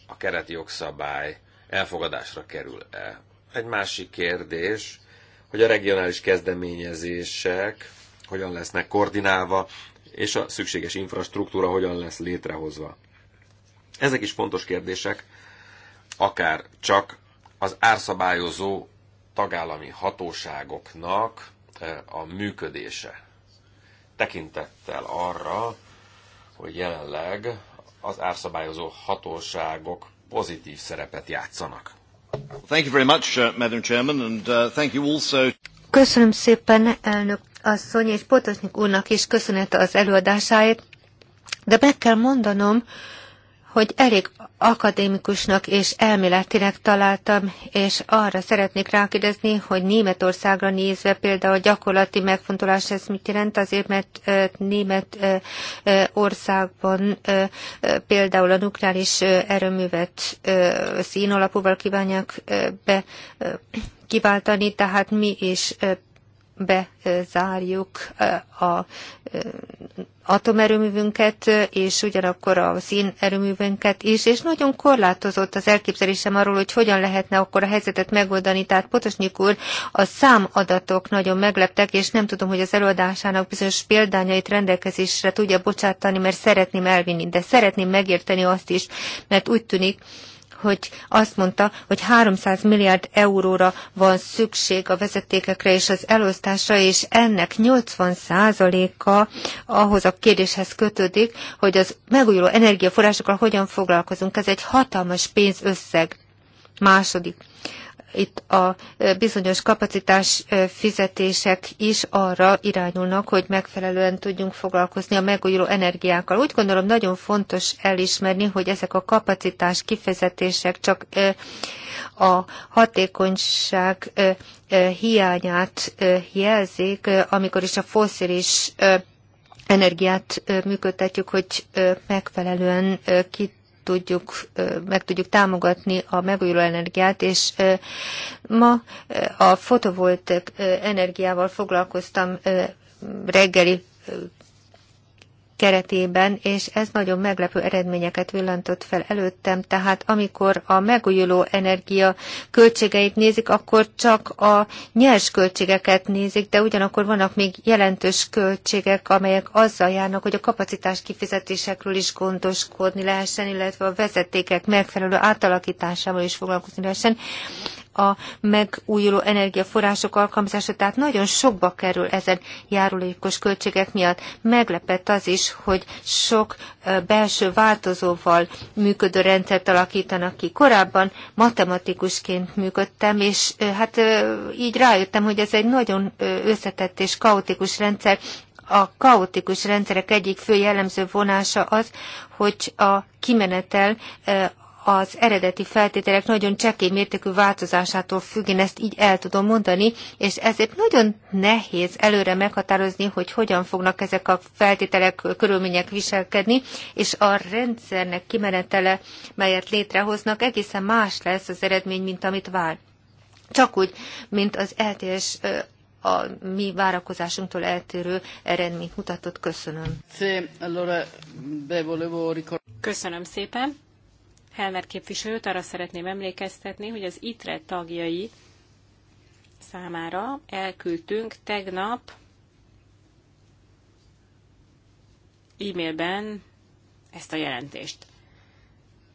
S4: a keret jogszabály elfogadásra kerül-e. Egy másik kérdés, hogy a regionális kezdeményezések hogyan lesznek koordinálva, és a szükséges infrastruktúra hogyan lesz létrehozva. Ezek is fontos kérdések, akár csak az árszabályozó tagállami hatóságoknak eh, a működése. Tekintettel arra, hogy jelenleg az árszabályozó hatóságok pozitív szerepet játszanak. Thank you very much, uh, Madam Chairman, and uh, thank you also.
S2: Köszönöm szépen, elnök asszony, és Potosnyik úrnak is köszönet az előadásáért, de meg kell mondanom, hogy elég akadémikusnak és elméletinek találtam, és arra szeretnék rákérdezni, hogy Németországra nézve például a gyakorlati megfontolás ez mit jelent, azért mert Németországban, például a nukleáris erőművet színalapúval kívánják be kiváltani, tehát mi is bezárjuk a atomerőművünket, és ugyanakkor a színerőművünket is, és nagyon korlátozott az elképzelésem arról, hogy hogyan lehetne akkor a helyzetet megoldani. Tehát Potosnyik úr, a számadatok nagyon megleptek, és nem tudom, hogy az előadásának bizonyos példányait rendelkezésre tudja bocsátani, mert szeretném elvinni, de szeretném megérteni azt is, mert úgy tűnik, hogy azt mondta, hogy 300 milliárd euróra van szükség a vezetékekre és az elosztásra, és ennek 80 százaléka ahhoz a kérdéshez kötődik, hogy az megújuló energiaforrásokkal hogyan foglalkozunk. Ez egy hatalmas pénzösszeg. Második. Itt a bizonyos kapacitás fizetések is arra irányulnak, hogy megfelelően tudjunk foglalkozni a megújuló energiákkal. Úgy gondolom nagyon fontos elismerni, hogy ezek a kapacitás kifizetések csak a hatékonyság hiányát jelzik, amikor is a foszilis energiát működtetjük, hogy megfelelően ki tudjuk, meg tudjuk támogatni a megújuló energiát, és ma a fotovoltaik energiával foglalkoztam reggeli keretében, és ez nagyon meglepő eredményeket villantott fel előttem, tehát amikor a megújuló energia költségeit nézik, akkor csak a nyers költségeket nézik, de ugyanakkor vannak még jelentős költségek, amelyek azzal járnak, hogy a kapacitás kifizetésekről is gondoskodni lehessen, illetve a vezetékek megfelelő átalakításával is foglalkozni lehessen a megújuló energiaforrások alkalmazása, tehát nagyon sokba kerül ezen járulékos költségek miatt. Meglepett az is, hogy sok belső változóval működő rendszert alakítanak ki. Korábban matematikusként működtem, és hát így rájöttem, hogy ez egy nagyon összetett és kaotikus rendszer, a kaotikus rendszerek egyik fő jellemző vonása az, hogy a kimenetel az eredeti feltételek nagyon csekély mértékű változásától függ, én ezt így el tudom mondani, és ezért nagyon nehéz előre meghatározni, hogy hogyan fognak ezek a feltételek, körülmények viselkedni, és a rendszernek kimenetele, melyet létrehoznak, egészen más lesz az eredmény, mint amit vár. Csak úgy, mint az LTS a mi várakozásunktól eltérő eredményt mutatott. Köszönöm.
S1: Köszönöm szépen. Helmer képviselőt arra szeretném emlékeztetni, hogy az ITRE tagjai számára elküldtünk tegnap e-mailben ezt a jelentést.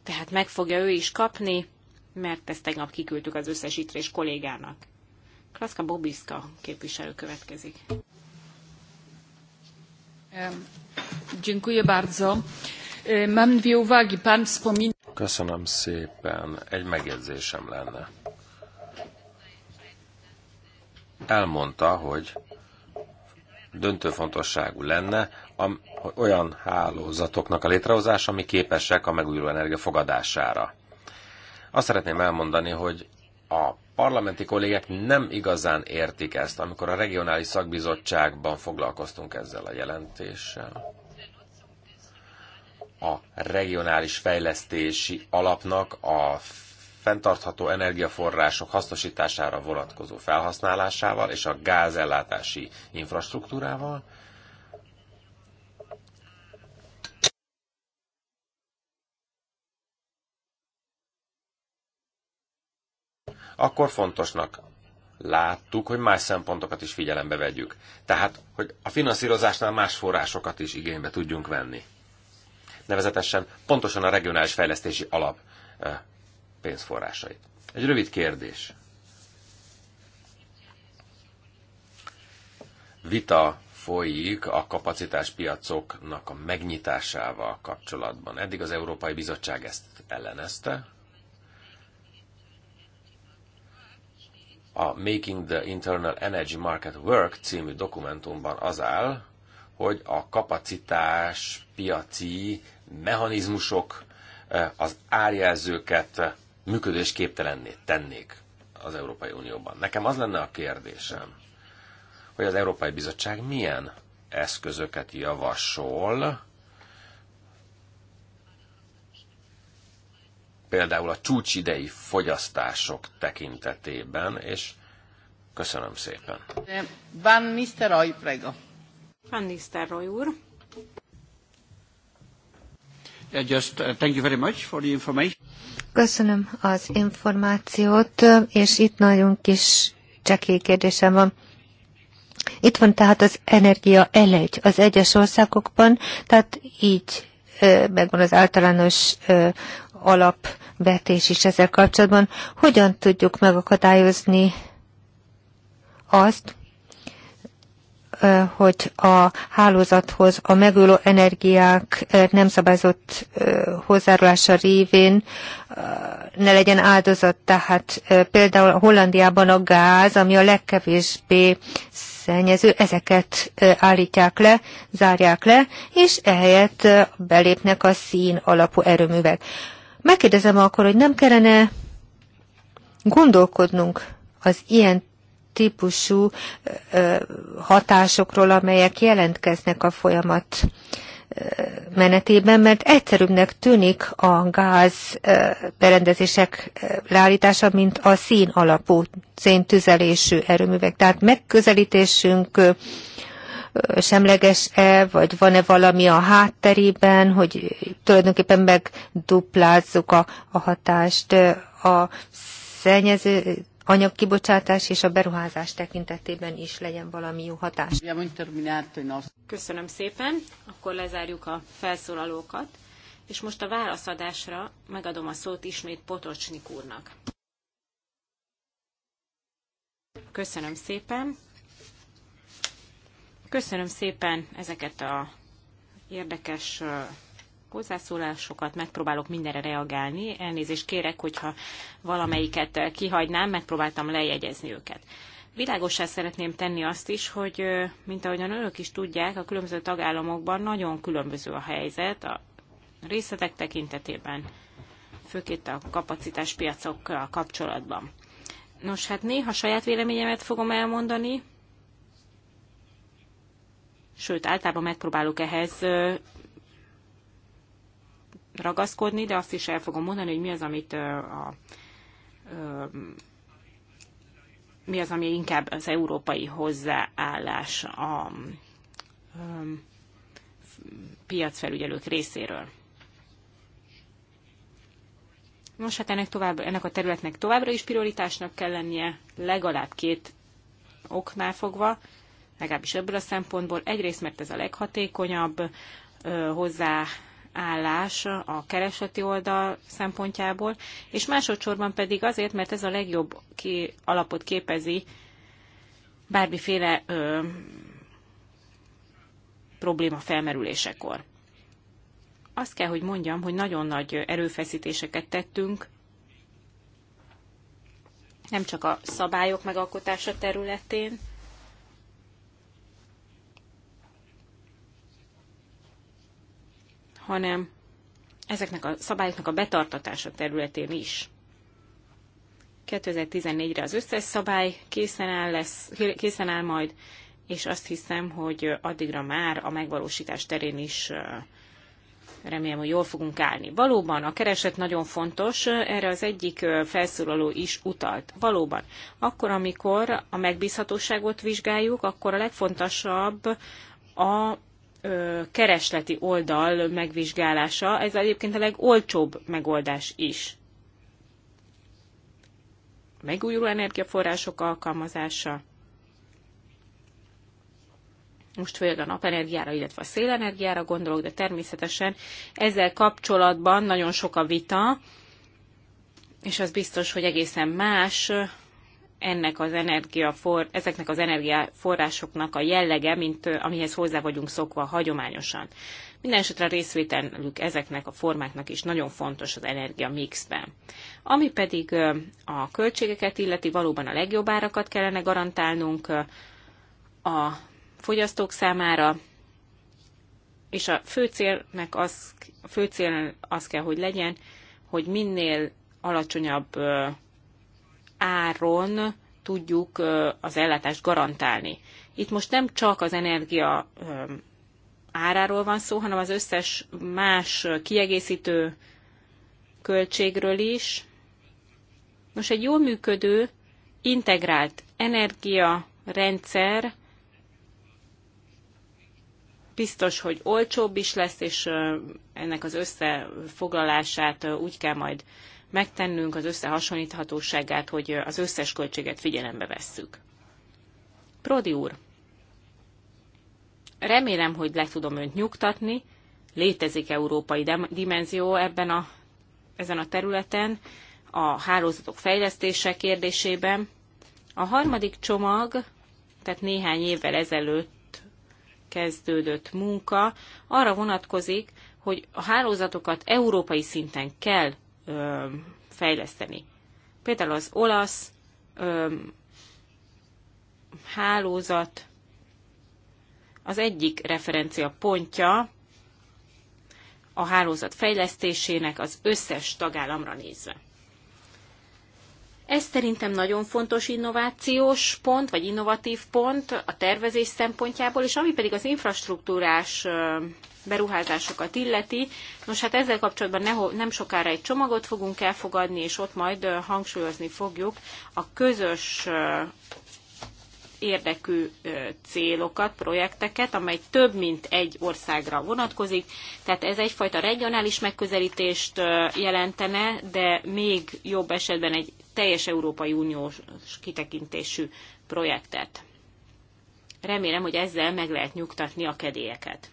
S1: Tehát meg fogja ő is kapni, mert ezt tegnap kiküldtük az összes és kollégának. Klaszka Bobiszka képviselő következik. Dziękuję bardzo. Mam dwie uwagi. Pan
S4: Köszönöm szépen. Egy megjegyzésem lenne. Elmondta, hogy döntő fontosságú lenne a, olyan hálózatoknak a létrehozása, ami képesek a megújuló energia fogadására. Azt szeretném elmondani, hogy a parlamenti kollégák nem igazán értik ezt, amikor a regionális szakbizottságban foglalkoztunk ezzel a jelentéssel a regionális fejlesztési alapnak a fenntartható energiaforrások hasznosítására vonatkozó felhasználásával és a gázellátási infrastruktúrával. Akkor fontosnak láttuk, hogy más szempontokat is figyelembe vegyük. Tehát, hogy a finanszírozásnál más forrásokat is igénybe tudjunk venni nevezetesen pontosan a regionális fejlesztési alap eh, pénzforrásait. Egy rövid kérdés. Vita folyik a kapacitáspiacoknak a megnyitásával kapcsolatban. Eddig az Európai Bizottság ezt ellenezte. A Making the Internal Energy Market Work című dokumentumban az áll, hogy a kapacitás piaci mechanizmusok eh, az árjelzőket működésképtelenné tennék az Európai Unióban. Nekem az lenne a kérdésem, hogy az Európai Bizottság milyen eszközöket javasol, például a csúcsidei fogyasztások tekintetében, és köszönöm szépen.
S1: Van Mr. Ajprega. Van úr.
S3: Just, uh, thank you very much for the information.
S2: Köszönöm az információt, és itt nagyon kis csekély kérdésem van. Itt van tehát az energia elegy az egyes országokban, tehát így megvan az általános alapvetés is ezzel kapcsolatban. Hogyan tudjuk megakadályozni azt, hogy a hálózathoz a megülő energiák nem szabályzott hozzárulása révén ne legyen áldozat. Tehát például Hollandiában a gáz, ami a legkevésbé szennyező, ezeket állítják le, zárják le, és ehelyett belépnek a szín alapú erőművek. Megkérdezem akkor, hogy nem kellene gondolkodnunk az ilyen típusú hatásokról, amelyek jelentkeznek a folyamat menetében, mert egyszerűbbnek tűnik a gáz berendezések leállítása, mint a szín alapú széntüzelésű erőművek. Tehát megközelítésünk semleges-e, vagy van-e valami a hátterében, hogy tulajdonképpen megduplázzuk a, a hatást a szennyező anyagkibocsátás és a beruházás tekintetében is legyen valami jó hatás.
S1: Köszönöm szépen, akkor lezárjuk a felszólalókat, és most a válaszadásra megadom a szót ismét Potocsnik úrnak. Köszönöm szépen. Köszönöm szépen ezeket a érdekes hozzászólásokat, megpróbálok mindenre reagálni. Elnézést kérek, hogyha valamelyiket kihagynám, megpróbáltam lejegyezni őket. Világosá szeretném tenni azt is, hogy mint ahogyan önök is tudják, a különböző tagállamokban nagyon különböző a helyzet a részletek tekintetében, főként a kapacitáspiacokkal kapcsolatban. Nos, hát néha saját véleményemet fogom elmondani, sőt, általában megpróbálok ehhez ragaszkodni, de azt is el fogom mondani, hogy mi az, amit a, a, a mi az, ami inkább az európai hozzáállás a, a piacfelügyelők részéről. Nos, hát ennek, tovább, ennek a területnek továbbra is prioritásnak kell lennie, legalább két oknál fogva, legalábbis ebből a szempontból. Egyrészt, mert ez a leghatékonyabb ö, hozzá állás a kereseti oldal szempontjából, és másodszorban pedig azért, mert ez a legjobb ki alapot képezi bármiféle ö, probléma felmerülésekor. Azt kell, hogy mondjam, hogy nagyon nagy erőfeszítéseket tettünk, nem csak a szabályok megalkotása területén, hanem ezeknek a szabályoknak a betartatása területén is. 2014-re az összes szabály készen áll, lesz, készen áll majd, és azt hiszem, hogy addigra már a megvalósítás terén is remélem, hogy jól fogunk állni. Valóban a kereset nagyon fontos, erre az egyik felszólaló is utalt. Valóban. Akkor, amikor a megbízhatóságot vizsgáljuk, akkor a legfontosabb a keresleti oldal megvizsgálása, ez egyébként a legolcsóbb megoldás is. Megújuló energiaforrások alkalmazása, most főleg a napenergiára, illetve a szélenergiára gondolok, de természetesen ezzel kapcsolatban nagyon sok a vita, és az biztos, hogy egészen más ennek az energia for ezeknek az energiaforrásoknak a jellege, mint amihez hozzá vagyunk szokva hagyományosan. Mindenesetre a részvételük ezeknek a formáknak is nagyon fontos az energia mixben. Ami pedig a költségeket illeti, valóban a legjobb árakat kellene garantálnunk a fogyasztók számára, és a fő célnek az, a fő cél az kell, hogy legyen, hogy minél alacsonyabb áron tudjuk az ellátást garantálni. Itt most nem csak az energia áráról van szó, hanem az összes más kiegészítő költségről is. Most egy jól működő, integrált energiarendszer biztos, hogy olcsóbb is lesz, és ennek az összefoglalását úgy kell majd megtennünk az összehasonlíthatóságát, hogy az összes költséget figyelembe vesszük. Prodi úr, remélem, hogy le tudom önt nyugtatni, létezik európai dimenzió ebben a, ezen a területen, a hálózatok fejlesztése kérdésében. A harmadik csomag, tehát néhány évvel ezelőtt kezdődött munka, arra vonatkozik, hogy a hálózatokat európai szinten kell ö, fejleszteni. Például az olasz ö, hálózat az egyik referencia pontja a hálózat fejlesztésének az összes tagállamra nézve. Ez szerintem nagyon fontos innovációs pont, vagy innovatív pont a tervezés szempontjából, és ami pedig az infrastruktúrás beruházásokat illeti. Nos, hát ezzel kapcsolatban ne, nem sokára egy csomagot fogunk elfogadni, és ott majd hangsúlyozni fogjuk a közös érdekű célokat, projekteket, amely több mint egy országra vonatkozik. Tehát ez egyfajta regionális megközelítést jelentene, de még jobb esetben egy teljes Európai Uniós kitekintésű projektet. Remélem, hogy ezzel meg lehet nyugtatni a kedélyeket.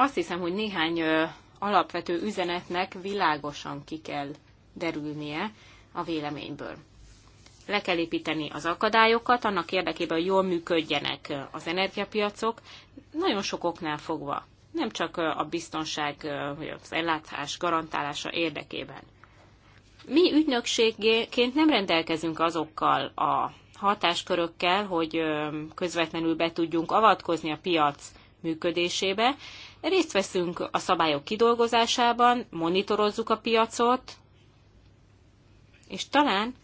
S1: azt hiszem, hogy néhány alapvető üzenetnek világosan ki kell derülnie a véleményből. Le kell építeni az akadályokat, annak érdekében, hogy jól működjenek az energiapiacok, nagyon sok oknál fogva, nem csak a biztonság vagy az ellátás garantálása érdekében. Mi ügynökségként nem rendelkezünk azokkal a hatáskörökkel, hogy közvetlenül be tudjunk avatkozni a piac működésébe, Részt veszünk a szabályok kidolgozásában, monitorozzuk a piacot, és talán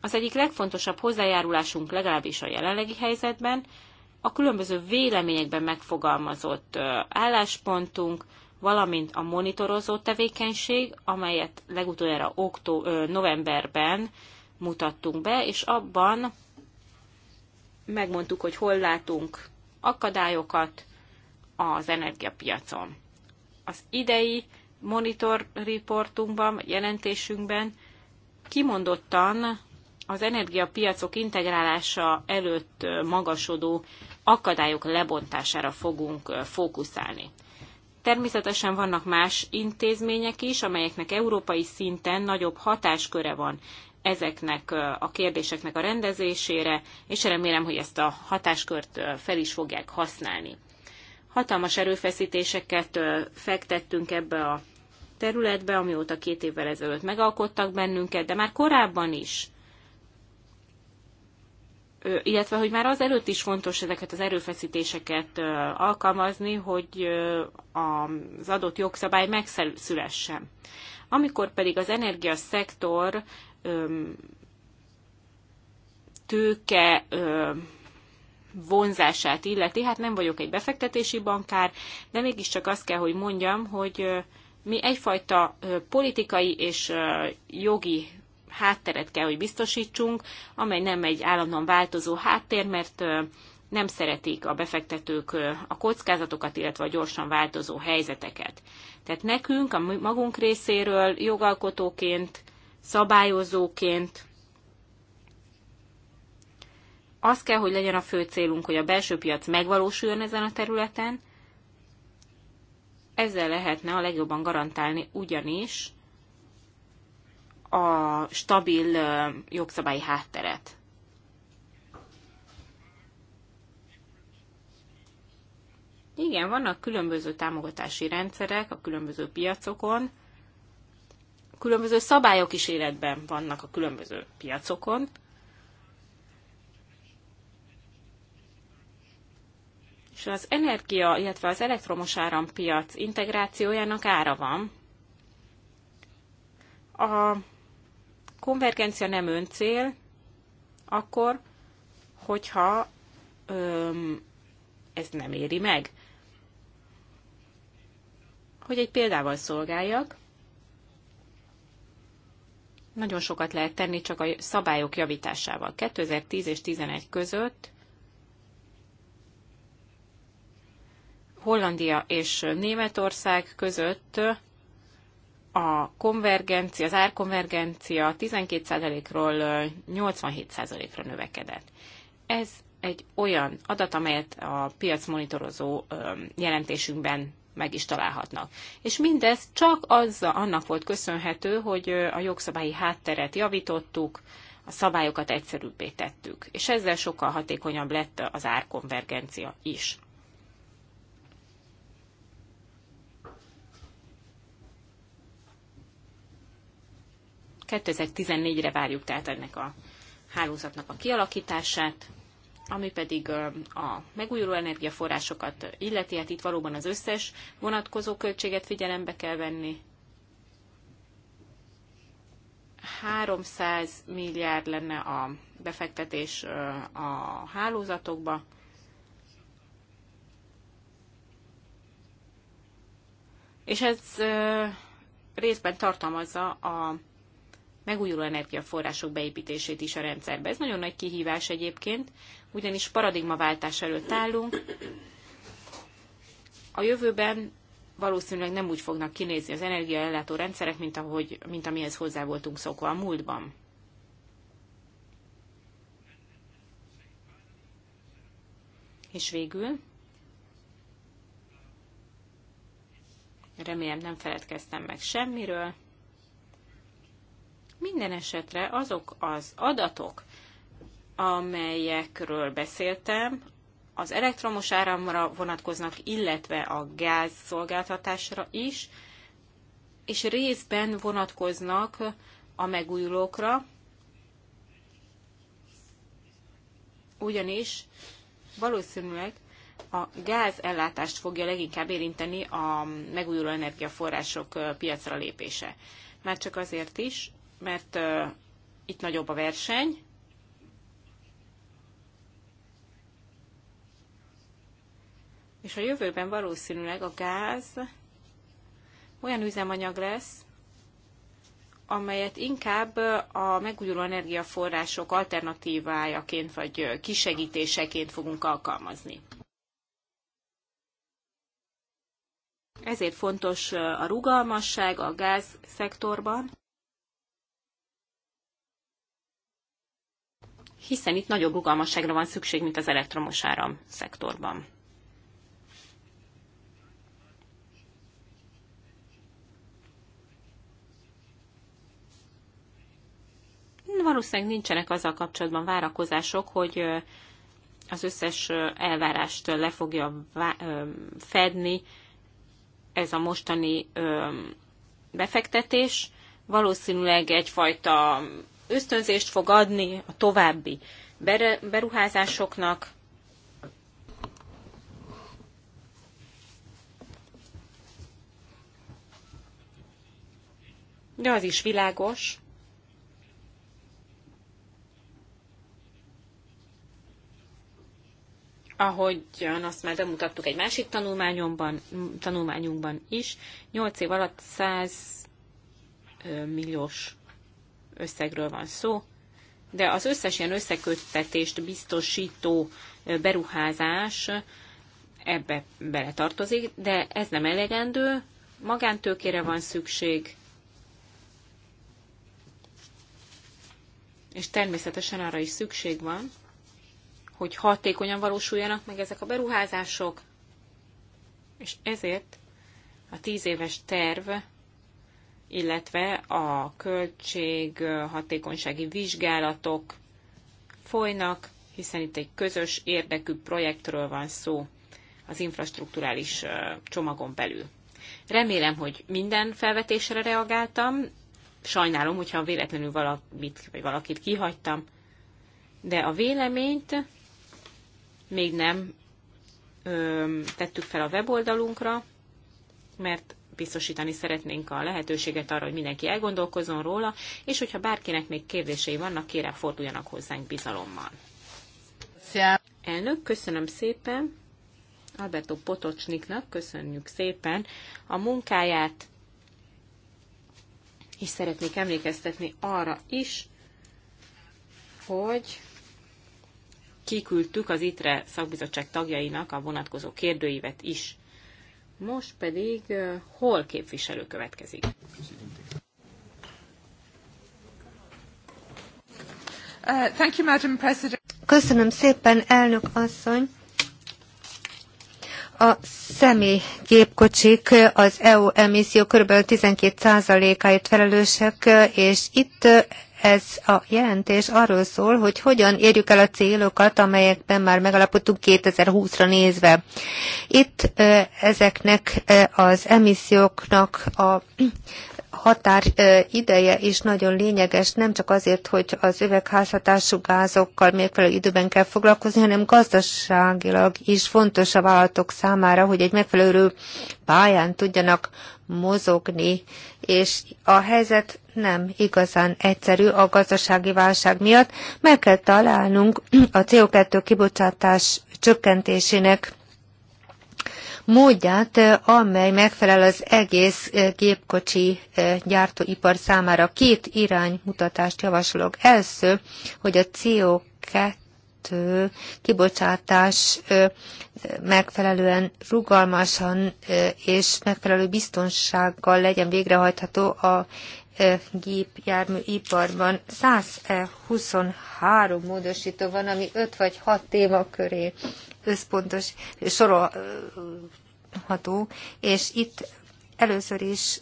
S1: az egyik legfontosabb hozzájárulásunk legalábbis a jelenlegi helyzetben a különböző véleményekben megfogalmazott álláspontunk, valamint a monitorozó tevékenység, amelyet legutoljára októ, novemberben mutattunk be, és abban megmondtuk, hogy hol látunk akadályokat, az energiapiacon. Az idei monitor reportunkban, jelentésünkben kimondottan az energiapiacok integrálása előtt magasodó akadályok lebontására fogunk fókuszálni. Természetesen vannak más intézmények is, amelyeknek európai szinten nagyobb hatásköre van ezeknek a kérdéseknek a rendezésére, és remélem, hogy ezt a hatáskört fel is fogják használni. Hatalmas erőfeszítéseket fektettünk ebbe a területbe, amióta két évvel ezelőtt megalkottak bennünket, de már korábban is illetve hogy már az előtt is fontos ezeket az erőfeszítéseket alkalmazni, hogy az adott jogszabály megszülessen. Amikor pedig az energiaszektor tőke vonzását illeti, hát nem vagyok egy befektetési bankár, de mégiscsak azt kell, hogy mondjam, hogy mi egyfajta politikai és jogi hátteret kell, hogy biztosítsunk, amely nem egy állandóan változó háttér, mert nem szeretik a befektetők a kockázatokat, illetve a gyorsan változó helyzeteket. Tehát nekünk a magunk részéről jogalkotóként, szabályozóként az kell, hogy legyen a fő célunk, hogy a belső piac megvalósuljon ezen a területen, ezzel lehetne a legjobban garantálni ugyanis a stabil jogszabályi hátteret. Igen, vannak különböző támogatási rendszerek a különböző piacokon, különböző szabályok is életben vannak a különböző piacokon, és az energia, illetve az elektromos árampiac integrációjának ára van. A konvergencia nem öncél, akkor, hogyha öm, ez nem éri meg. Hogy egy példával szolgáljak, nagyon sokat lehet tenni csak a szabályok javításával. 2010 és 2011 között Hollandia és Németország között a konvergencia, az árkonvergencia 12%-ról 87%-ra növekedett. Ez egy olyan adat, amelyet a piacmonitorozó jelentésünkben meg is találhatnak. És mindez csak az, annak volt köszönhető, hogy a jogszabályi hátteret javítottuk, a szabályokat egyszerűbbé tettük, és ezzel sokkal hatékonyabb lett az árkonvergencia is. 2014-re várjuk tehát ennek a hálózatnak a kialakítását, ami pedig a megújuló energiaforrásokat illeti, hát itt valóban az összes vonatkozó költséget figyelembe kell venni. 300 milliárd lenne a befektetés a hálózatokba. És ez részben tartalmazza a megújuló energiaforrások beépítését is a rendszerbe. Ez nagyon nagy kihívás egyébként, ugyanis paradigmaváltás előtt állunk. A jövőben valószínűleg nem úgy fognak kinézni az energiaellátó rendszerek, mint, ahogy, mint amihez hozzá voltunk szokva a múltban. És végül, remélem nem feledkeztem meg semmiről, minden esetre azok az adatok, amelyekről beszéltem, az elektromos áramra vonatkoznak, illetve a gáz szolgáltatásra is, és részben vonatkoznak a megújulókra, ugyanis valószínűleg a gázellátást fogja leginkább érinteni a megújuló energiaforrások piacra lépése. Már csak azért is, mert uh, itt nagyobb a verseny. És a jövőben valószínűleg a gáz olyan üzemanyag lesz, amelyet inkább a megújuló energiaforrások alternatívájaként vagy kisegítéseként fogunk alkalmazni. Ezért fontos a rugalmasság a szektorban. hiszen itt nagyobb rugalmasságra van szükség, mint az elektromos áram szektorban. Valószínűleg nincsenek azzal kapcsolatban várakozások, hogy az összes elvárást le fogja fedni ez a mostani befektetés. Valószínűleg egyfajta ösztönzést fog adni a további beruházásoknak. De az is világos, ahogyan azt már bemutattuk egy másik tanulmányomban, tanulmányunkban is, 8 év alatt 100 milliós összegről van szó, de az összes ilyen összeköttetést biztosító beruházás ebbe bele tartozik, de ez nem elegendő, magántőkére van szükség, és természetesen arra is szükség van, hogy hatékonyan valósuljanak meg ezek a beruházások, és ezért a tíz éves terv illetve a költséghatékonysági vizsgálatok folynak, hiszen itt egy közös érdekű projektről van szó az infrastruktúrális csomagon belül. Remélem, hogy minden felvetésre reagáltam. Sajnálom, hogyha véletlenül valamit, vagy valakit kihagytam, de a véleményt még nem ö, tettük fel a weboldalunkra, mert biztosítani szeretnénk a lehetőséget arra, hogy mindenki elgondolkozzon róla, és hogyha bárkinek még kérdései vannak, kérem forduljanak hozzánk bizalommal. Elnök, köszönöm szépen. Alberto Potocsniknak köszönjük szépen a munkáját, és szeretnék emlékeztetni arra is, hogy kiküldtük az ITRE szakbizottság tagjainak a vonatkozó kérdőívet is. Most pedig hol képviselő következik?
S2: Uh, Köszönöm szépen, elnök asszony! A személygépkocsik az EU emisszió kb. 12%-áért felelősek, és itt ez a jelentés arról szól, hogy hogyan érjük el a célokat, amelyekben már megalapodtunk 2020-ra nézve. Itt ezeknek az emisszióknak a határ ideje is nagyon lényeges, nem csak azért, hogy az üvegházhatású gázokkal megfelelő időben kell foglalkozni, hanem gazdaságilag is fontos a vállalatok számára, hogy egy megfelelő pályán tudjanak mozogni és a helyzet nem igazán egyszerű a gazdasági válság miatt. Meg kell találnunk a CO2 kibocsátás csökkentésének módját, amely megfelel az egész gépkocsi eh, gyártóipar számára. Két iránymutatást javaslok. Első, hogy a CO2 co kibocsátás megfelelően rugalmasan és megfelelő biztonsággal legyen végrehajtható a gépjárműiparban. 123 módosító van, ami 5 vagy 6 témaköré összpontos sorolható, és itt először is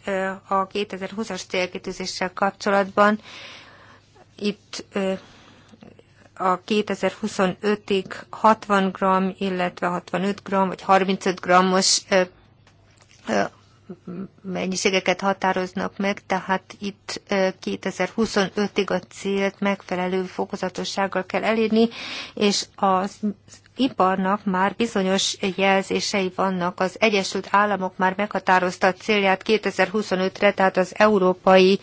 S2: a 2020-as célkitűzéssel kapcsolatban itt a 2025-ig 60 g, illetve 65 g, vagy 35 g-os mennyiségeket határoznak meg, tehát itt 2025-ig a célt megfelelő fokozatossággal kell elérni, és az iparnak már bizonyos jelzései vannak. Az Egyesült Államok már meghatározta a célját 2025-re, tehát az európai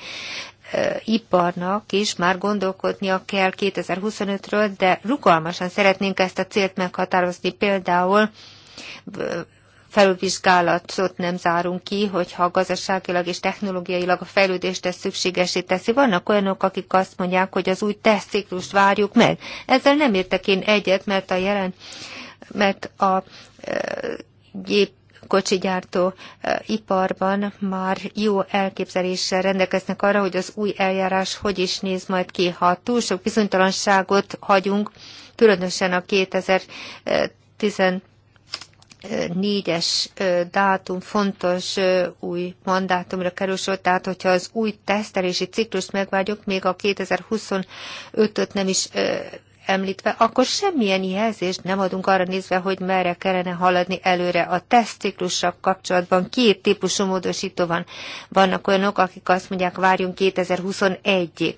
S2: iparnak is már gondolkodnia kell 2025-ről, de rugalmasan szeretnénk ezt a célt meghatározni. Például felülvizsgálatot nem zárunk ki, hogyha gazdaságilag és technológiailag a fejlődést ezt szükségesé teszi. Vannak olyanok, akik azt mondják, hogy az új tesztciklust várjuk meg. Ezzel nem értek én egyet, mert a jelen, mert a e, gép kocsigyártó iparban már jó elképzeléssel rendelkeznek arra, hogy az új eljárás hogy is néz majd ki. Ha túl sok bizonytalanságot hagyunk, különösen a 2010 négyes dátum fontos új mandátumra kerül sor, tehát hogyha az új tesztelési ciklust megvárjuk, még a 2025-öt nem is említve, akkor semmilyen jelzést nem adunk arra nézve, hogy merre kellene haladni előre. A tesztciklussal kapcsolatban két típusú módosító van. Vannak olyanok, akik azt mondják, várjunk 2021-ig.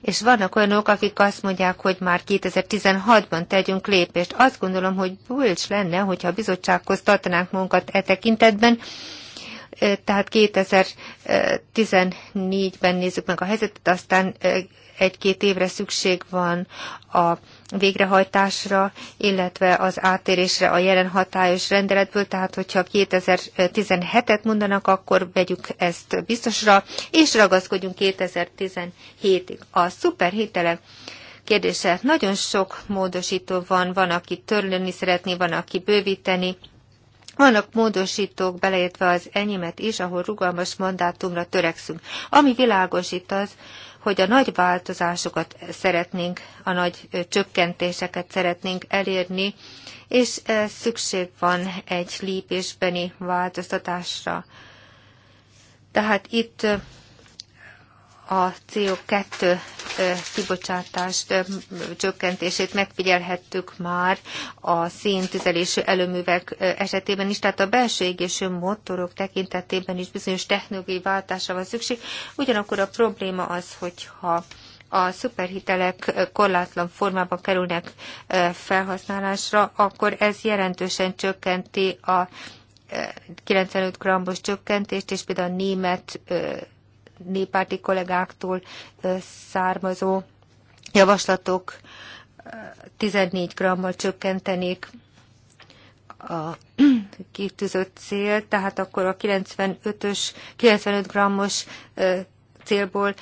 S2: És vannak olyanok, akik azt mondják, hogy már 2016-ban tegyünk lépést. Azt gondolom, hogy bulcs lenne, hogyha a bizottsághoz tartanánk munkat e tekintetben, tehát 2014-ben nézzük meg a helyzetet, aztán egy-két évre szükség van a végrehajtásra, illetve az átérésre a jelen hatályos rendeletből, tehát hogyha 2017-et mondanak, akkor vegyük ezt biztosra, és ragaszkodjunk 2017-ig. A szuperhitelek kérdése. Nagyon sok módosító van, van, aki törlőni szeretné, van, aki bővíteni. Vannak módosítók, beleértve az enyémet is, ahol rugalmas mandátumra törekszünk. Ami világos itt az, hogy a nagy változásokat szeretnénk, a nagy csökkentéseket szeretnénk elérni, és szükség van egy lépésbeni változtatásra. Tehát itt a CO2 kibocsátást csökkentését megfigyelhettük már a széntüzelésű előművek esetében is, tehát a belső égésű motorok tekintetében is bizonyos technológiai váltásra van szükség. Ugyanakkor a probléma az, hogyha a szuperhitelek korlátlan formában kerülnek felhasználásra, akkor ez jelentősen csökkenti a 95 g csökkentést, és például a német néppárti kollégáktól származó javaslatok 14 grammal csökkentenék a kitűzött cél, tehát akkor a 95-ös, 95 grammos célból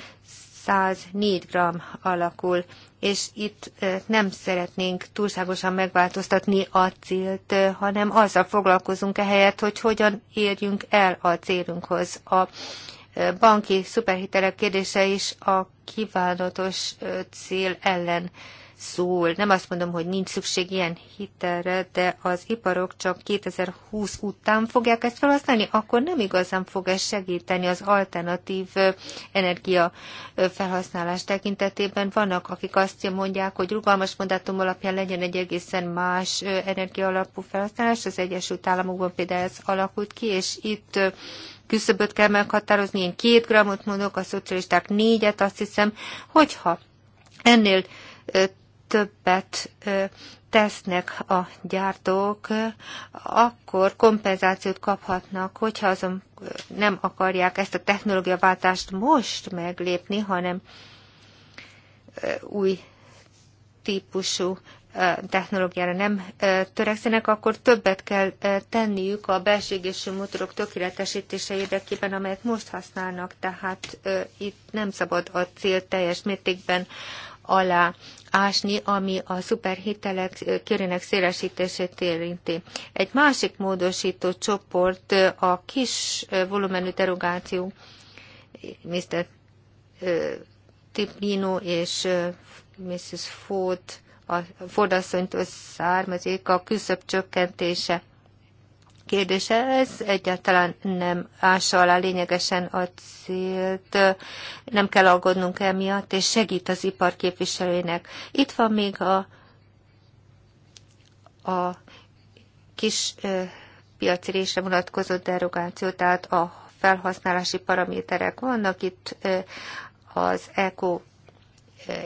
S2: 104 gram alakul, és itt nem szeretnénk túlságosan megváltoztatni a célt, hanem azzal foglalkozunk ehelyett, hogy hogyan érjünk el a célunkhoz. A banki szuperhitelek kérdése is a kívánatos cél ellen szól. Nem azt mondom, hogy nincs szükség ilyen hitelre, de az iparok csak 2020 után fogják ezt felhasználni, akkor nem igazán fog ez segíteni az alternatív energia felhasználás tekintetében. Vannak, akik azt mondják, hogy rugalmas mandátum alapján legyen egy egészen más energia alapú felhasználás. Az Egyesült Államokban például ez alakult ki, és itt küszöböt kell meghatározni, én két grammot mondok, a szocialisták négyet, azt hiszem, hogyha ennél többet tesznek a gyártók, akkor kompenzációt kaphatnak, hogyha azon nem akarják ezt a technológiaváltást most meglépni, hanem új típusú technológiára nem törekszenek, akkor többet kell tenniük a belső motorok tökéletesítése érdekében, amelyet most használnak, tehát itt nem szabad a cél teljes mértékben alá ásni, ami a szuperhitelek körének szélesítését érinti. Egy másik módosító csoport a kis volumenű derogáció, Mr. Tipino és Mrs. Ford a fordasszonytól származik a küszöb csökkentése kérdése. Ez egyáltalán nem ássa alá lényegesen a célt, nem kell aggódnunk emiatt, és segít az ipar képviselőinek. Itt van még a, a kis ö, piacirésre vonatkozó derogáció, tehát a felhasználási paraméterek vannak itt, ö, az ECO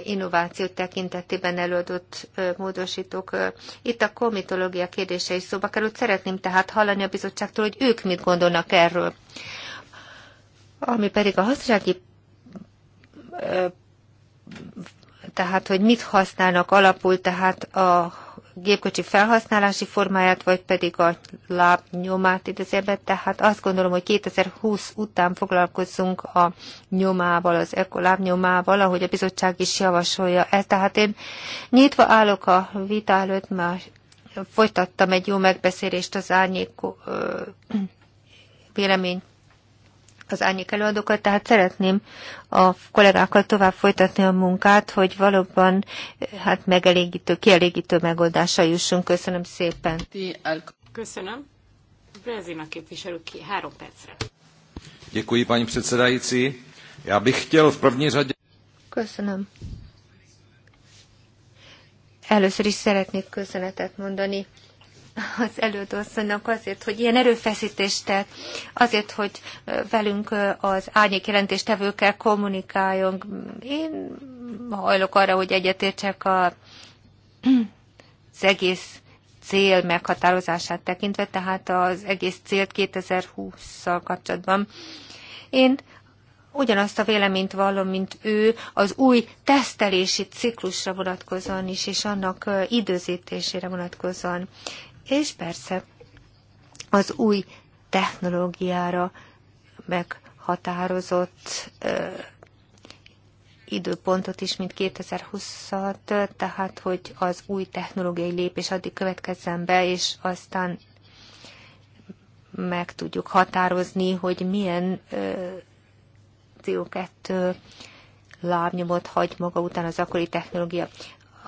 S2: innováció tekintetében előadott módosítók. Itt a komitológia kérdése is szóba került. Szeretném tehát hallani a bizottságtól, hogy ők mit gondolnak erről. Ami pedig a gazdasági tehát, hogy mit használnak alapul, tehát a gépkocsi felhasználási formáját, vagy pedig a lábnyomát idézőben. Tehát azt gondolom, hogy 2020 után foglalkozzunk a nyomával, az ekolábnyomával, lábnyomával, ahogy a bizottság is javasolja ezt. Tehát én nyitva állok a vita előtt, már folytattam egy jó megbeszélést az árnyék vélemény az árnyék előadókat, tehát szeretném a kollégákkal tovább folytatni a munkát, hogy valóban hát megelégítő, kielégítő megoldásra jussunk. Köszönöm szépen. Köszönöm. Brezina képviselő ki, három percre.
S3: Děkuji, paní předsedající. Já bych chtěl v první řadě...
S2: Köszönöm. Először is szeretnék köszönetet mondani az elődországnak azért, hogy ilyen erőfeszítést tett, azért, hogy velünk az árnyék jelentéstevőkkel kommunikáljon. Én hajlok arra, hogy egyetértsek a, az egész cél meghatározását tekintve, tehát az egész célt 2020-szal kapcsolatban. Én ugyanazt a véleményt vallom, mint ő, az új tesztelési ciklusra vonatkozóan is, és annak időzítésére vonatkozóan és persze az új technológiára meghatározott ö, időpontot is, mint 2020-at, tehát hogy az új technológiai lépés addig következzen be, és aztán meg tudjuk határozni, hogy milyen CO2 lábnyomot hagy maga után az akkori technológia.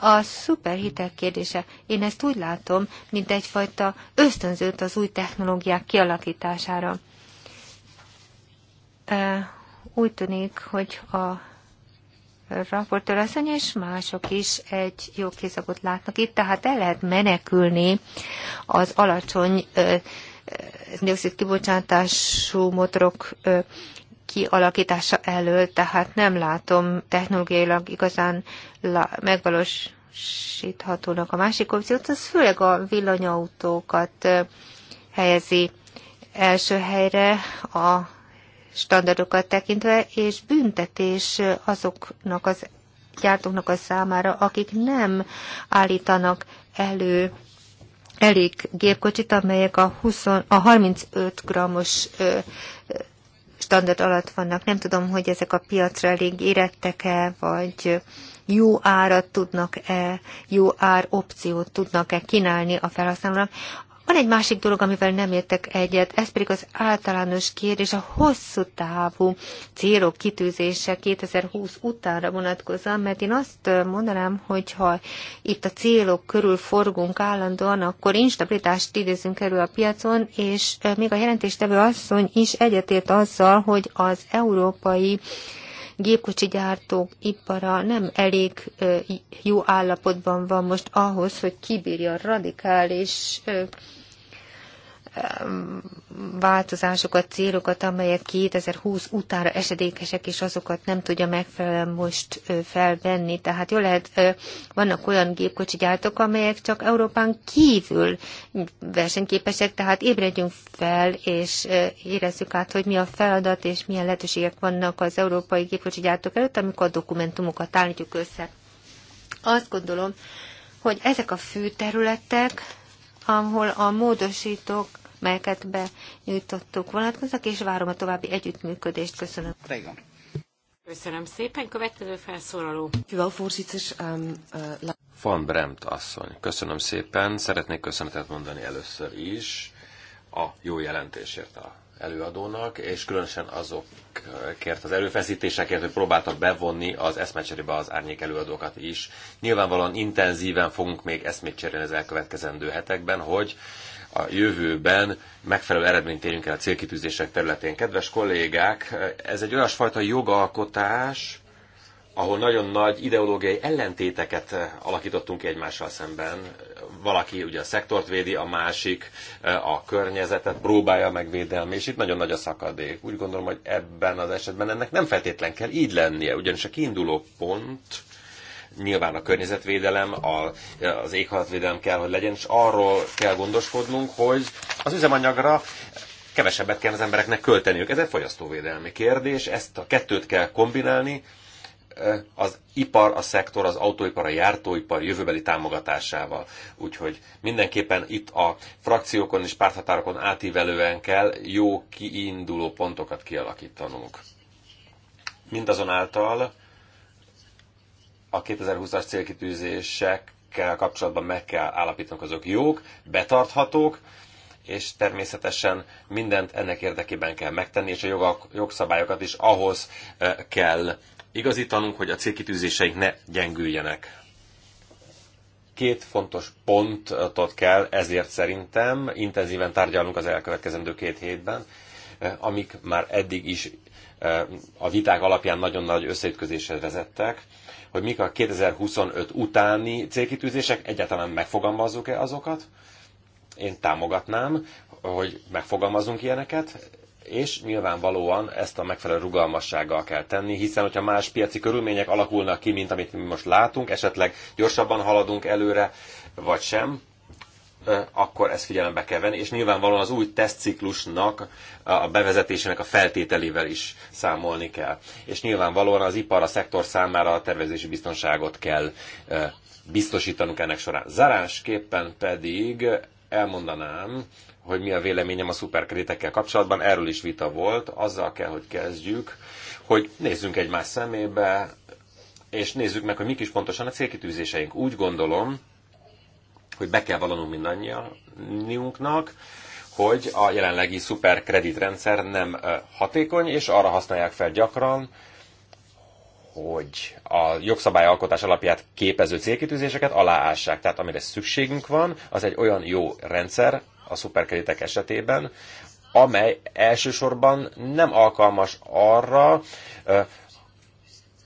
S2: A szuperhitek kérdése, én ezt úgy látom, mint egyfajta ösztönzőt az új technológiák kialakítására. Úgy tűnik, hogy a raportőr asszony és mások is egy jó kézagot látnak itt, tehát el lehet menekülni az alacsony dioxid kibocsátású motorok kialakítása elől, tehát nem látom technológiailag igazán megvalósíthatónak a másik opciót, az főleg a villanyautókat helyezi első helyre a standardokat tekintve, és büntetés azoknak az gyártóknak a számára, akik nem állítanak elő elég gépkocsit, amelyek a, 20, a 35 grammos standard alatt vannak. Nem tudom, hogy ezek a piacra elég érettek-e, vagy jó árat tudnak-e, jó ár opciót tudnak-e kínálni a felhasználónak. Van egy másik dolog, amivel nem értek egyet, ez pedig az általános kérdés, a hosszú távú célok kitűzése 2020 utánra vonatkozóan, mert én azt mondanám, hogy ha itt a célok körül forgunk állandóan, akkor instabilitást idézünk elő a piacon, és még a jelentéstevő asszony is egyetért azzal, hogy az európai gépkocsi gyártók ipara nem elég jó állapotban van most ahhoz, hogy kibírja a radikális változásokat, célokat, amelyek 2020 utára esedékesek, és azokat nem tudja megfelelően most felvenni. Tehát jól lehet, vannak olyan gépkocsi gyártók, amelyek csak Európán kívül versenyképesek, tehát ébredjünk fel, és érezzük át, hogy mi a feladat, és milyen lehetőségek vannak az európai gépkocsi gyártók előtt, amikor a dokumentumokat állítjuk össze. Azt gondolom, hogy ezek a fő területek, ahol a módosítók, melyeket benyújtottuk, vonatkoznak, és várom a további együttműködést. Köszönöm.
S4: Régen.
S1: Köszönöm szépen. Következő felszólaló. Um, uh,
S4: Van Bremt asszony. Köszönöm szépen. Szeretnék köszönetet mondani először is a jó jelentésért a előadónak, és különösen azokért az előfeszítésekért hogy próbáltak bevonni az eszmecserébe az árnyék előadókat is. Nyilvánvalóan intenzíven fogunk még eszmét cserélni az elkövetkezendő hetekben, hogy a jövőben megfelelő eredményt érjünk el a célkitűzések területén. Kedves kollégák, ez egy olyasfajta jogalkotás, ahol nagyon nagy ideológiai ellentéteket alakítottunk egymással szemben valaki ugye a szektort védi, a másik e, a környezetet próbálja megvédelmi, és itt nagyon nagy a szakadék. Úgy gondolom, hogy ebben az esetben ennek nem feltétlen kell így lennie, ugyanis a kiinduló pont nyilván a környezetvédelem, a, az éghajlatvédelem kell, hogy legyen, és arról kell gondoskodnunk, hogy az üzemanyagra kevesebbet kell az embereknek költeniük. Ez egy fogyasztóvédelmi kérdés, ezt a kettőt kell kombinálni, az ipar, a szektor, az autóipar, a jártóipar jövőbeli támogatásával. Úgyhogy mindenképpen itt a frakciókon és párthatárokon átívelően kell jó kiinduló pontokat kialakítanunk. Mindazonáltal a 2020-as célkitűzésekkel kapcsolatban meg kell állapítanunk, azok jók, betarthatók, és természetesen mindent ennek érdekében kell megtenni, és a jogszabályokat is ahhoz kell igazítanunk, hogy a célkitűzéseink ne gyengüljenek. Két fontos pontot kell, ezért szerintem intenzíven tárgyalunk az elkövetkezendő két hétben, amik már eddig is eh, a viták alapján nagyon nagy összeütközéshez vezettek, hogy mik a 2025 utáni célkitűzések, egyáltalán megfogalmazzuk-e azokat, én támogatnám, hogy megfogalmazunk ilyeneket, és nyilvánvalóan ezt a megfelelő rugalmassággal kell tenni, hiszen hogyha más piaci körülmények alakulnak ki, mint amit mi most látunk, esetleg gyorsabban haladunk előre, vagy sem, akkor ezt figyelembe kell venni, és nyilvánvalóan az új tesztciklusnak a bevezetésének a feltételével is számolni kell. És nyilvánvalóan az ipar, a szektor számára a tervezési biztonságot kell biztosítanunk ennek során. Zárásképpen pedig elmondanám, hogy mi a véleményem a szuperkreditekkel kapcsolatban, erről is vita volt, azzal kell, hogy kezdjük, hogy nézzünk egymás szemébe, és nézzük meg, hogy mik is pontosan a célkitűzéseink. Úgy gondolom, hogy be kell valanunk mindannyiunknak, hogy a jelenlegi szuperkreditrendszer nem hatékony, és arra használják fel gyakran, hogy a jogszabályalkotás alapját képező célkitűzéseket aláássák. Tehát amire szükségünk van, az egy olyan jó rendszer, a szuperkreditek esetében, amely elsősorban nem alkalmas arra,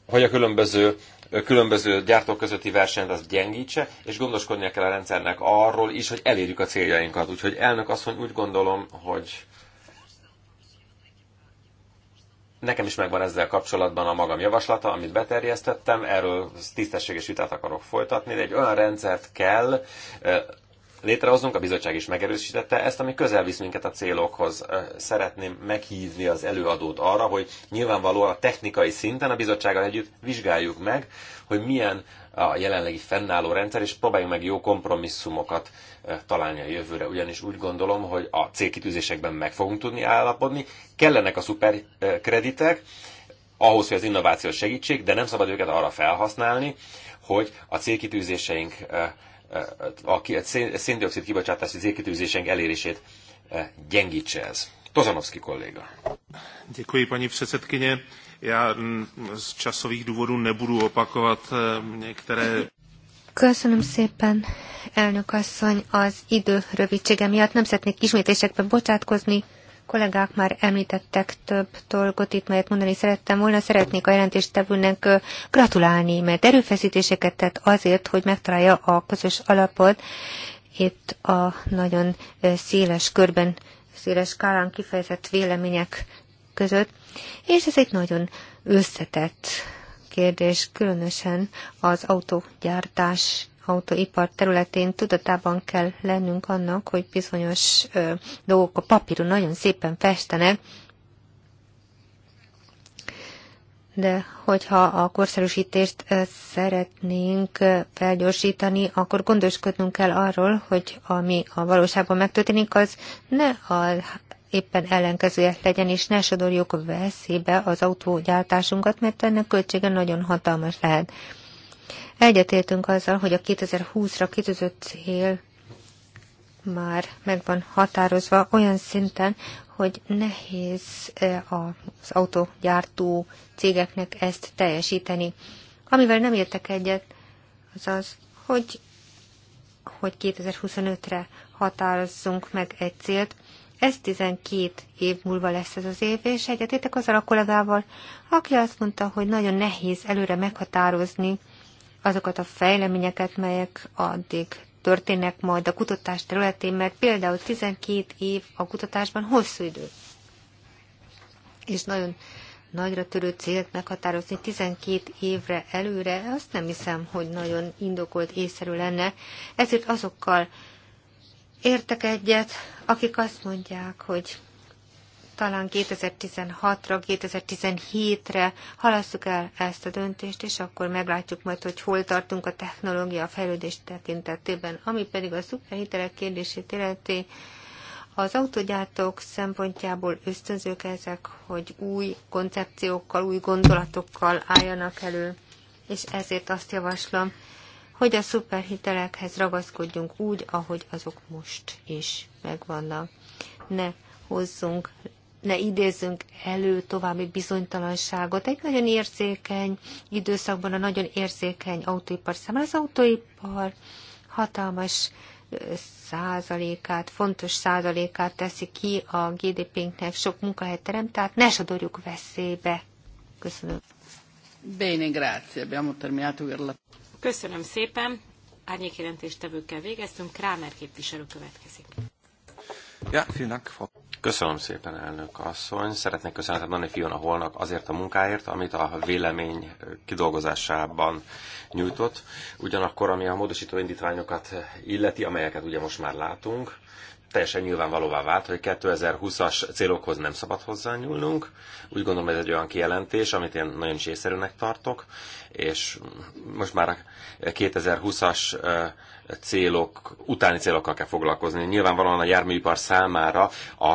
S4: hogy a különböző különböző gyártók közötti versenyt az gyengítse, és gondoskodnia kell a rendszernek arról is, hogy elérjük a céljainkat. Úgyhogy elnök asszony, úgy gondolom, hogy nekem is megvan ezzel kapcsolatban a magam javaslata, amit beterjesztettem, erről tisztességes vitát akarok folytatni, de egy olyan rendszert kell létrehoznunk, a bizottság is megerősítette ezt, ami közel visz minket a célokhoz. Szeretném meghívni az előadót arra, hogy nyilvánvalóan a technikai szinten a bizottsággal együtt vizsgáljuk meg, hogy milyen a jelenlegi fennálló rendszer, és próbáljunk meg jó kompromisszumokat találni a jövőre. Ugyanis úgy gondolom, hogy a célkitűzésekben meg fogunk tudni állapodni, kellenek a szuperkreditek, ahhoz, hogy az innováció segítség, de nem szabad őket arra felhasználni, hogy a célkitűzéseink a széndiokszid kibocsátási célkitűzésénk elérését eh, gyengítse ez. Tozanovski
S3: kolléga. Děkuji, paní předsedkyně. Já mm, z časových důvodů nebudu opakovat eh, některé
S2: Köszönöm szépen, elnök asszony, az idő rövidsége miatt nem szeretnék ismétésekben bocsátkozni, kollégák már említettek több dolgot itt, melyet mondani szerettem volna. Szeretnék a jelentéstevőnek gratulálni, mert erőfeszítéseket tett azért, hogy megtalálja a közös alapot itt a nagyon széles körben, széles skálán kifejezett vélemények között. És ez egy nagyon összetett kérdés, különösen az autógyártás autóipar területén tudatában kell lennünk annak, hogy bizonyos ö, dolgok a papíron nagyon szépen festenek, de hogyha a korszerűsítést szeretnénk felgyorsítani, akkor gondoskodnunk kell arról, hogy ami a valóságban megtörténik, az ne a éppen ellenkezője legyen, és ne sodorjuk veszélybe az autógyártásunkat, mert ennek költsége nagyon hatalmas lehet. Egyetértünk azzal, hogy a 2020-ra kitűzött cél már meg van határozva olyan szinten, hogy nehéz eh, az autogyártó cégeknek ezt teljesíteni. Amivel nem értek egyet, az az, hogy, hogy 2025-re határozzunk meg egy célt. Ez 12 év múlva lesz ez az év, és egyetértek azzal a kollégával, aki azt mondta, hogy nagyon nehéz előre meghatározni, azokat a fejleményeket, melyek addig történnek majd a kutatás területén, mert például 12 év a kutatásban hosszú idő. És nagyon nagyra törő célt meghatározni 12 évre előre, azt nem hiszem, hogy nagyon indokolt észszerű lenne. Ezért azokkal értek egyet, akik azt mondják, hogy talán 2016-ra, 2017-re halasszuk el ezt a döntést, és akkor meglátjuk majd, hogy hol tartunk a technológia fejlődés tekintetében. Ami pedig a szuperhitelek kérdését illeti, az autogyártók szempontjából ösztönzők ezek, hogy új koncepciókkal, új gondolatokkal álljanak elő, és ezért azt javaslom, hogy a szuperhitelekhez ragaszkodjunk úgy, ahogy azok most is megvannak. Ne hozzunk ne idézzünk elő további bizonytalanságot. Egy nagyon érzékeny időszakban a nagyon érzékeny autóipar számára az autóipar hatalmas százalékát, fontos százalékát teszi ki a GDP-nknek, sok munkahelyet terem, tehát ne sodorjuk veszélybe. Köszönöm. Bene,
S1: grazie. Abbiamo
S4: terminato per la...
S1: Köszönöm szépen. Árnyékjelentéstevőkkel végeztünk. Krámer képviselő következik.
S4: Ja, vielen Dank, Frau Köszönöm szépen, elnök asszony. Szeretnék köszönetet mondani Fiona Holnak azért a munkáért, amit a vélemény kidolgozásában nyújtott. Ugyanakkor, ami a módosító indítványokat illeti, amelyeket ugye most már látunk, teljesen nyilvánvalóvá vált, hogy 2020-as célokhoz nem szabad hozzányúlnunk. Úgy gondolom, ez egy olyan kijelentés, amit én nagyon is észszerűnek tartok, és most már a 2020-as célok, utáni célokkal kell foglalkozni. Nyilvánvalóan a járműipar számára a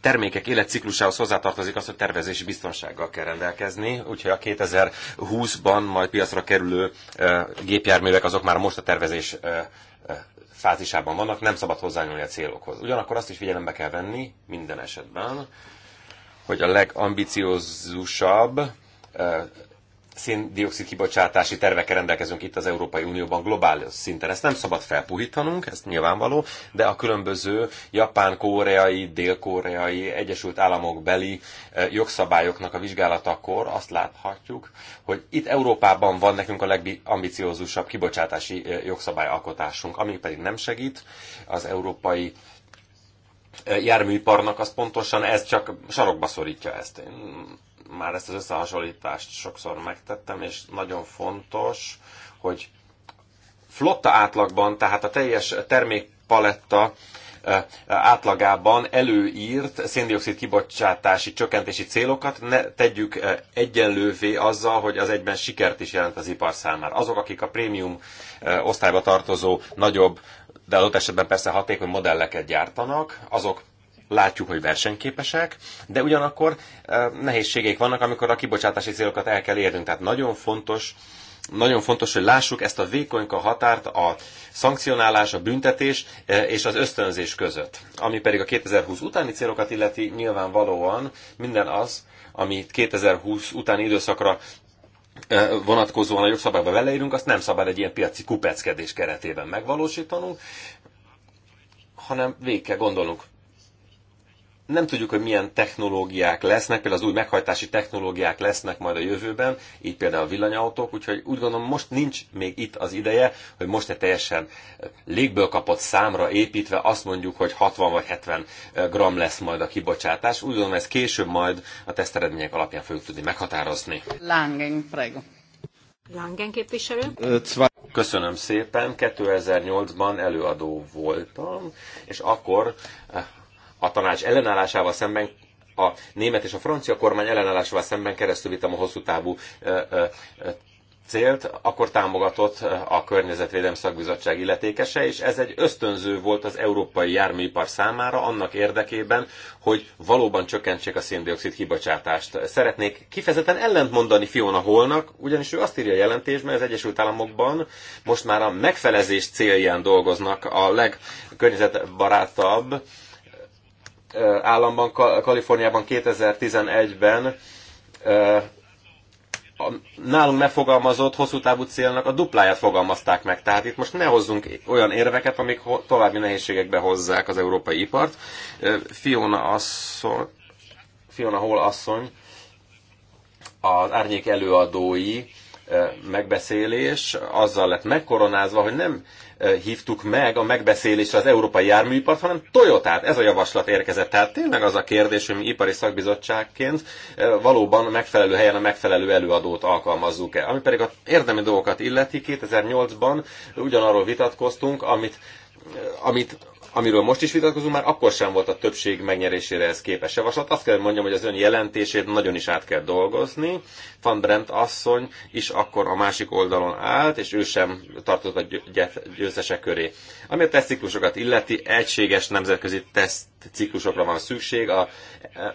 S4: termékek életciklusához hozzátartozik az, hogy tervezési biztonsággal kell rendelkezni, úgyhogy a 2020-ban majd piacra kerülő gépjárművek azok már most a tervezés fázisában vannak, nem szabad hozzányúlni a célokhoz. Ugyanakkor azt is figyelembe kell venni minden esetben, hogy a legambiciózusabb széndiokszid kibocsátási tervekkel rendelkezünk itt az Európai Unióban globális szinten. Ezt nem szabad felpuhítanunk, ez nyilvánvaló, de a különböző japán, koreai, dél-koreai, Egyesült Államok beli eh, jogszabályoknak a vizsgálatakor azt láthatjuk, hogy itt Európában van nekünk a legambiciózusabb kibocsátási eh, jogszabályalkotásunk, ami pedig nem segít az európai eh, járműiparnak, az pontosan ez csak sarokba szorítja ezt. Én már ezt az összehasonlítást sokszor megtettem, és nagyon fontos, hogy flotta átlagban, tehát a teljes termékpaletta átlagában előírt széndiokszid kibocsátási csökkentési célokat ne tegyük egyenlővé azzal, hogy az egyben sikert is jelent az ipar számára. Azok, akik a prémium osztályba tartozó nagyobb de adott esetben persze hatékony modelleket gyártanak, azok látjuk, hogy versenyképesek, de ugyanakkor nehézségek vannak, amikor a kibocsátási célokat el kell érnünk. Tehát nagyon fontos, nagyon fontos, hogy lássuk ezt a vékonyka határt a szankcionálás, a büntetés és az ösztönzés között. Ami pedig a 2020 utáni célokat illeti, nyilvánvalóan minden az, ami 2020 utáni időszakra vonatkozóan a jogszabályba beleírunk, azt nem szabad egy ilyen piaci kupeckedés keretében megvalósítanunk, hanem végig kell gondolnunk nem tudjuk, hogy milyen technológiák lesznek, például az új meghajtási technológiák lesznek majd a jövőben, így például a villanyautók, úgyhogy úgy gondolom most nincs még itt az ideje, hogy most egy teljesen légből kapott számra építve azt mondjuk, hogy 60 vagy 70 gram lesz majd a kibocsátás. Úgy gondolom ez később majd a teszteredmények alapján fogjuk tudni meghatározni.
S2: Langen, prego.
S1: Langen képviselő.
S4: Köszönöm szépen. 2008-ban előadó voltam, és akkor a tanács ellenállásával szemben a német és a francia kormány ellenállásával szemben keresztül vittem a hosszú távú célt, akkor támogatott a Környezetvédelmi Szakbizottság illetékese, és ez egy ösztönző volt az európai járműipar számára annak érdekében, hogy valóban csökkentsék a széndiokszid kibocsátást. Szeretnék kifejezetten ellentmondani Fiona Holnak, ugyanis ő azt írja a jelentésben, az Egyesült Államokban most már a megfelezés célján dolgoznak a legkörnyezetbarátabb államban, Kaliforniában 2011-ben a nálunk megfogalmazott hosszú távú célnak a dupláját fogalmazták meg. Tehát itt most ne hozzunk olyan érveket, amik további nehézségekbe hozzák az európai ipart. Fiona asszony, Fiona Hall asszony, az árnyék előadói megbeszélés azzal lett megkoronázva, hogy nem hívtuk meg a megbeszélésre az európai járműipart, hanem Toyotát. Ez a javaslat érkezett. Tehát tényleg az a kérdés, hogy mi ipari szakbizottságként valóban megfelelő helyen a megfelelő előadót alkalmazzuk-e. Ami pedig a érdemi dolgokat illeti, 2008-ban ugyanarról vitatkoztunk, amit amit amiről most is vitatkozunk, már akkor sem volt a többség megnyerésére ez képes javaslat. Azt kell mondjam, hogy az ön jelentését nagyon is át kell dolgozni. Van Brent asszony is akkor a másik oldalon állt, és ő sem tartozott a győztesek köré. Ami a tesztciklusokat illeti, egységes nemzetközi tesztciklusokra van szükség, a,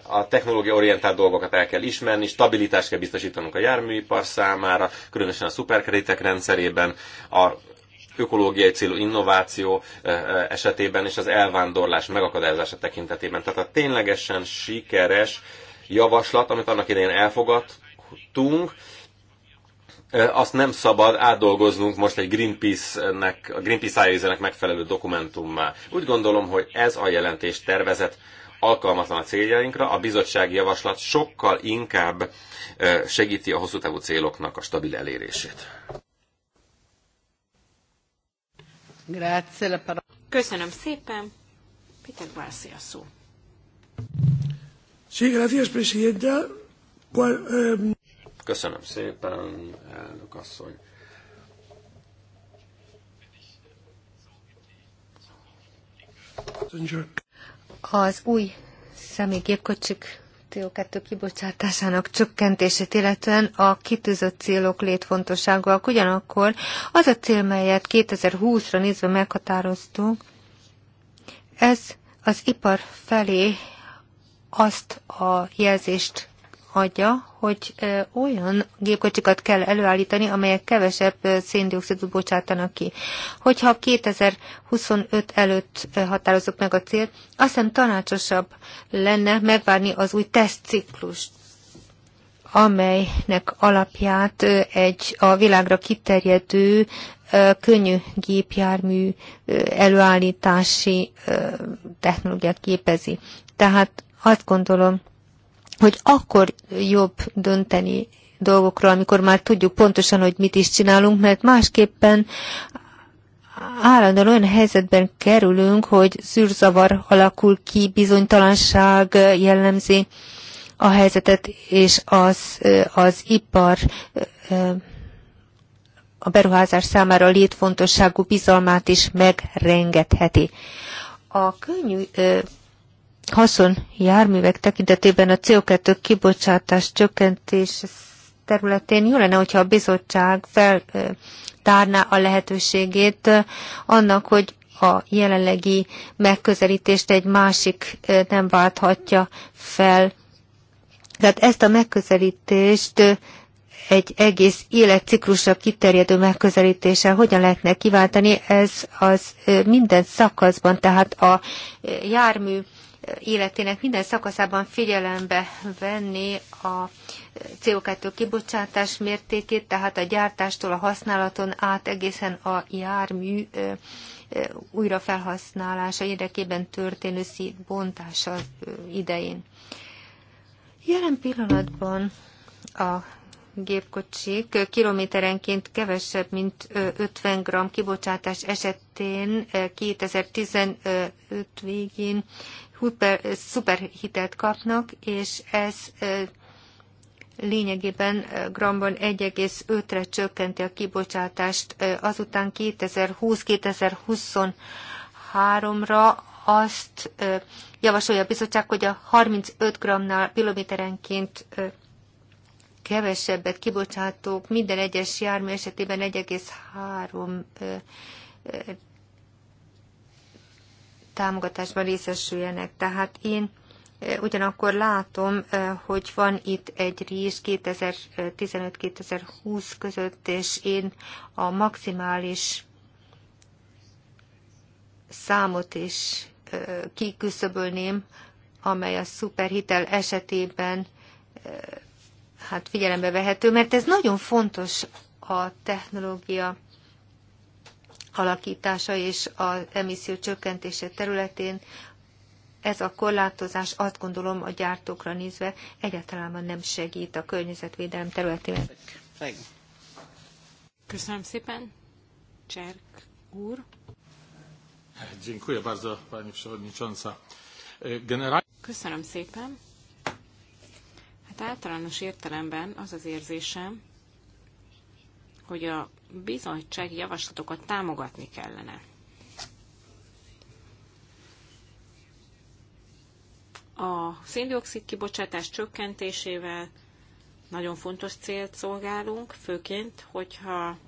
S4: a technológiaorientált dolgokat el kell ismerni, stabilitást kell biztosítanunk a járműipar számára, különösen a szuperkreditek rendszerében, a ökológiai célú innováció eh, eh, esetében és az elvándorlás megakadályozása tekintetében. Tehát a ténylegesen sikeres javaslat, amit annak idején elfogadtunk, eh, azt nem szabad átdolgoznunk most egy Greenpeace-nek, a Greenpeace IOZ-nek megfelelő dokumentummá. Úgy gondolom, hogy ez a jelentés tervezet alkalmatlan a céljainkra, a bizottsági javaslat sokkal inkább segíti a hosszú távú céloknak a stabil elérését.
S1: Köszönöm szépen. Peter Garcia szó.
S3: Sí, gracias, presidenta.
S4: Köszönöm szépen, elnök asszony.
S2: Az új személygépkocsik CO2 kibocsátásának csökkentését illetően a kitűzött célok létfontosságúak. Ugyanakkor az a cél, melyet 2020-ra nézve meghatároztunk, ez az ipar felé azt a jelzést adja, hogy olyan gépkocsikat kell előállítani, amelyek kevesebb széndiokszidot bocsátanak ki. Hogyha 2025 előtt határozok meg a célt, azt hiszem tanácsosabb lenne megvárni az új tesztciklust amelynek alapját egy a világra kiterjedő könnyű gépjármű előállítási technológiát képezi. Tehát azt gondolom, hogy akkor jobb dönteni dolgokról, amikor már tudjuk pontosan, hogy mit is csinálunk, mert másképpen állandóan olyan helyzetben kerülünk, hogy zűrzavar alakul ki, bizonytalanság jellemzi a helyzetet, és az, az ipar a beruházás számára létfontosságú bizalmát is megrengetheti. A könnyű haszon járművek tekintetében a CO2 kibocsátás csökkentés területén jó lenne, hogyha a bizottság feltárná a lehetőségét annak, hogy a jelenlegi megközelítést egy másik nem válthatja fel. Tehát ezt a megközelítést egy egész életciklusra kiterjedő megközelítéssel hogyan lehetne kiváltani, ez az minden szakaszban, tehát a jármű életének minden szakaszában figyelembe venni a CO2 kibocsátás mértékét, tehát a gyártástól a használaton át egészen a jármű újrafelhasználása érdekében történő szétbontása idején. Jelen pillanatban a gépkocsik kilométerenként kevesebb, mint 50 g kibocsátás esetén 2015 végén szuperhitelt kapnak, és ez lényegében gramban 1,5-re csökkenti a kibocsátást, azután 2020-2023-ra azt javasolja a bizottság, hogy a 35 g-nál kilométerenként kevesebbet kibocsátók minden egyes jármű esetében 1,3 támogatásban részesüljenek. Tehát én ugyanakkor látom, hogy van itt egy rés 2015-2020 között, és én a maximális számot is kiküszöbölném, amely a szuperhitel esetében hát figyelembe vehető, mert ez nagyon fontos a technológia alakítása és az emisszió csökkentése területén. Ez a korlátozás azt gondolom a gyártókra nézve egyáltalán nem segít a környezetvédelem területén.
S1: Köszönöm szépen. Cserk úr. Generál... Köszönöm szépen. Tehát általános értelemben az az érzésem, hogy a bizonytsági javaslatokat támogatni kellene. A széndiokszid kibocsátás csökkentésével nagyon fontos célt szolgálunk, főként, hogyha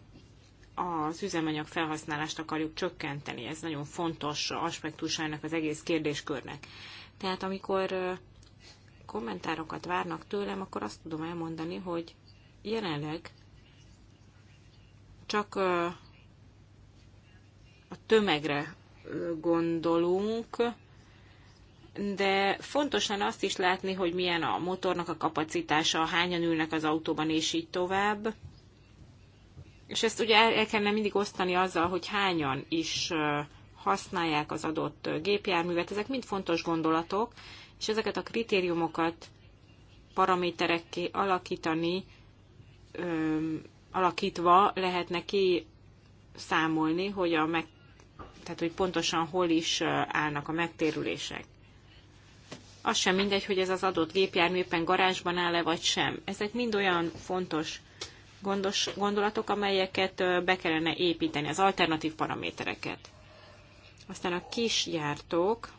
S1: az üzemanyag felhasználást akarjuk csökkenteni. Ez nagyon fontos aspektusának az egész kérdéskörnek. Tehát amikor kommentárokat várnak tőlem, akkor azt tudom elmondani, hogy jelenleg csak a tömegre gondolunk, de fontos lenne azt is látni, hogy milyen a motornak a kapacitása, hányan ülnek az autóban, és így tovább. És ezt ugye el, kellene mindig osztani azzal, hogy hányan is használják az adott gépjárművet. Ezek mind fontos gondolatok, és ezeket a kritériumokat paraméterekké alakítani, öm, alakítva lehetne ki számolni, hogy a meg, tehát hogy pontosan hol is állnak a megtérülések. Az sem mindegy, hogy ez az adott gépjármű éppen garázsban áll-e vagy sem. Ezek mind olyan fontos gondos, gondolatok, amelyeket be kellene építeni, az alternatív paramétereket. Aztán a kisjártók,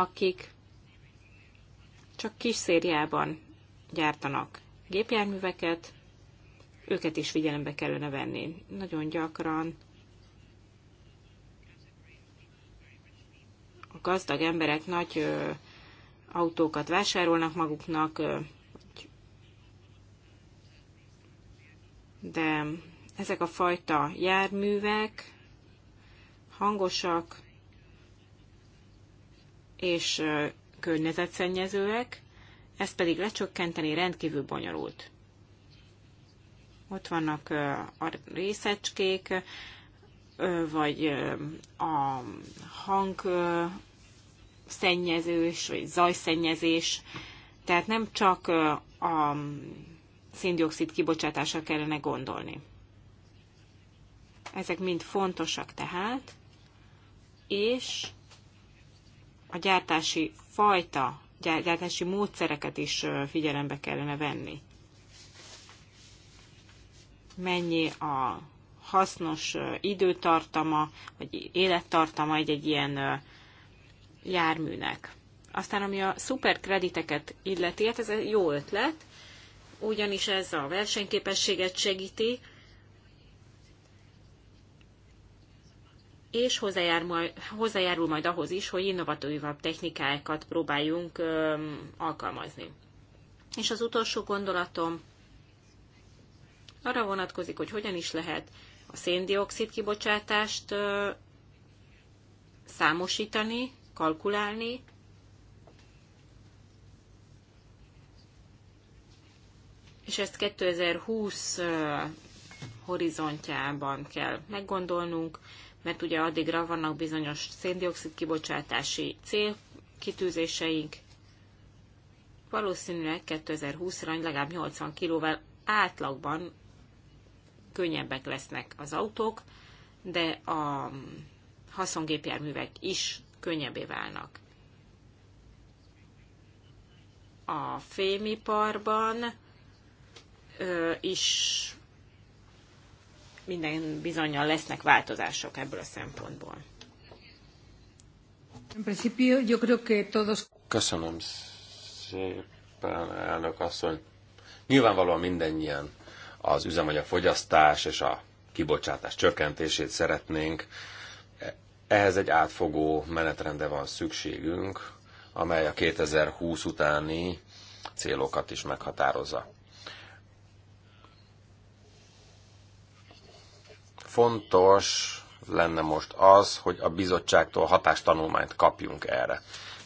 S1: akik csak kis szériában gyártanak gépjárműveket, őket is figyelembe kellene venni. Nagyon gyakran a gazdag emberek nagy ö, autókat vásárolnak maguknak, ö, de ezek a fajta járművek hangosak, és környezetszennyezőek, ezt pedig lecsökkenteni rendkívül bonyolult. Ott vannak a részecskék, vagy a hangszennyezés, vagy zajszennyezés. Tehát nem csak a széndiokszid kibocsátásra kellene gondolni. Ezek mind fontosak tehát, és a gyártási fajta, gyártási módszereket is figyelembe kellene venni. Mennyi a hasznos időtartama, vagy élettartama egy-egy ilyen járműnek. Aztán ami a szuperkrediteket illeti, hát ez egy jó ötlet, ugyanis ez a versenyképességet segíti, és hozzájár majd, hozzájárul majd ahhoz is, hogy innovatívabb technikákat próbáljunk ö, alkalmazni. És az utolsó gondolatom arra vonatkozik, hogy hogyan is lehet a széndiokszid kibocsátást ö, számosítani, kalkulálni, és ezt 2020 horizontjában kell meggondolnunk, mert ugye addigra vannak bizonyos széndiokszid kibocsátási célkitűzéseink. Valószínűleg 2020-ra legalább 80 kilóval átlagban könnyebbek lesznek az autók, de a haszongépjárművek is könnyebbé válnak. A fémiparban is minden bizonyal lesznek változások ebből a szempontból.
S4: Köszönöm szépen, elnök asszony. Nyilvánvalóan mindennyien az üzemanyag fogyasztás és a kibocsátás csökkentését szeretnénk. Ehhez egy átfogó menetrende van szükségünk, amely a 2020 utáni célokat is meghatározza. fontos lenne most az, hogy a bizottságtól hatástanulmányt kapjunk erre.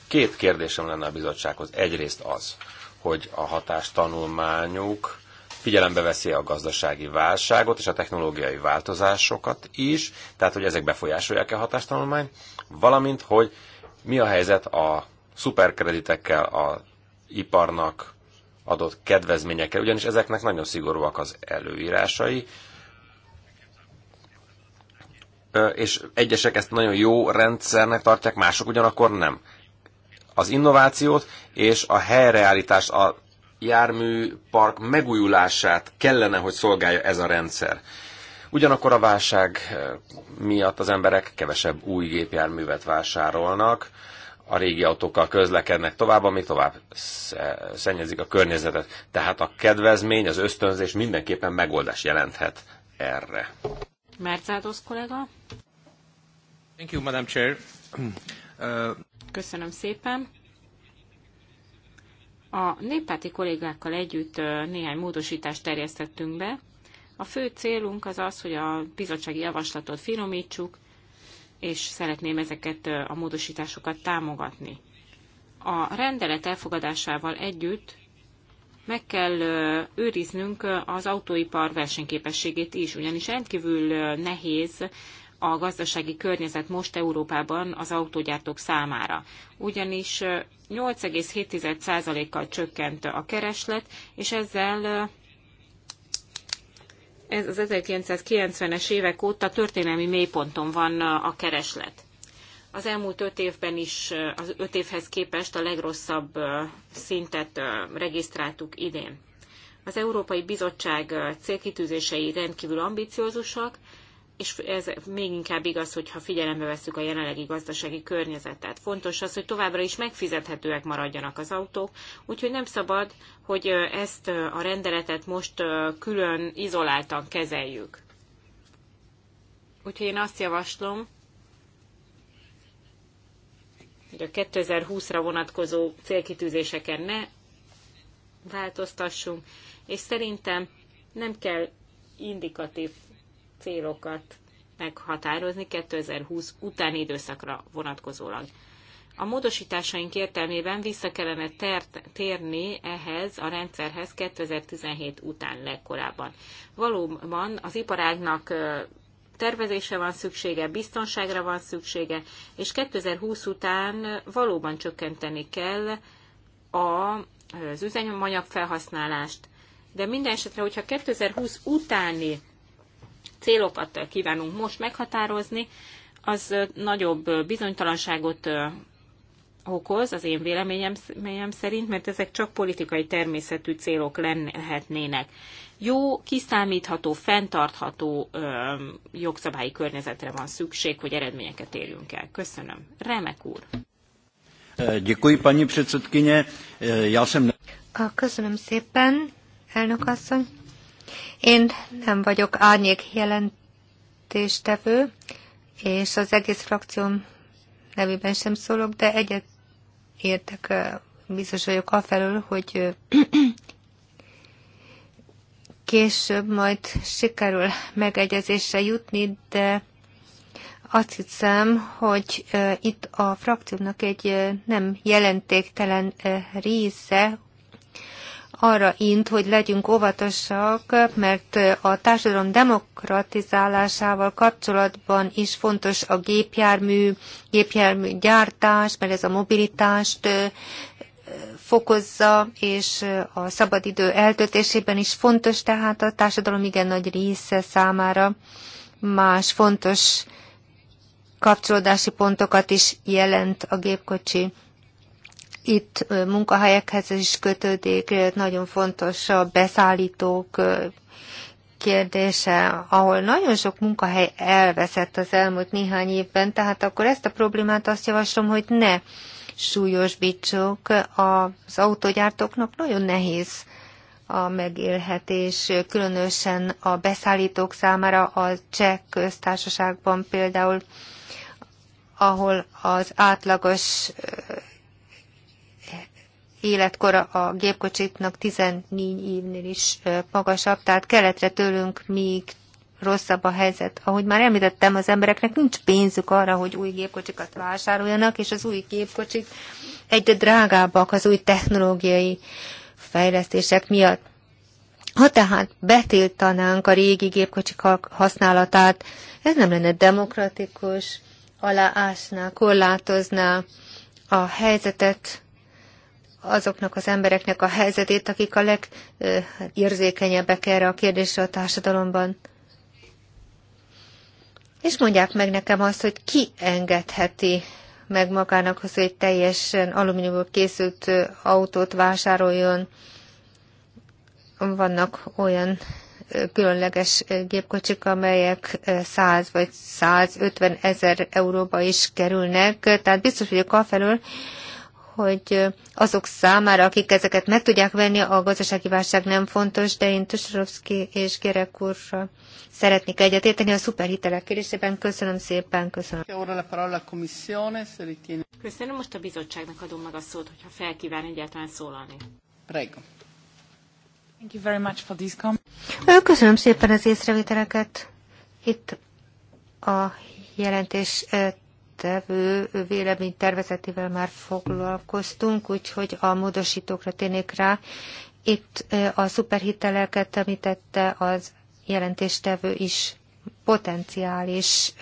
S4: Két kérdésem lenne a bizottsághoz. Egyrészt az, hogy a hatástanulmányuk figyelembe veszi a gazdasági válságot és a technológiai változásokat is, tehát hogy ezek befolyásolják-e a hatástanulmányt, valamint, hogy mi a helyzet a szuperkreditekkel, a iparnak adott kedvezményekkel, ugyanis ezeknek nagyon szigorúak az előírásai, és egyesek ezt nagyon jó rendszernek tartják, mások ugyanakkor nem. Az innovációt és a helyreállítást, a járműpark megújulását kellene, hogy szolgálja ez a rendszer. Ugyanakkor a válság miatt az emberek kevesebb új gépjárművet vásárolnak, a régi autókkal közlekednek tovább, ami tovább szennyezik a környezetet. Tehát a kedvezmény, az ösztönzés mindenképpen megoldás jelenthet erre
S1: kollega.
S3: Thank you, Madam Chair. Uh...
S1: Köszönöm szépen. A néppáti kollégákkal együtt uh, néhány módosítást terjesztettünk be. A fő célunk az az, hogy a bizottsági javaslatot finomítsuk, és szeretném ezeket uh, a módosításokat támogatni. A rendelet elfogadásával együtt meg kell őriznünk az autóipar versenyképességét is, ugyanis rendkívül nehéz a gazdasági környezet most Európában az autógyártók számára. Ugyanis 8,7%-kal csökkent a kereslet, és ezzel ez az 1990-es évek óta történelmi mélyponton van a kereslet az elmúlt öt évben is, az öt évhez képest a legrosszabb szintet regisztráltuk idén. Az Európai Bizottság célkitűzései rendkívül ambiciózusak, és ez még inkább igaz, hogyha figyelembe veszük a jelenlegi gazdasági környezetet. Fontos az, hogy továbbra is megfizethetőek maradjanak az autók, úgyhogy nem szabad, hogy ezt a rendeletet most külön izoláltan kezeljük. Úgyhogy én azt javaslom, hogy a 2020-ra vonatkozó célkitűzéseken ne változtassunk, és szerintem nem kell indikatív célokat meghatározni 2020 utáni időszakra vonatkozólag. A módosításaink értelmében vissza kellene tert, térni ehhez a rendszerhez 2017 után legkorábban. Valóban az iparágnak tervezése van szüksége, biztonságra van szüksége, és 2020 után valóban csökkenteni kell a, az üzemanyag felhasználást. De minden esetre, hogyha 2020 utáni célokat kívánunk most meghatározni, az nagyobb bizonytalanságot okoz, az én véleményem szerint, mert ezek csak politikai természetű célok lehetnének jó, kiszámítható, fenntartható ö, jogszabályi környezetre van szükség, hogy eredményeket
S2: érjünk el. Köszönöm. Remek úr.
S3: Děkuji, paní předsedkyně. Já jsem...
S2: Köszönöm szépen, elnök asszony. Én nem vagyok árnyék jelentéstevő, és az egész frakcióm nevében sem szólok, de egyet értek, biztos vagyok afelől, hogy később majd sikerül megegyezésre jutni, de azt hiszem, hogy itt a frakciónak egy nem jelentéktelen része arra int, hogy legyünk óvatosak, mert a társadalom demokratizálásával kapcsolatban is fontos a gépjármű, gépjármű gyártás, mert ez a mobilitást fokozza, és a szabadidő eltöltésében is fontos, tehát a társadalom igen nagy része számára más fontos kapcsolódási pontokat is jelent a gépkocsi. Itt munkahelyekhez is kötődik, nagyon fontos a beszállítók kérdése, ahol nagyon sok munkahely elveszett az elmúlt néhány évben, tehát akkor ezt a problémát azt javaslom, hogy ne súlyosbítsuk, az autogyártóknak nagyon nehéz a megélhetés, különösen a beszállítók számára a cseh köztársaságban például, ahol az átlagos életkora a gépkocsiknak 14 évnél is magasabb, tehát keletre tőlünk még rosszabb a helyzet. Ahogy már említettem, az embereknek nincs pénzük arra, hogy új gépkocsikat vásároljanak, és az új gépkocsik egyre drágábbak az új technológiai fejlesztések miatt. Ha tehát betiltanánk a régi gépkocsik használatát, ez nem lenne demokratikus, aláásná, korlátozná a helyzetet, azoknak az embereknek a helyzetét, akik a legérzékenyebbek erre a kérdésre a társadalomban és mondják meg nekem azt, hogy ki engedheti meg magának, hogy egy teljesen alumíniumból készült autót vásároljon. Vannak olyan különleges gépkocsik, amelyek 100 vagy 150 ezer euróba is kerülnek, tehát biztos vagyok afelől, hogy azok számára, akik ezeket meg tudják venni, a gazdasági válság nem fontos, de én Tusorovszki és Gerek úrra szeretnék egyetérteni a szuperhitelek kérdésében. Köszönöm szépen, köszönöm.
S1: Köszönöm, most a bizottságnak adom meg a szót, hogyha felkíván egyáltalán szólalni. Prego.
S2: Thank you very much for this Köszönöm szépen az észrevételeket. Itt a jelentés vélemény tervezetével már foglalkoztunk, úgyhogy a módosítókra térnék rá. Itt a szuperhiteleket említette az jelentéstevő is potenciális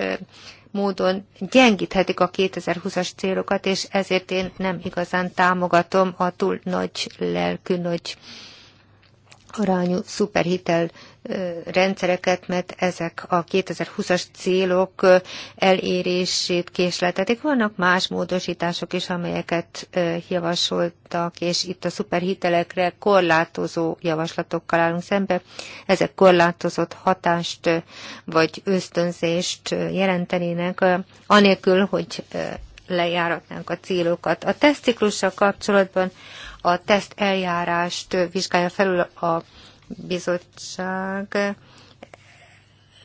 S2: módon gyengíthetik a 2020-as célokat, és ezért én nem igazán támogatom a túl nagy lelkű, nagy arányú szuperhitel rendszereket, mert ezek a 2020-as célok elérését késletetik. Vannak más módosítások is, amelyeket javasoltak, és itt a szuperhitelekre korlátozó javaslatokkal állunk szembe. Ezek korlátozott hatást vagy ösztönzést jelentenének, anélkül, hogy lejáratnánk a célokat. A tesztciklussal kapcsolatban a teszt eljárást vizsgálja felül a bizottság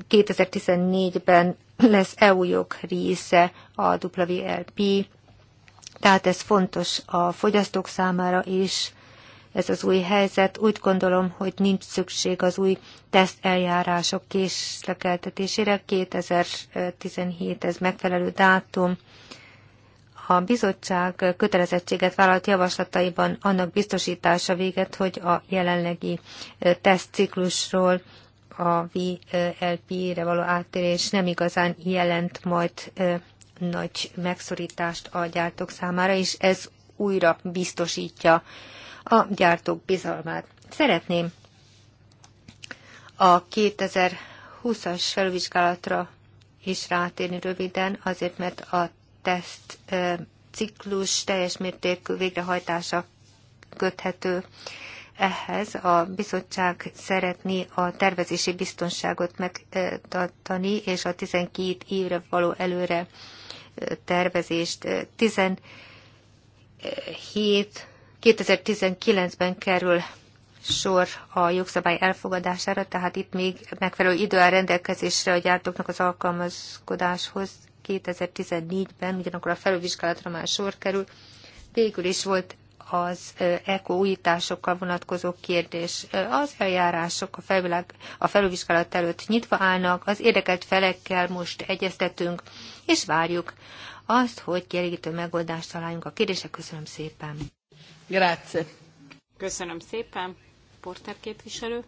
S2: 2014-ben lesz EU jog része a WLP, tehát ez fontos a fogyasztók számára is, ez az új helyzet. Úgy gondolom, hogy nincs szükség az új teszt eljárások késlekeltetésére. 2017 ez megfelelő dátum a bizottság kötelezettséget vállalt javaslataiban annak biztosítása véget, hogy a jelenlegi tesztciklusról a VLP-re való áttérés nem igazán jelent majd nagy megszorítást a gyártók számára, és ez újra biztosítja a gyártók bizalmát. Szeretném a 2020-as felvizsgálatra is rátérni röviden, azért mert a teszt ciklus teljes mértékű végrehajtása köthető ehhez. A bizottság szeretné a tervezési biztonságot megtartani, és a 12 évre való előre tervezést 17 2019-ben kerül sor a jogszabály elfogadására, tehát itt még megfelelő idő áll rendelkezésre a gyártóknak az alkalmazkodáshoz, 2014-ben, ugyanakkor a felülvizsgálatra már sor kerül, végül is volt az ECO újításokkal vonatkozó kérdés. Az eljárások a, felvilág, a felülvizsgálat előtt nyitva állnak, az érdekelt felekkel most egyeztetünk, és várjuk azt, hogy kielégítő megoldást találjunk a kérdések. Köszönöm szépen. Grazie.
S1: Köszönöm szépen. Porter képviselő.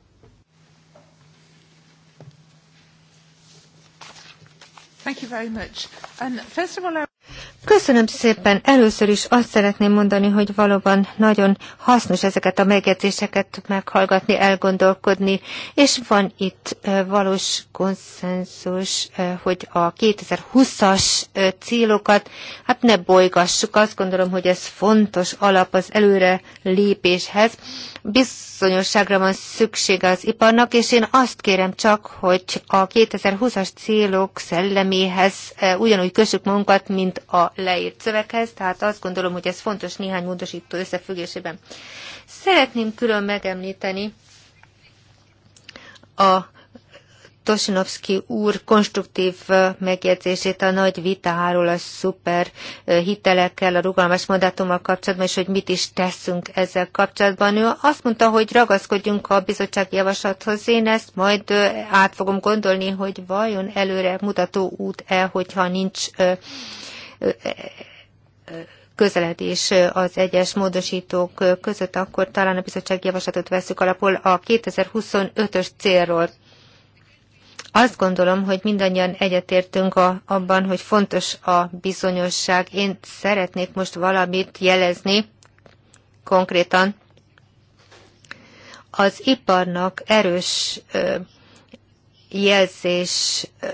S2: Köszönöm szépen. Először is azt szeretném mondani, hogy valóban nagyon hasznos ezeket a megjegyzéseket meghallgatni, elgondolkodni, és van itt valós konszenzus, hogy a 2020-as célokat, hát ne bolygassuk, azt gondolom, hogy ez fontos alap az előre lépéshez. Biz bizonyosságra van szükség az iparnak, és én azt kérem csak, hogy a 2020-as célok szelleméhez eh, ugyanúgy kössük magunkat, mint a leírt szöveghez, tehát azt gondolom, hogy ez fontos néhány módosító összefüggésében. Szeretném külön megemlíteni a Tosinovski úr konstruktív megjegyzését a nagy vitáról a szuper hitelekkel, a rugalmas mandátummal kapcsolatban, és hogy mit is teszünk ezzel kapcsolatban. Ő azt mondta, hogy ragaszkodjunk a bizottság javaslathoz. Én ezt majd át fogom gondolni, hogy vajon előre mutató út-e, hogyha nincs közeledés az egyes módosítók között, akkor talán a bizottság javaslatot veszük alapul a 2025-ös célról. Azt gondolom, hogy mindannyian egyetértünk a, abban, hogy fontos a bizonyosság. Én szeretnék most valamit jelezni konkrétan. Az iparnak erős ö, jelzés ö,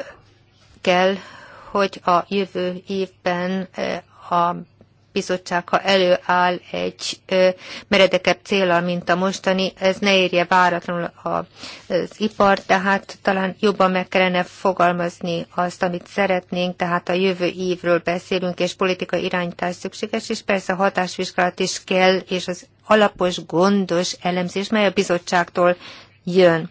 S2: kell, hogy a jövő évben a bizottság, ha előáll egy meredekebb célal, mint a mostani, ez ne érje váratlanul az ipar, tehát talán jobban meg kellene fogalmazni azt, amit szeretnénk, tehát a jövő évről beszélünk, és politikai irányítás szükséges, és persze hatásvizsgálat is kell, és az alapos, gondos elemzés, mely a bizottságtól jön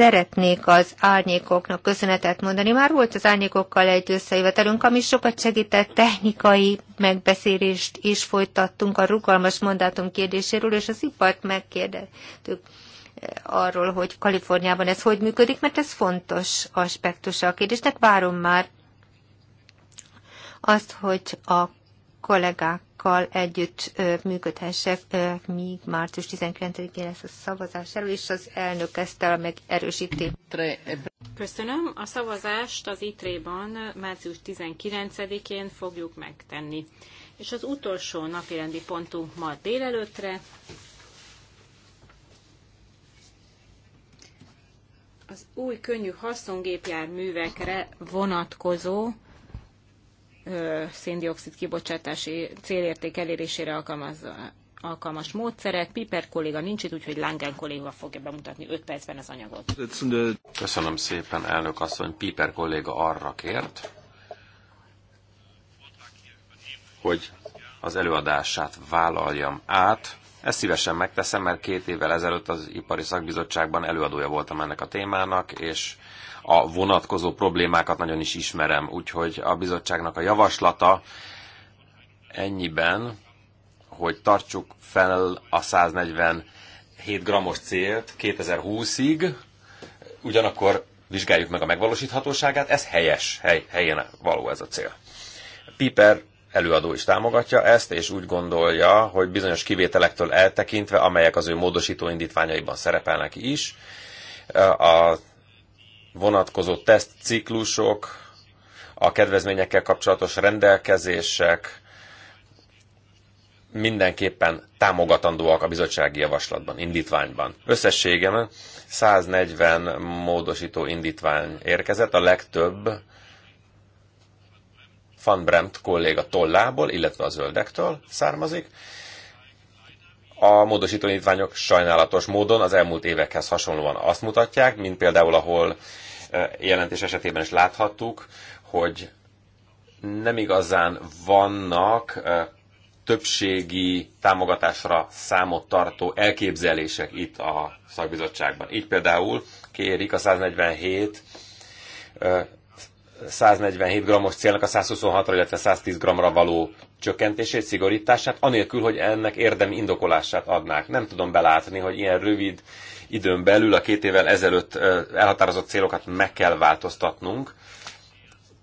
S2: szeretnék az árnyékoknak köszönetet mondani. Már volt az árnyékokkal egy összejövetelünk, ami sokat segített, technikai megbeszélést is folytattunk a rugalmas mandátum kérdéséről, és az ipart megkérdeztük eh, arról, hogy Kaliforniában ez hogy működik, mert ez fontos aspektusa a kérdésnek. Várom már azt, hogy a kollégák kollégákkal együtt működhessek, míg március 19-én lesz a szavazás elő, és az elnök ezt el erősíti.
S1: Köszönöm. A szavazást az ITRE-ban március 19-én fogjuk megtenni. És az utolsó napirendi pontunk ma délelőttre, az új könnyű haszongépjárművekre vonatkozó széndiokszid kibocsátási célérték elérésére alkalmaz, alkalmas módszerek. Piper kolléga nincs itt, úgyhogy Langen kolléga fogja bemutatni 5 percben az anyagot.
S4: Köszönöm szépen, elnök asszony. Piper kolléga arra kért, hogy az előadását vállaljam át. Ezt szívesen megteszem, mert két évvel ezelőtt az Ipari Szakbizottságban előadója voltam ennek a témának, és a vonatkozó problémákat nagyon is ismerem, úgyhogy a bizottságnak a javaslata ennyiben, hogy tartsuk fel a 147 g-os célt 2020-ig, ugyanakkor vizsgáljuk meg a megvalósíthatóságát, ez helyes, hely, helyen való ez a cél. Piper előadó is támogatja ezt, és úgy gondolja, hogy bizonyos kivételektől eltekintve, amelyek az ő módosító indítványaiban szerepelnek is, a vonatkozó tesztciklusok, a kedvezményekkel kapcsolatos rendelkezések mindenképpen támogatandóak a bizottsági javaslatban, indítványban. Összességem 140 módosító indítvány érkezett, a legtöbb Van Bremt kolléga tollából, illetve a zöldektől származik, a módosítóindítványok sajnálatos módon az elmúlt évekhez hasonlóan azt mutatják, mint például ahol e, jelentés esetében is láthattuk, hogy nem igazán vannak e, többségi támogatásra számot tartó elképzelések itt a szakbizottságban. Így például kérik a 147 147 g-os célnak a 126-ra, illetve 110 g-ra való csökkentését, szigorítását, anélkül, hogy ennek érdemi indokolását adnák. Nem tudom belátni, hogy ilyen rövid időn belül a két évvel ezelőtt elhatározott célokat meg kell változtatnunk.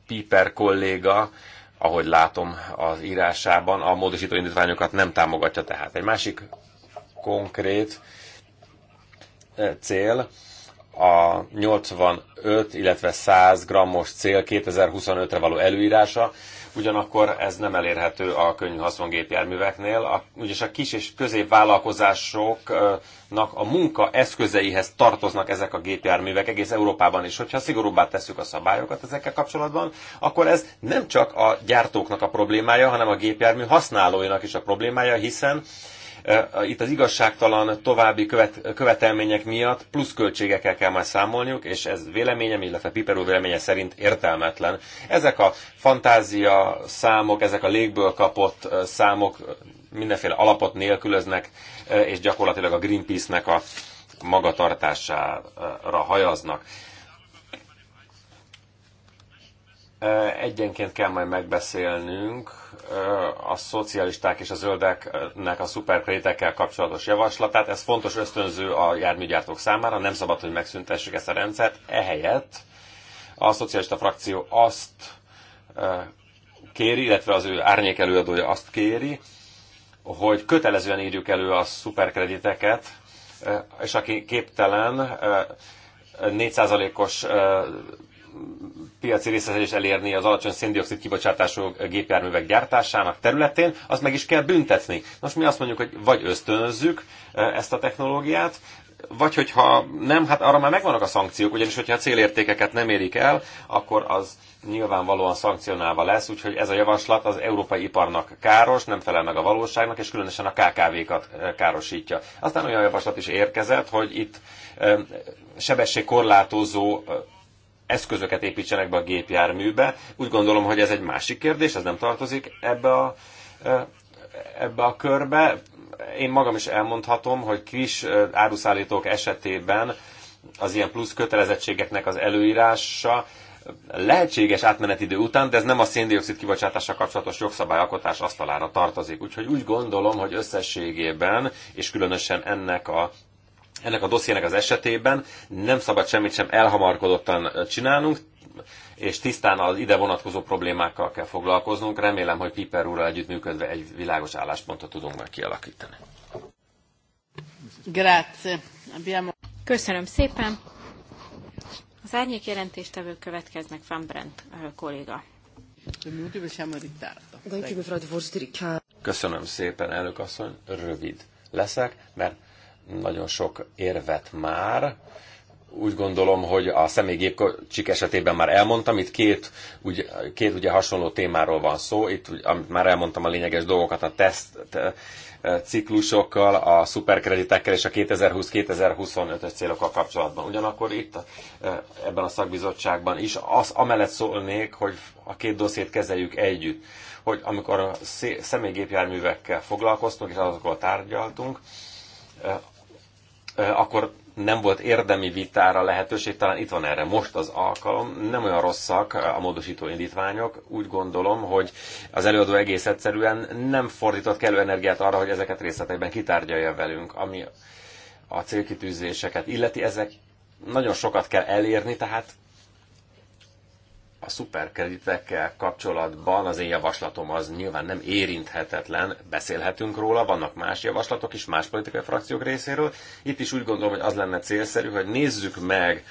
S4: Piper kolléga, ahogy látom az írásában, a módosító indítványokat nem támogatja tehát. Egy másik konkrét cél, a 85, illetve 100 grammos cél 2025-re való előírása ugyanakkor ez nem elérhető a könnyű haszongépjárműveknél, a, ugyis a kis és középvállalkozásoknak a munka eszközeihez tartoznak ezek a gépjárművek egész Európában, is, hogyha szigorúbbá tesszük a szabályokat ezekkel kapcsolatban, akkor ez nem csak a gyártóknak a problémája, hanem a gépjármű használóinak is a problémája, hiszen itt az igazságtalan további követ, követelmények miatt plusz költségekkel kell majd számolniuk, és ez véleményem, illetve Piperú véleménye szerint értelmetlen. Ezek a fantázia számok, ezek a légből kapott számok mindenféle alapot nélkülöznek, és gyakorlatilag a Greenpeace-nek a magatartására hajaznak. Egyenként kell majd megbeszélnünk a szocialisták és a zöldeknek a szuperkreditekkel kapcsolatos javaslatát. Ez fontos ösztönző a járműgyártók számára, nem szabad, hogy megszüntessük ezt a rendszert. Ehelyett a szocialista frakció azt kéri, illetve az ő árnyék előadója azt kéri, hogy kötelezően írjuk elő a szuperkrediteket, és aki képtelen 4%-os piaci részesedést elérni az alacsony széndiokszid kibocsátású gépjárművek gyártásának területén, azt meg is kell büntetni. Most mi azt mondjuk, hogy vagy ösztönözzük e, ezt a technológiát, vagy hogyha nem, hát arra már megvannak a szankciók, ugyanis hogyha a célértékeket nem érik el, akkor az nyilvánvalóan szankcionálva lesz, úgyhogy ez a javaslat az európai iparnak káros, nem felel meg a valóságnak, és különösen a KKV-kat e, károsítja. Aztán olyan javaslat is érkezett, hogy itt e, sebességkorlátozó eszközöket építsenek be a gépjárműbe. Úgy gondolom, hogy ez egy másik kérdés, ez nem tartozik ebbe a, ebbe a körbe. Én magam is elmondhatom, hogy kis áruszállítók esetében az ilyen plusz kötelezettségeknek az előírása lehetséges idő után, de ez nem a széndiokszid kibocsátással kapcsolatos jogszabályalkotás asztalára tartozik. Úgyhogy úgy gondolom, hogy összességében, és különösen ennek a ennek a dossziének az esetében nem szabad semmit sem elhamarkodottan csinálnunk, és tisztán az ide vonatkozó problémákkal kell foglalkoznunk. Remélem, hogy Piper úrral együttműködve egy világos álláspontot tudunk meg kialakítani.
S1: Grazie. Köszönöm szépen. Az árnyék jelentéstevő következnek Van Brent eh, kolléga.
S4: Köszönöm szépen, elnök asszony. Rövid leszek, mert nagyon sok érvet már. Úgy gondolom, hogy a személygépkocsik esetében már elmondtam, itt két, ugye, két ugye hasonló témáról van szó, itt amit már elmondtam a lényeges dolgokat a teszt e, ciklusokkal, a szuperkreditekkel és a 2020-2025-ös célokkal kapcsolatban. Ugyanakkor itt e, ebben a szakbizottságban is az amellett szólnék, hogy a két dossziét kezeljük együtt hogy amikor a személygépjárművekkel foglalkoztunk és azokról tárgyaltunk, e, akkor nem volt érdemi vitára lehetőség, talán itt van erre most az alkalom. Nem olyan rosszak a módosító indítványok. Úgy gondolom, hogy az előadó egész egyszerűen nem fordított kellő energiát arra, hogy ezeket részletekben kitárgyalja velünk, ami a célkitűzéseket illeti. Ezek nagyon sokat kell elérni, tehát a szuperkreditekkel kapcsolatban az én javaslatom az nyilván nem érinthetetlen, beszélhetünk róla, vannak más javaslatok is más politikai frakciók részéről. Itt is úgy gondolom, hogy az lenne célszerű, hogy nézzük meg,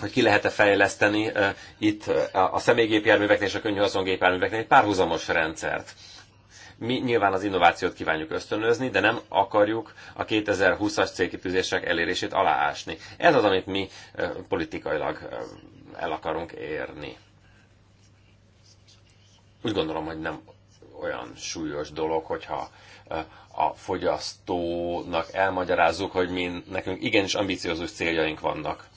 S4: hogy ki lehet-e fejleszteni uh, itt a személygépjárműveknél és a könnyű haszongépjárműveknél egy párhuzamos rendszert. Mi nyilván az innovációt kívánjuk ösztönözni, de nem akarjuk a 2020-as célkitűzések elérését aláásni. Ez az, amit mi politikailag el akarunk érni. Úgy gondolom, hogy nem olyan súlyos dolog, hogyha eh, a fogyasztónak elmagyarázzuk, hogy mi nekünk igenis ambiciózus céljaink vannak.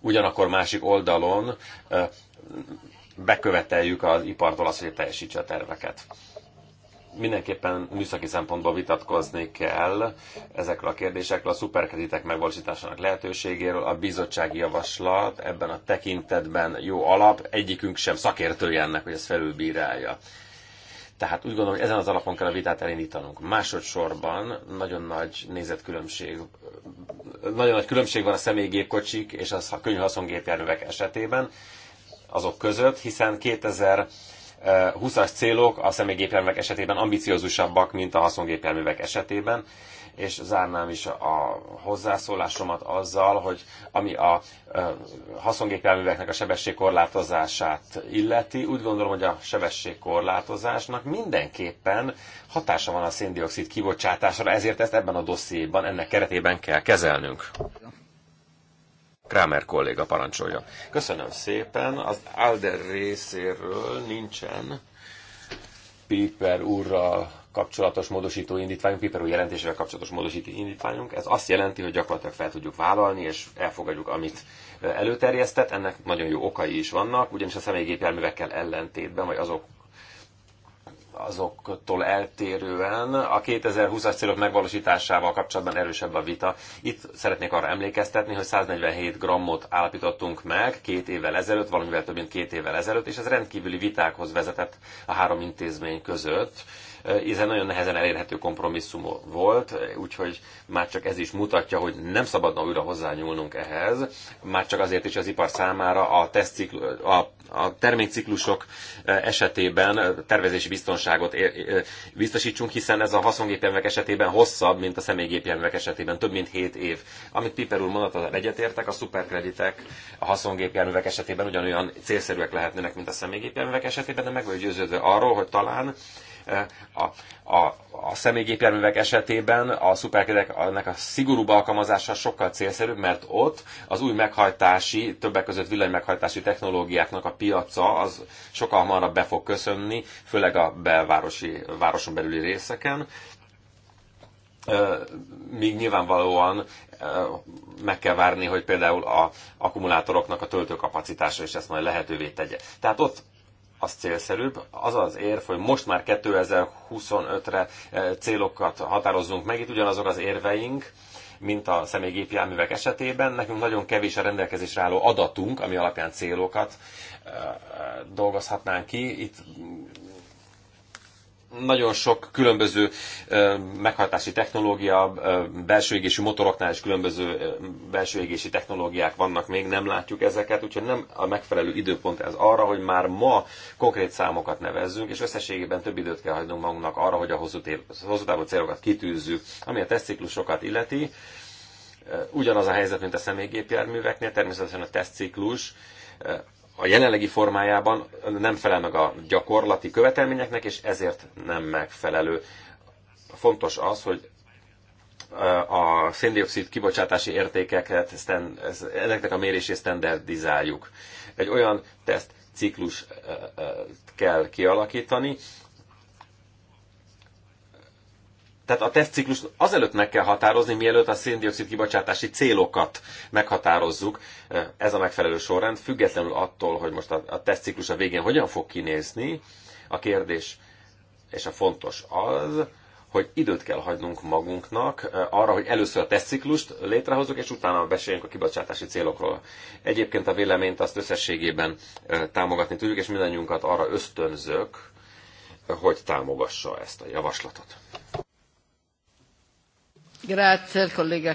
S4: Ugyanakkor másik oldalon eh, beköveteljük az ipartól azt, hogy teljesítse a terveket mindenképpen műszaki szempontból vitatkozni kell ezekről a kérdésekről, a szuperkreditek megvalósításának lehetőségéről. A bizottsági javaslat ebben a tekintetben jó alap, egyikünk sem szakértője ennek, hogy ezt felülbírálja. Tehát úgy gondolom, hogy ezen az alapon kell a vitát elindítanunk. Másodszorban nagyon nagy nézetkülönbség, nagyon nagy különbség van a személygépkocsik és az a könnyű haszongépjárművek esetében azok között, hiszen 2000 20-as eh, célok a személygépjárművek esetében ambiciózusabbak, mint a haszongépjárművek esetében, és zárnám is a hozzászólásomat azzal, hogy ami a eh, haszongépjárműveknek a sebességkorlátozását illeti, úgy gondolom, hogy a sebességkorlátozásnak mindenképpen hatása van a széndiokszid kibocsátásra, ezért ezt ebben a dossziéban, ennek keretében kell kezelnünk. Kramer kolléga parancsolja. Köszönöm szépen. Az Alder részéről nincsen Piper úrral kapcsolatos módosító indítványunk, Piper úr jelentésével kapcsolatos módosító indítványunk. Ez azt jelenti, hogy gyakorlatilag fel tudjuk vállalni, és elfogadjuk, amit előterjesztett. Ennek nagyon jó okai is vannak, ugyanis a személygépjárművekkel ellentétben, vagy azok azoktól eltérően a 2020-as célok megvalósításával kapcsolatban erősebb a vita. Itt szeretnék arra emlékeztetni, hogy 147 grammot állapítottunk meg két évvel ezelőtt, valamivel több mint két évvel ezelőtt, és ez rendkívüli vitákhoz vezetett a három intézmény között egy eh, nagyon nehezen elérhető kompromisszum volt, eh, úgyhogy már csak ez is mutatja, hogy nem szabadna újra hozzányúlnunk ehhez, már csak azért is az ipar számára a, tesztciklu, a, a termékciklusok eh, esetében tervezési biztonságot ér, biztosítsunk, hiszen ez a haszongépjárművek esetében hosszabb, mint a személygépjárművek esetében, több mint 7 év. Amit Piper úr mondott, az egyetértek, a szuperkreditek a haszongépjárművek esetében ugyanolyan célszerűek lehetnének, mint a személygépjárművek esetében, de meg vagyok győződve arról, hogy talán a, a, a személygépjárművek esetében a szuperkedeknek a szigorúbb alkalmazása sokkal célszerűbb, mert ott az új meghajtási, többek között villanymeghajtási technológiáknak a piaca az sokkal hamarabb be fog köszönni, főleg a belvárosi, városon belüli részeken. Míg nyilvánvalóan meg kell várni, hogy például a akkumulátoroknak a töltőkapacitása is ezt majd lehetővé tegye. Tehát ott az célszerűbb. Az az érv, hogy most már 2025-re eh, célokat határozzunk meg, itt ugyanazok az érveink, mint a személygépjárművek esetében. Nekünk nagyon kevés a rendelkezésre álló adatunk, ami alapján célokat eh, eh, dolgozhatnánk ki. Itt nagyon sok különböző meghajtási technológia, belső égési motoroknál is különböző belső égési technológiák vannak még, nem látjuk ezeket, úgyhogy nem a megfelelő időpont ez arra, hogy már ma konkrét számokat nevezzünk, és összességében több időt kell hagynunk magunknak arra, hogy a hosszú, hosszú távú célokat kitűzzük, ami a tesztciklusokat illeti. Ugyanaz a helyzet, mint a személygépjárműveknél, természetesen a tesztciklus a jelenlegi formájában nem felel meg a gyakorlati követelményeknek, és ezért nem megfelelő. Fontos az, hogy eh, a széndiokszid kibocsátási értékeket, ezeknek a mérését standardizáljuk. Egy olyan teszt ciklus eh, eh, kell kialakítani, tehát a tesztciklus azelőtt meg kell határozni, mielőtt a széndiokszid kibocsátási célokat meghatározzuk. Ez a megfelelő sorrend, függetlenül attól, hogy most a, a tesztciklus a végén hogyan fog kinézni, a kérdés és a fontos az, hogy időt kell hagynunk magunknak arra, hogy először a tesztciklust létrehozzuk, és utána beszéljünk a kibocsátási célokról. Egyébként a véleményt azt összességében támogatni tudjuk, és mindannyiunkat arra ösztönzök, hogy támogassa ezt a javaslatot.
S1: Grazie,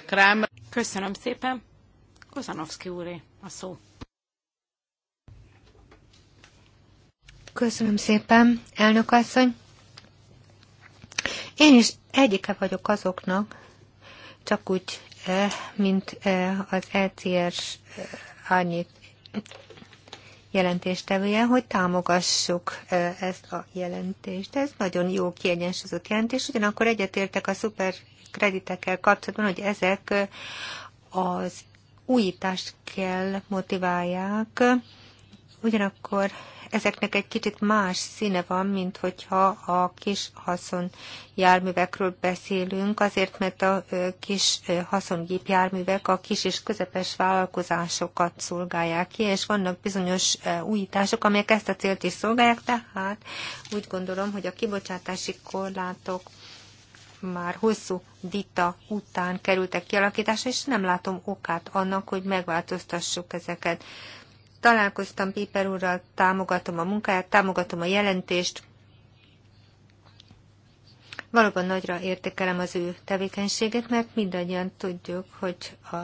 S1: Kramer. Köszönöm szépen. Kozanovszki úré a szó.
S2: Köszönöm szépen, elnök asszony. Én is egyike vagyok azoknak, csak úgy, eh, mint eh, az ECS eh, annyit jelentéstevője, hogy támogassuk ezt a jelentést. Ez nagyon jó kiegyensúlyozott jelentés, ugyanakkor egyetértek a szuper kreditekkel kapcsolatban, hogy ezek az újítást kell motiválják, ugyanakkor ezeknek egy kicsit más színe van, mint hogyha a kis haszon járművekről beszélünk, azért mert a kis haszongépjárművek a kis és közepes vállalkozásokat szolgálják ki, és vannak bizonyos újítások, amelyek ezt a célt is szolgálják, tehát úgy gondolom, hogy a kibocsátási korlátok már hosszú vita után kerültek kialakításra, és nem látom okát annak, hogy megváltoztassuk ezeket. Találkoztam Piper úrral, támogatom a munkáját, támogatom a jelentést. Valóban nagyra értékelem az ő tevékenységet, mert mindannyian tudjuk, hogy a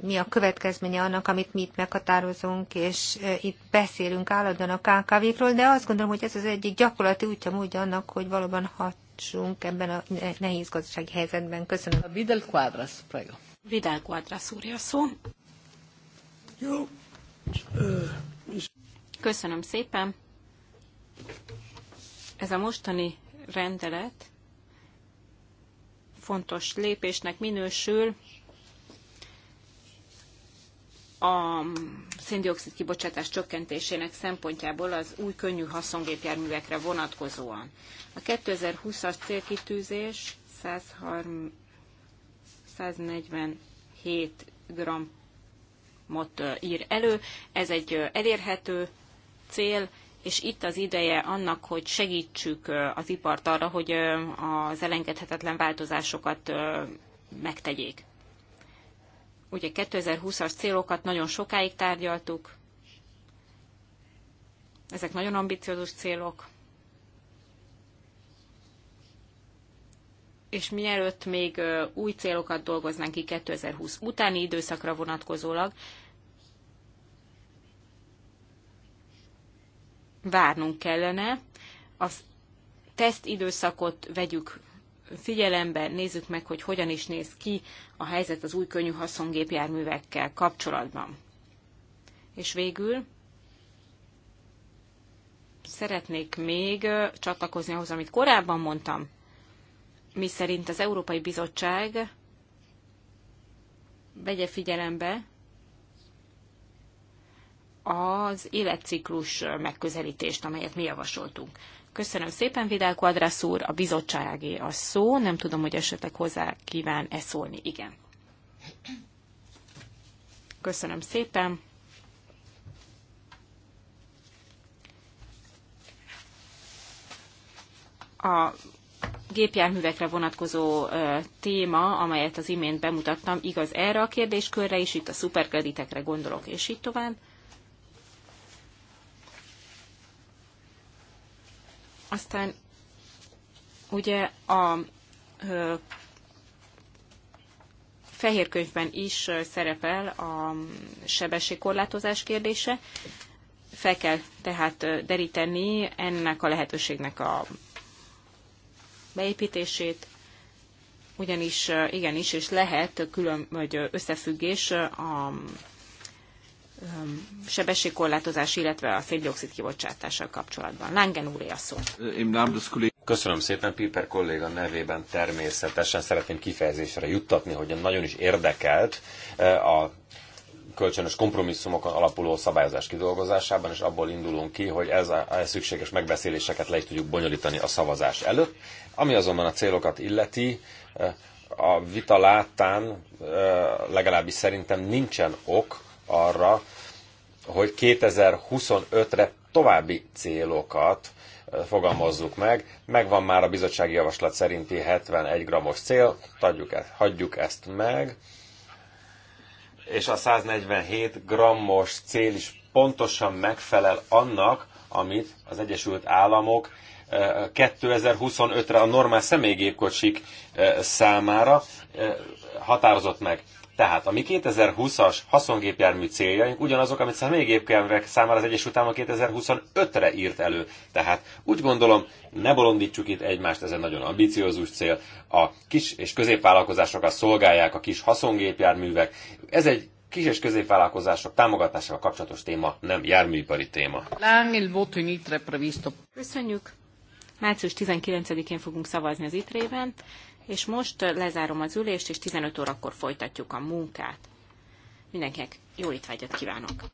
S2: mi a következménye annak, amit mi itt meghatározunk, és itt beszélünk állandóan a KKV-król, de azt gondolom, hogy ez az egyik gyakorlati útja módja annak, hogy valóban hat javítsunk ebben a nehéz gazdasági helyzetben. Köszönöm. Vidal Quadras, prego. Vidal Quadras úr, szó. Jó. Köszönöm szépen.
S1: Ez a mostani rendelet fontos lépésnek minősül a széndiokszid kibocsátás csökkentésének szempontjából az új könnyű haszongépjárművekre vonatkozóan. A 2020-as célkitűzés 130, 147 grammot ír elő. Ez egy elérhető cél, és itt az ideje annak, hogy segítsük az ipart arra, hogy az elengedhetetlen változásokat megtegyék ugye 2020-as célokat nagyon sokáig tárgyaltuk, ezek nagyon ambiciózus célok, és mielőtt még új célokat dolgoznánk ki 2020 utáni időszakra vonatkozólag, várnunk kellene, az teszt időszakot vegyük figyelembe, nézzük meg, hogy hogyan is néz ki a helyzet az új könnyű haszongépjárművekkel kapcsolatban. És végül szeretnék még csatlakozni ahhoz, amit korábban mondtam, mi szerint az Európai Bizottság vegye figyelembe az életciklus megközelítést, amelyet mi javasoltunk. Köszönöm szépen, Vidál Quadrasz úr, a bizottságé a szó. Nem tudom, hogy esetleg hozzá kíván-e szólni. Igen. Köszönöm szépen. A gépjárművekre vonatkozó ö, téma, amelyet az imént bemutattam, igaz erre a kérdéskörre is, itt a szuperkreditekre gondolok, és így tovább. Aztán ugye a ö, fehér könyvben is szerepel a sebességkorlátozás kérdése. Fel kell tehát deríteni ennek a lehetőségnek a beépítését, ugyanis igenis, és lehet külön, vagy összefüggés a sebességkorlátozás, illetve a széndiokszid kibocsátással kapcsolatban. Lángen úr, a szó.
S4: Köszönöm szépen, Piper kolléga nevében természetesen szeretném kifejezésre juttatni, hogy nagyon is érdekelt eh, a kölcsönös kompromisszumokon alapuló szabályozás kidolgozásában, és abból indulunk ki, hogy ez a, a szükséges megbeszéléseket le is tudjuk bonyolítani a szavazás előtt. Ami azonban a célokat illeti, eh, a vita láttán eh, legalábbis szerintem nincsen ok arra, hogy 2025-re további célokat fogalmazzuk meg. Megvan már a bizottsági javaslat szerinti 71 grammos cél, Tadjuk ezt, hagyjuk ezt meg. És a 147 grammos cél is pontosan megfelel annak, amit az Egyesült Államok 2025-re a normál személygépkocsik számára határozott meg. Tehát a mi 2020-as haszongépjármű céljaink ugyanazok, amit a személygépjárművek számára az Egyesült Államok 2025-re írt elő. Tehát úgy gondolom, ne bolondítsuk itt egymást, ez egy nagyon ambiciózus cél. A kis és középvállalkozásokat szolgálják a kis haszongépjárművek. Ez egy kis és középvállalkozások támogatásával kapcsolatos téma, nem járműipari téma.
S1: Köszönjük! Március 19-én fogunk szavazni az itrében és most lezárom az ülést, és 15 órakor folytatjuk a munkát. Mindenkinek jó étvágyat kívánok!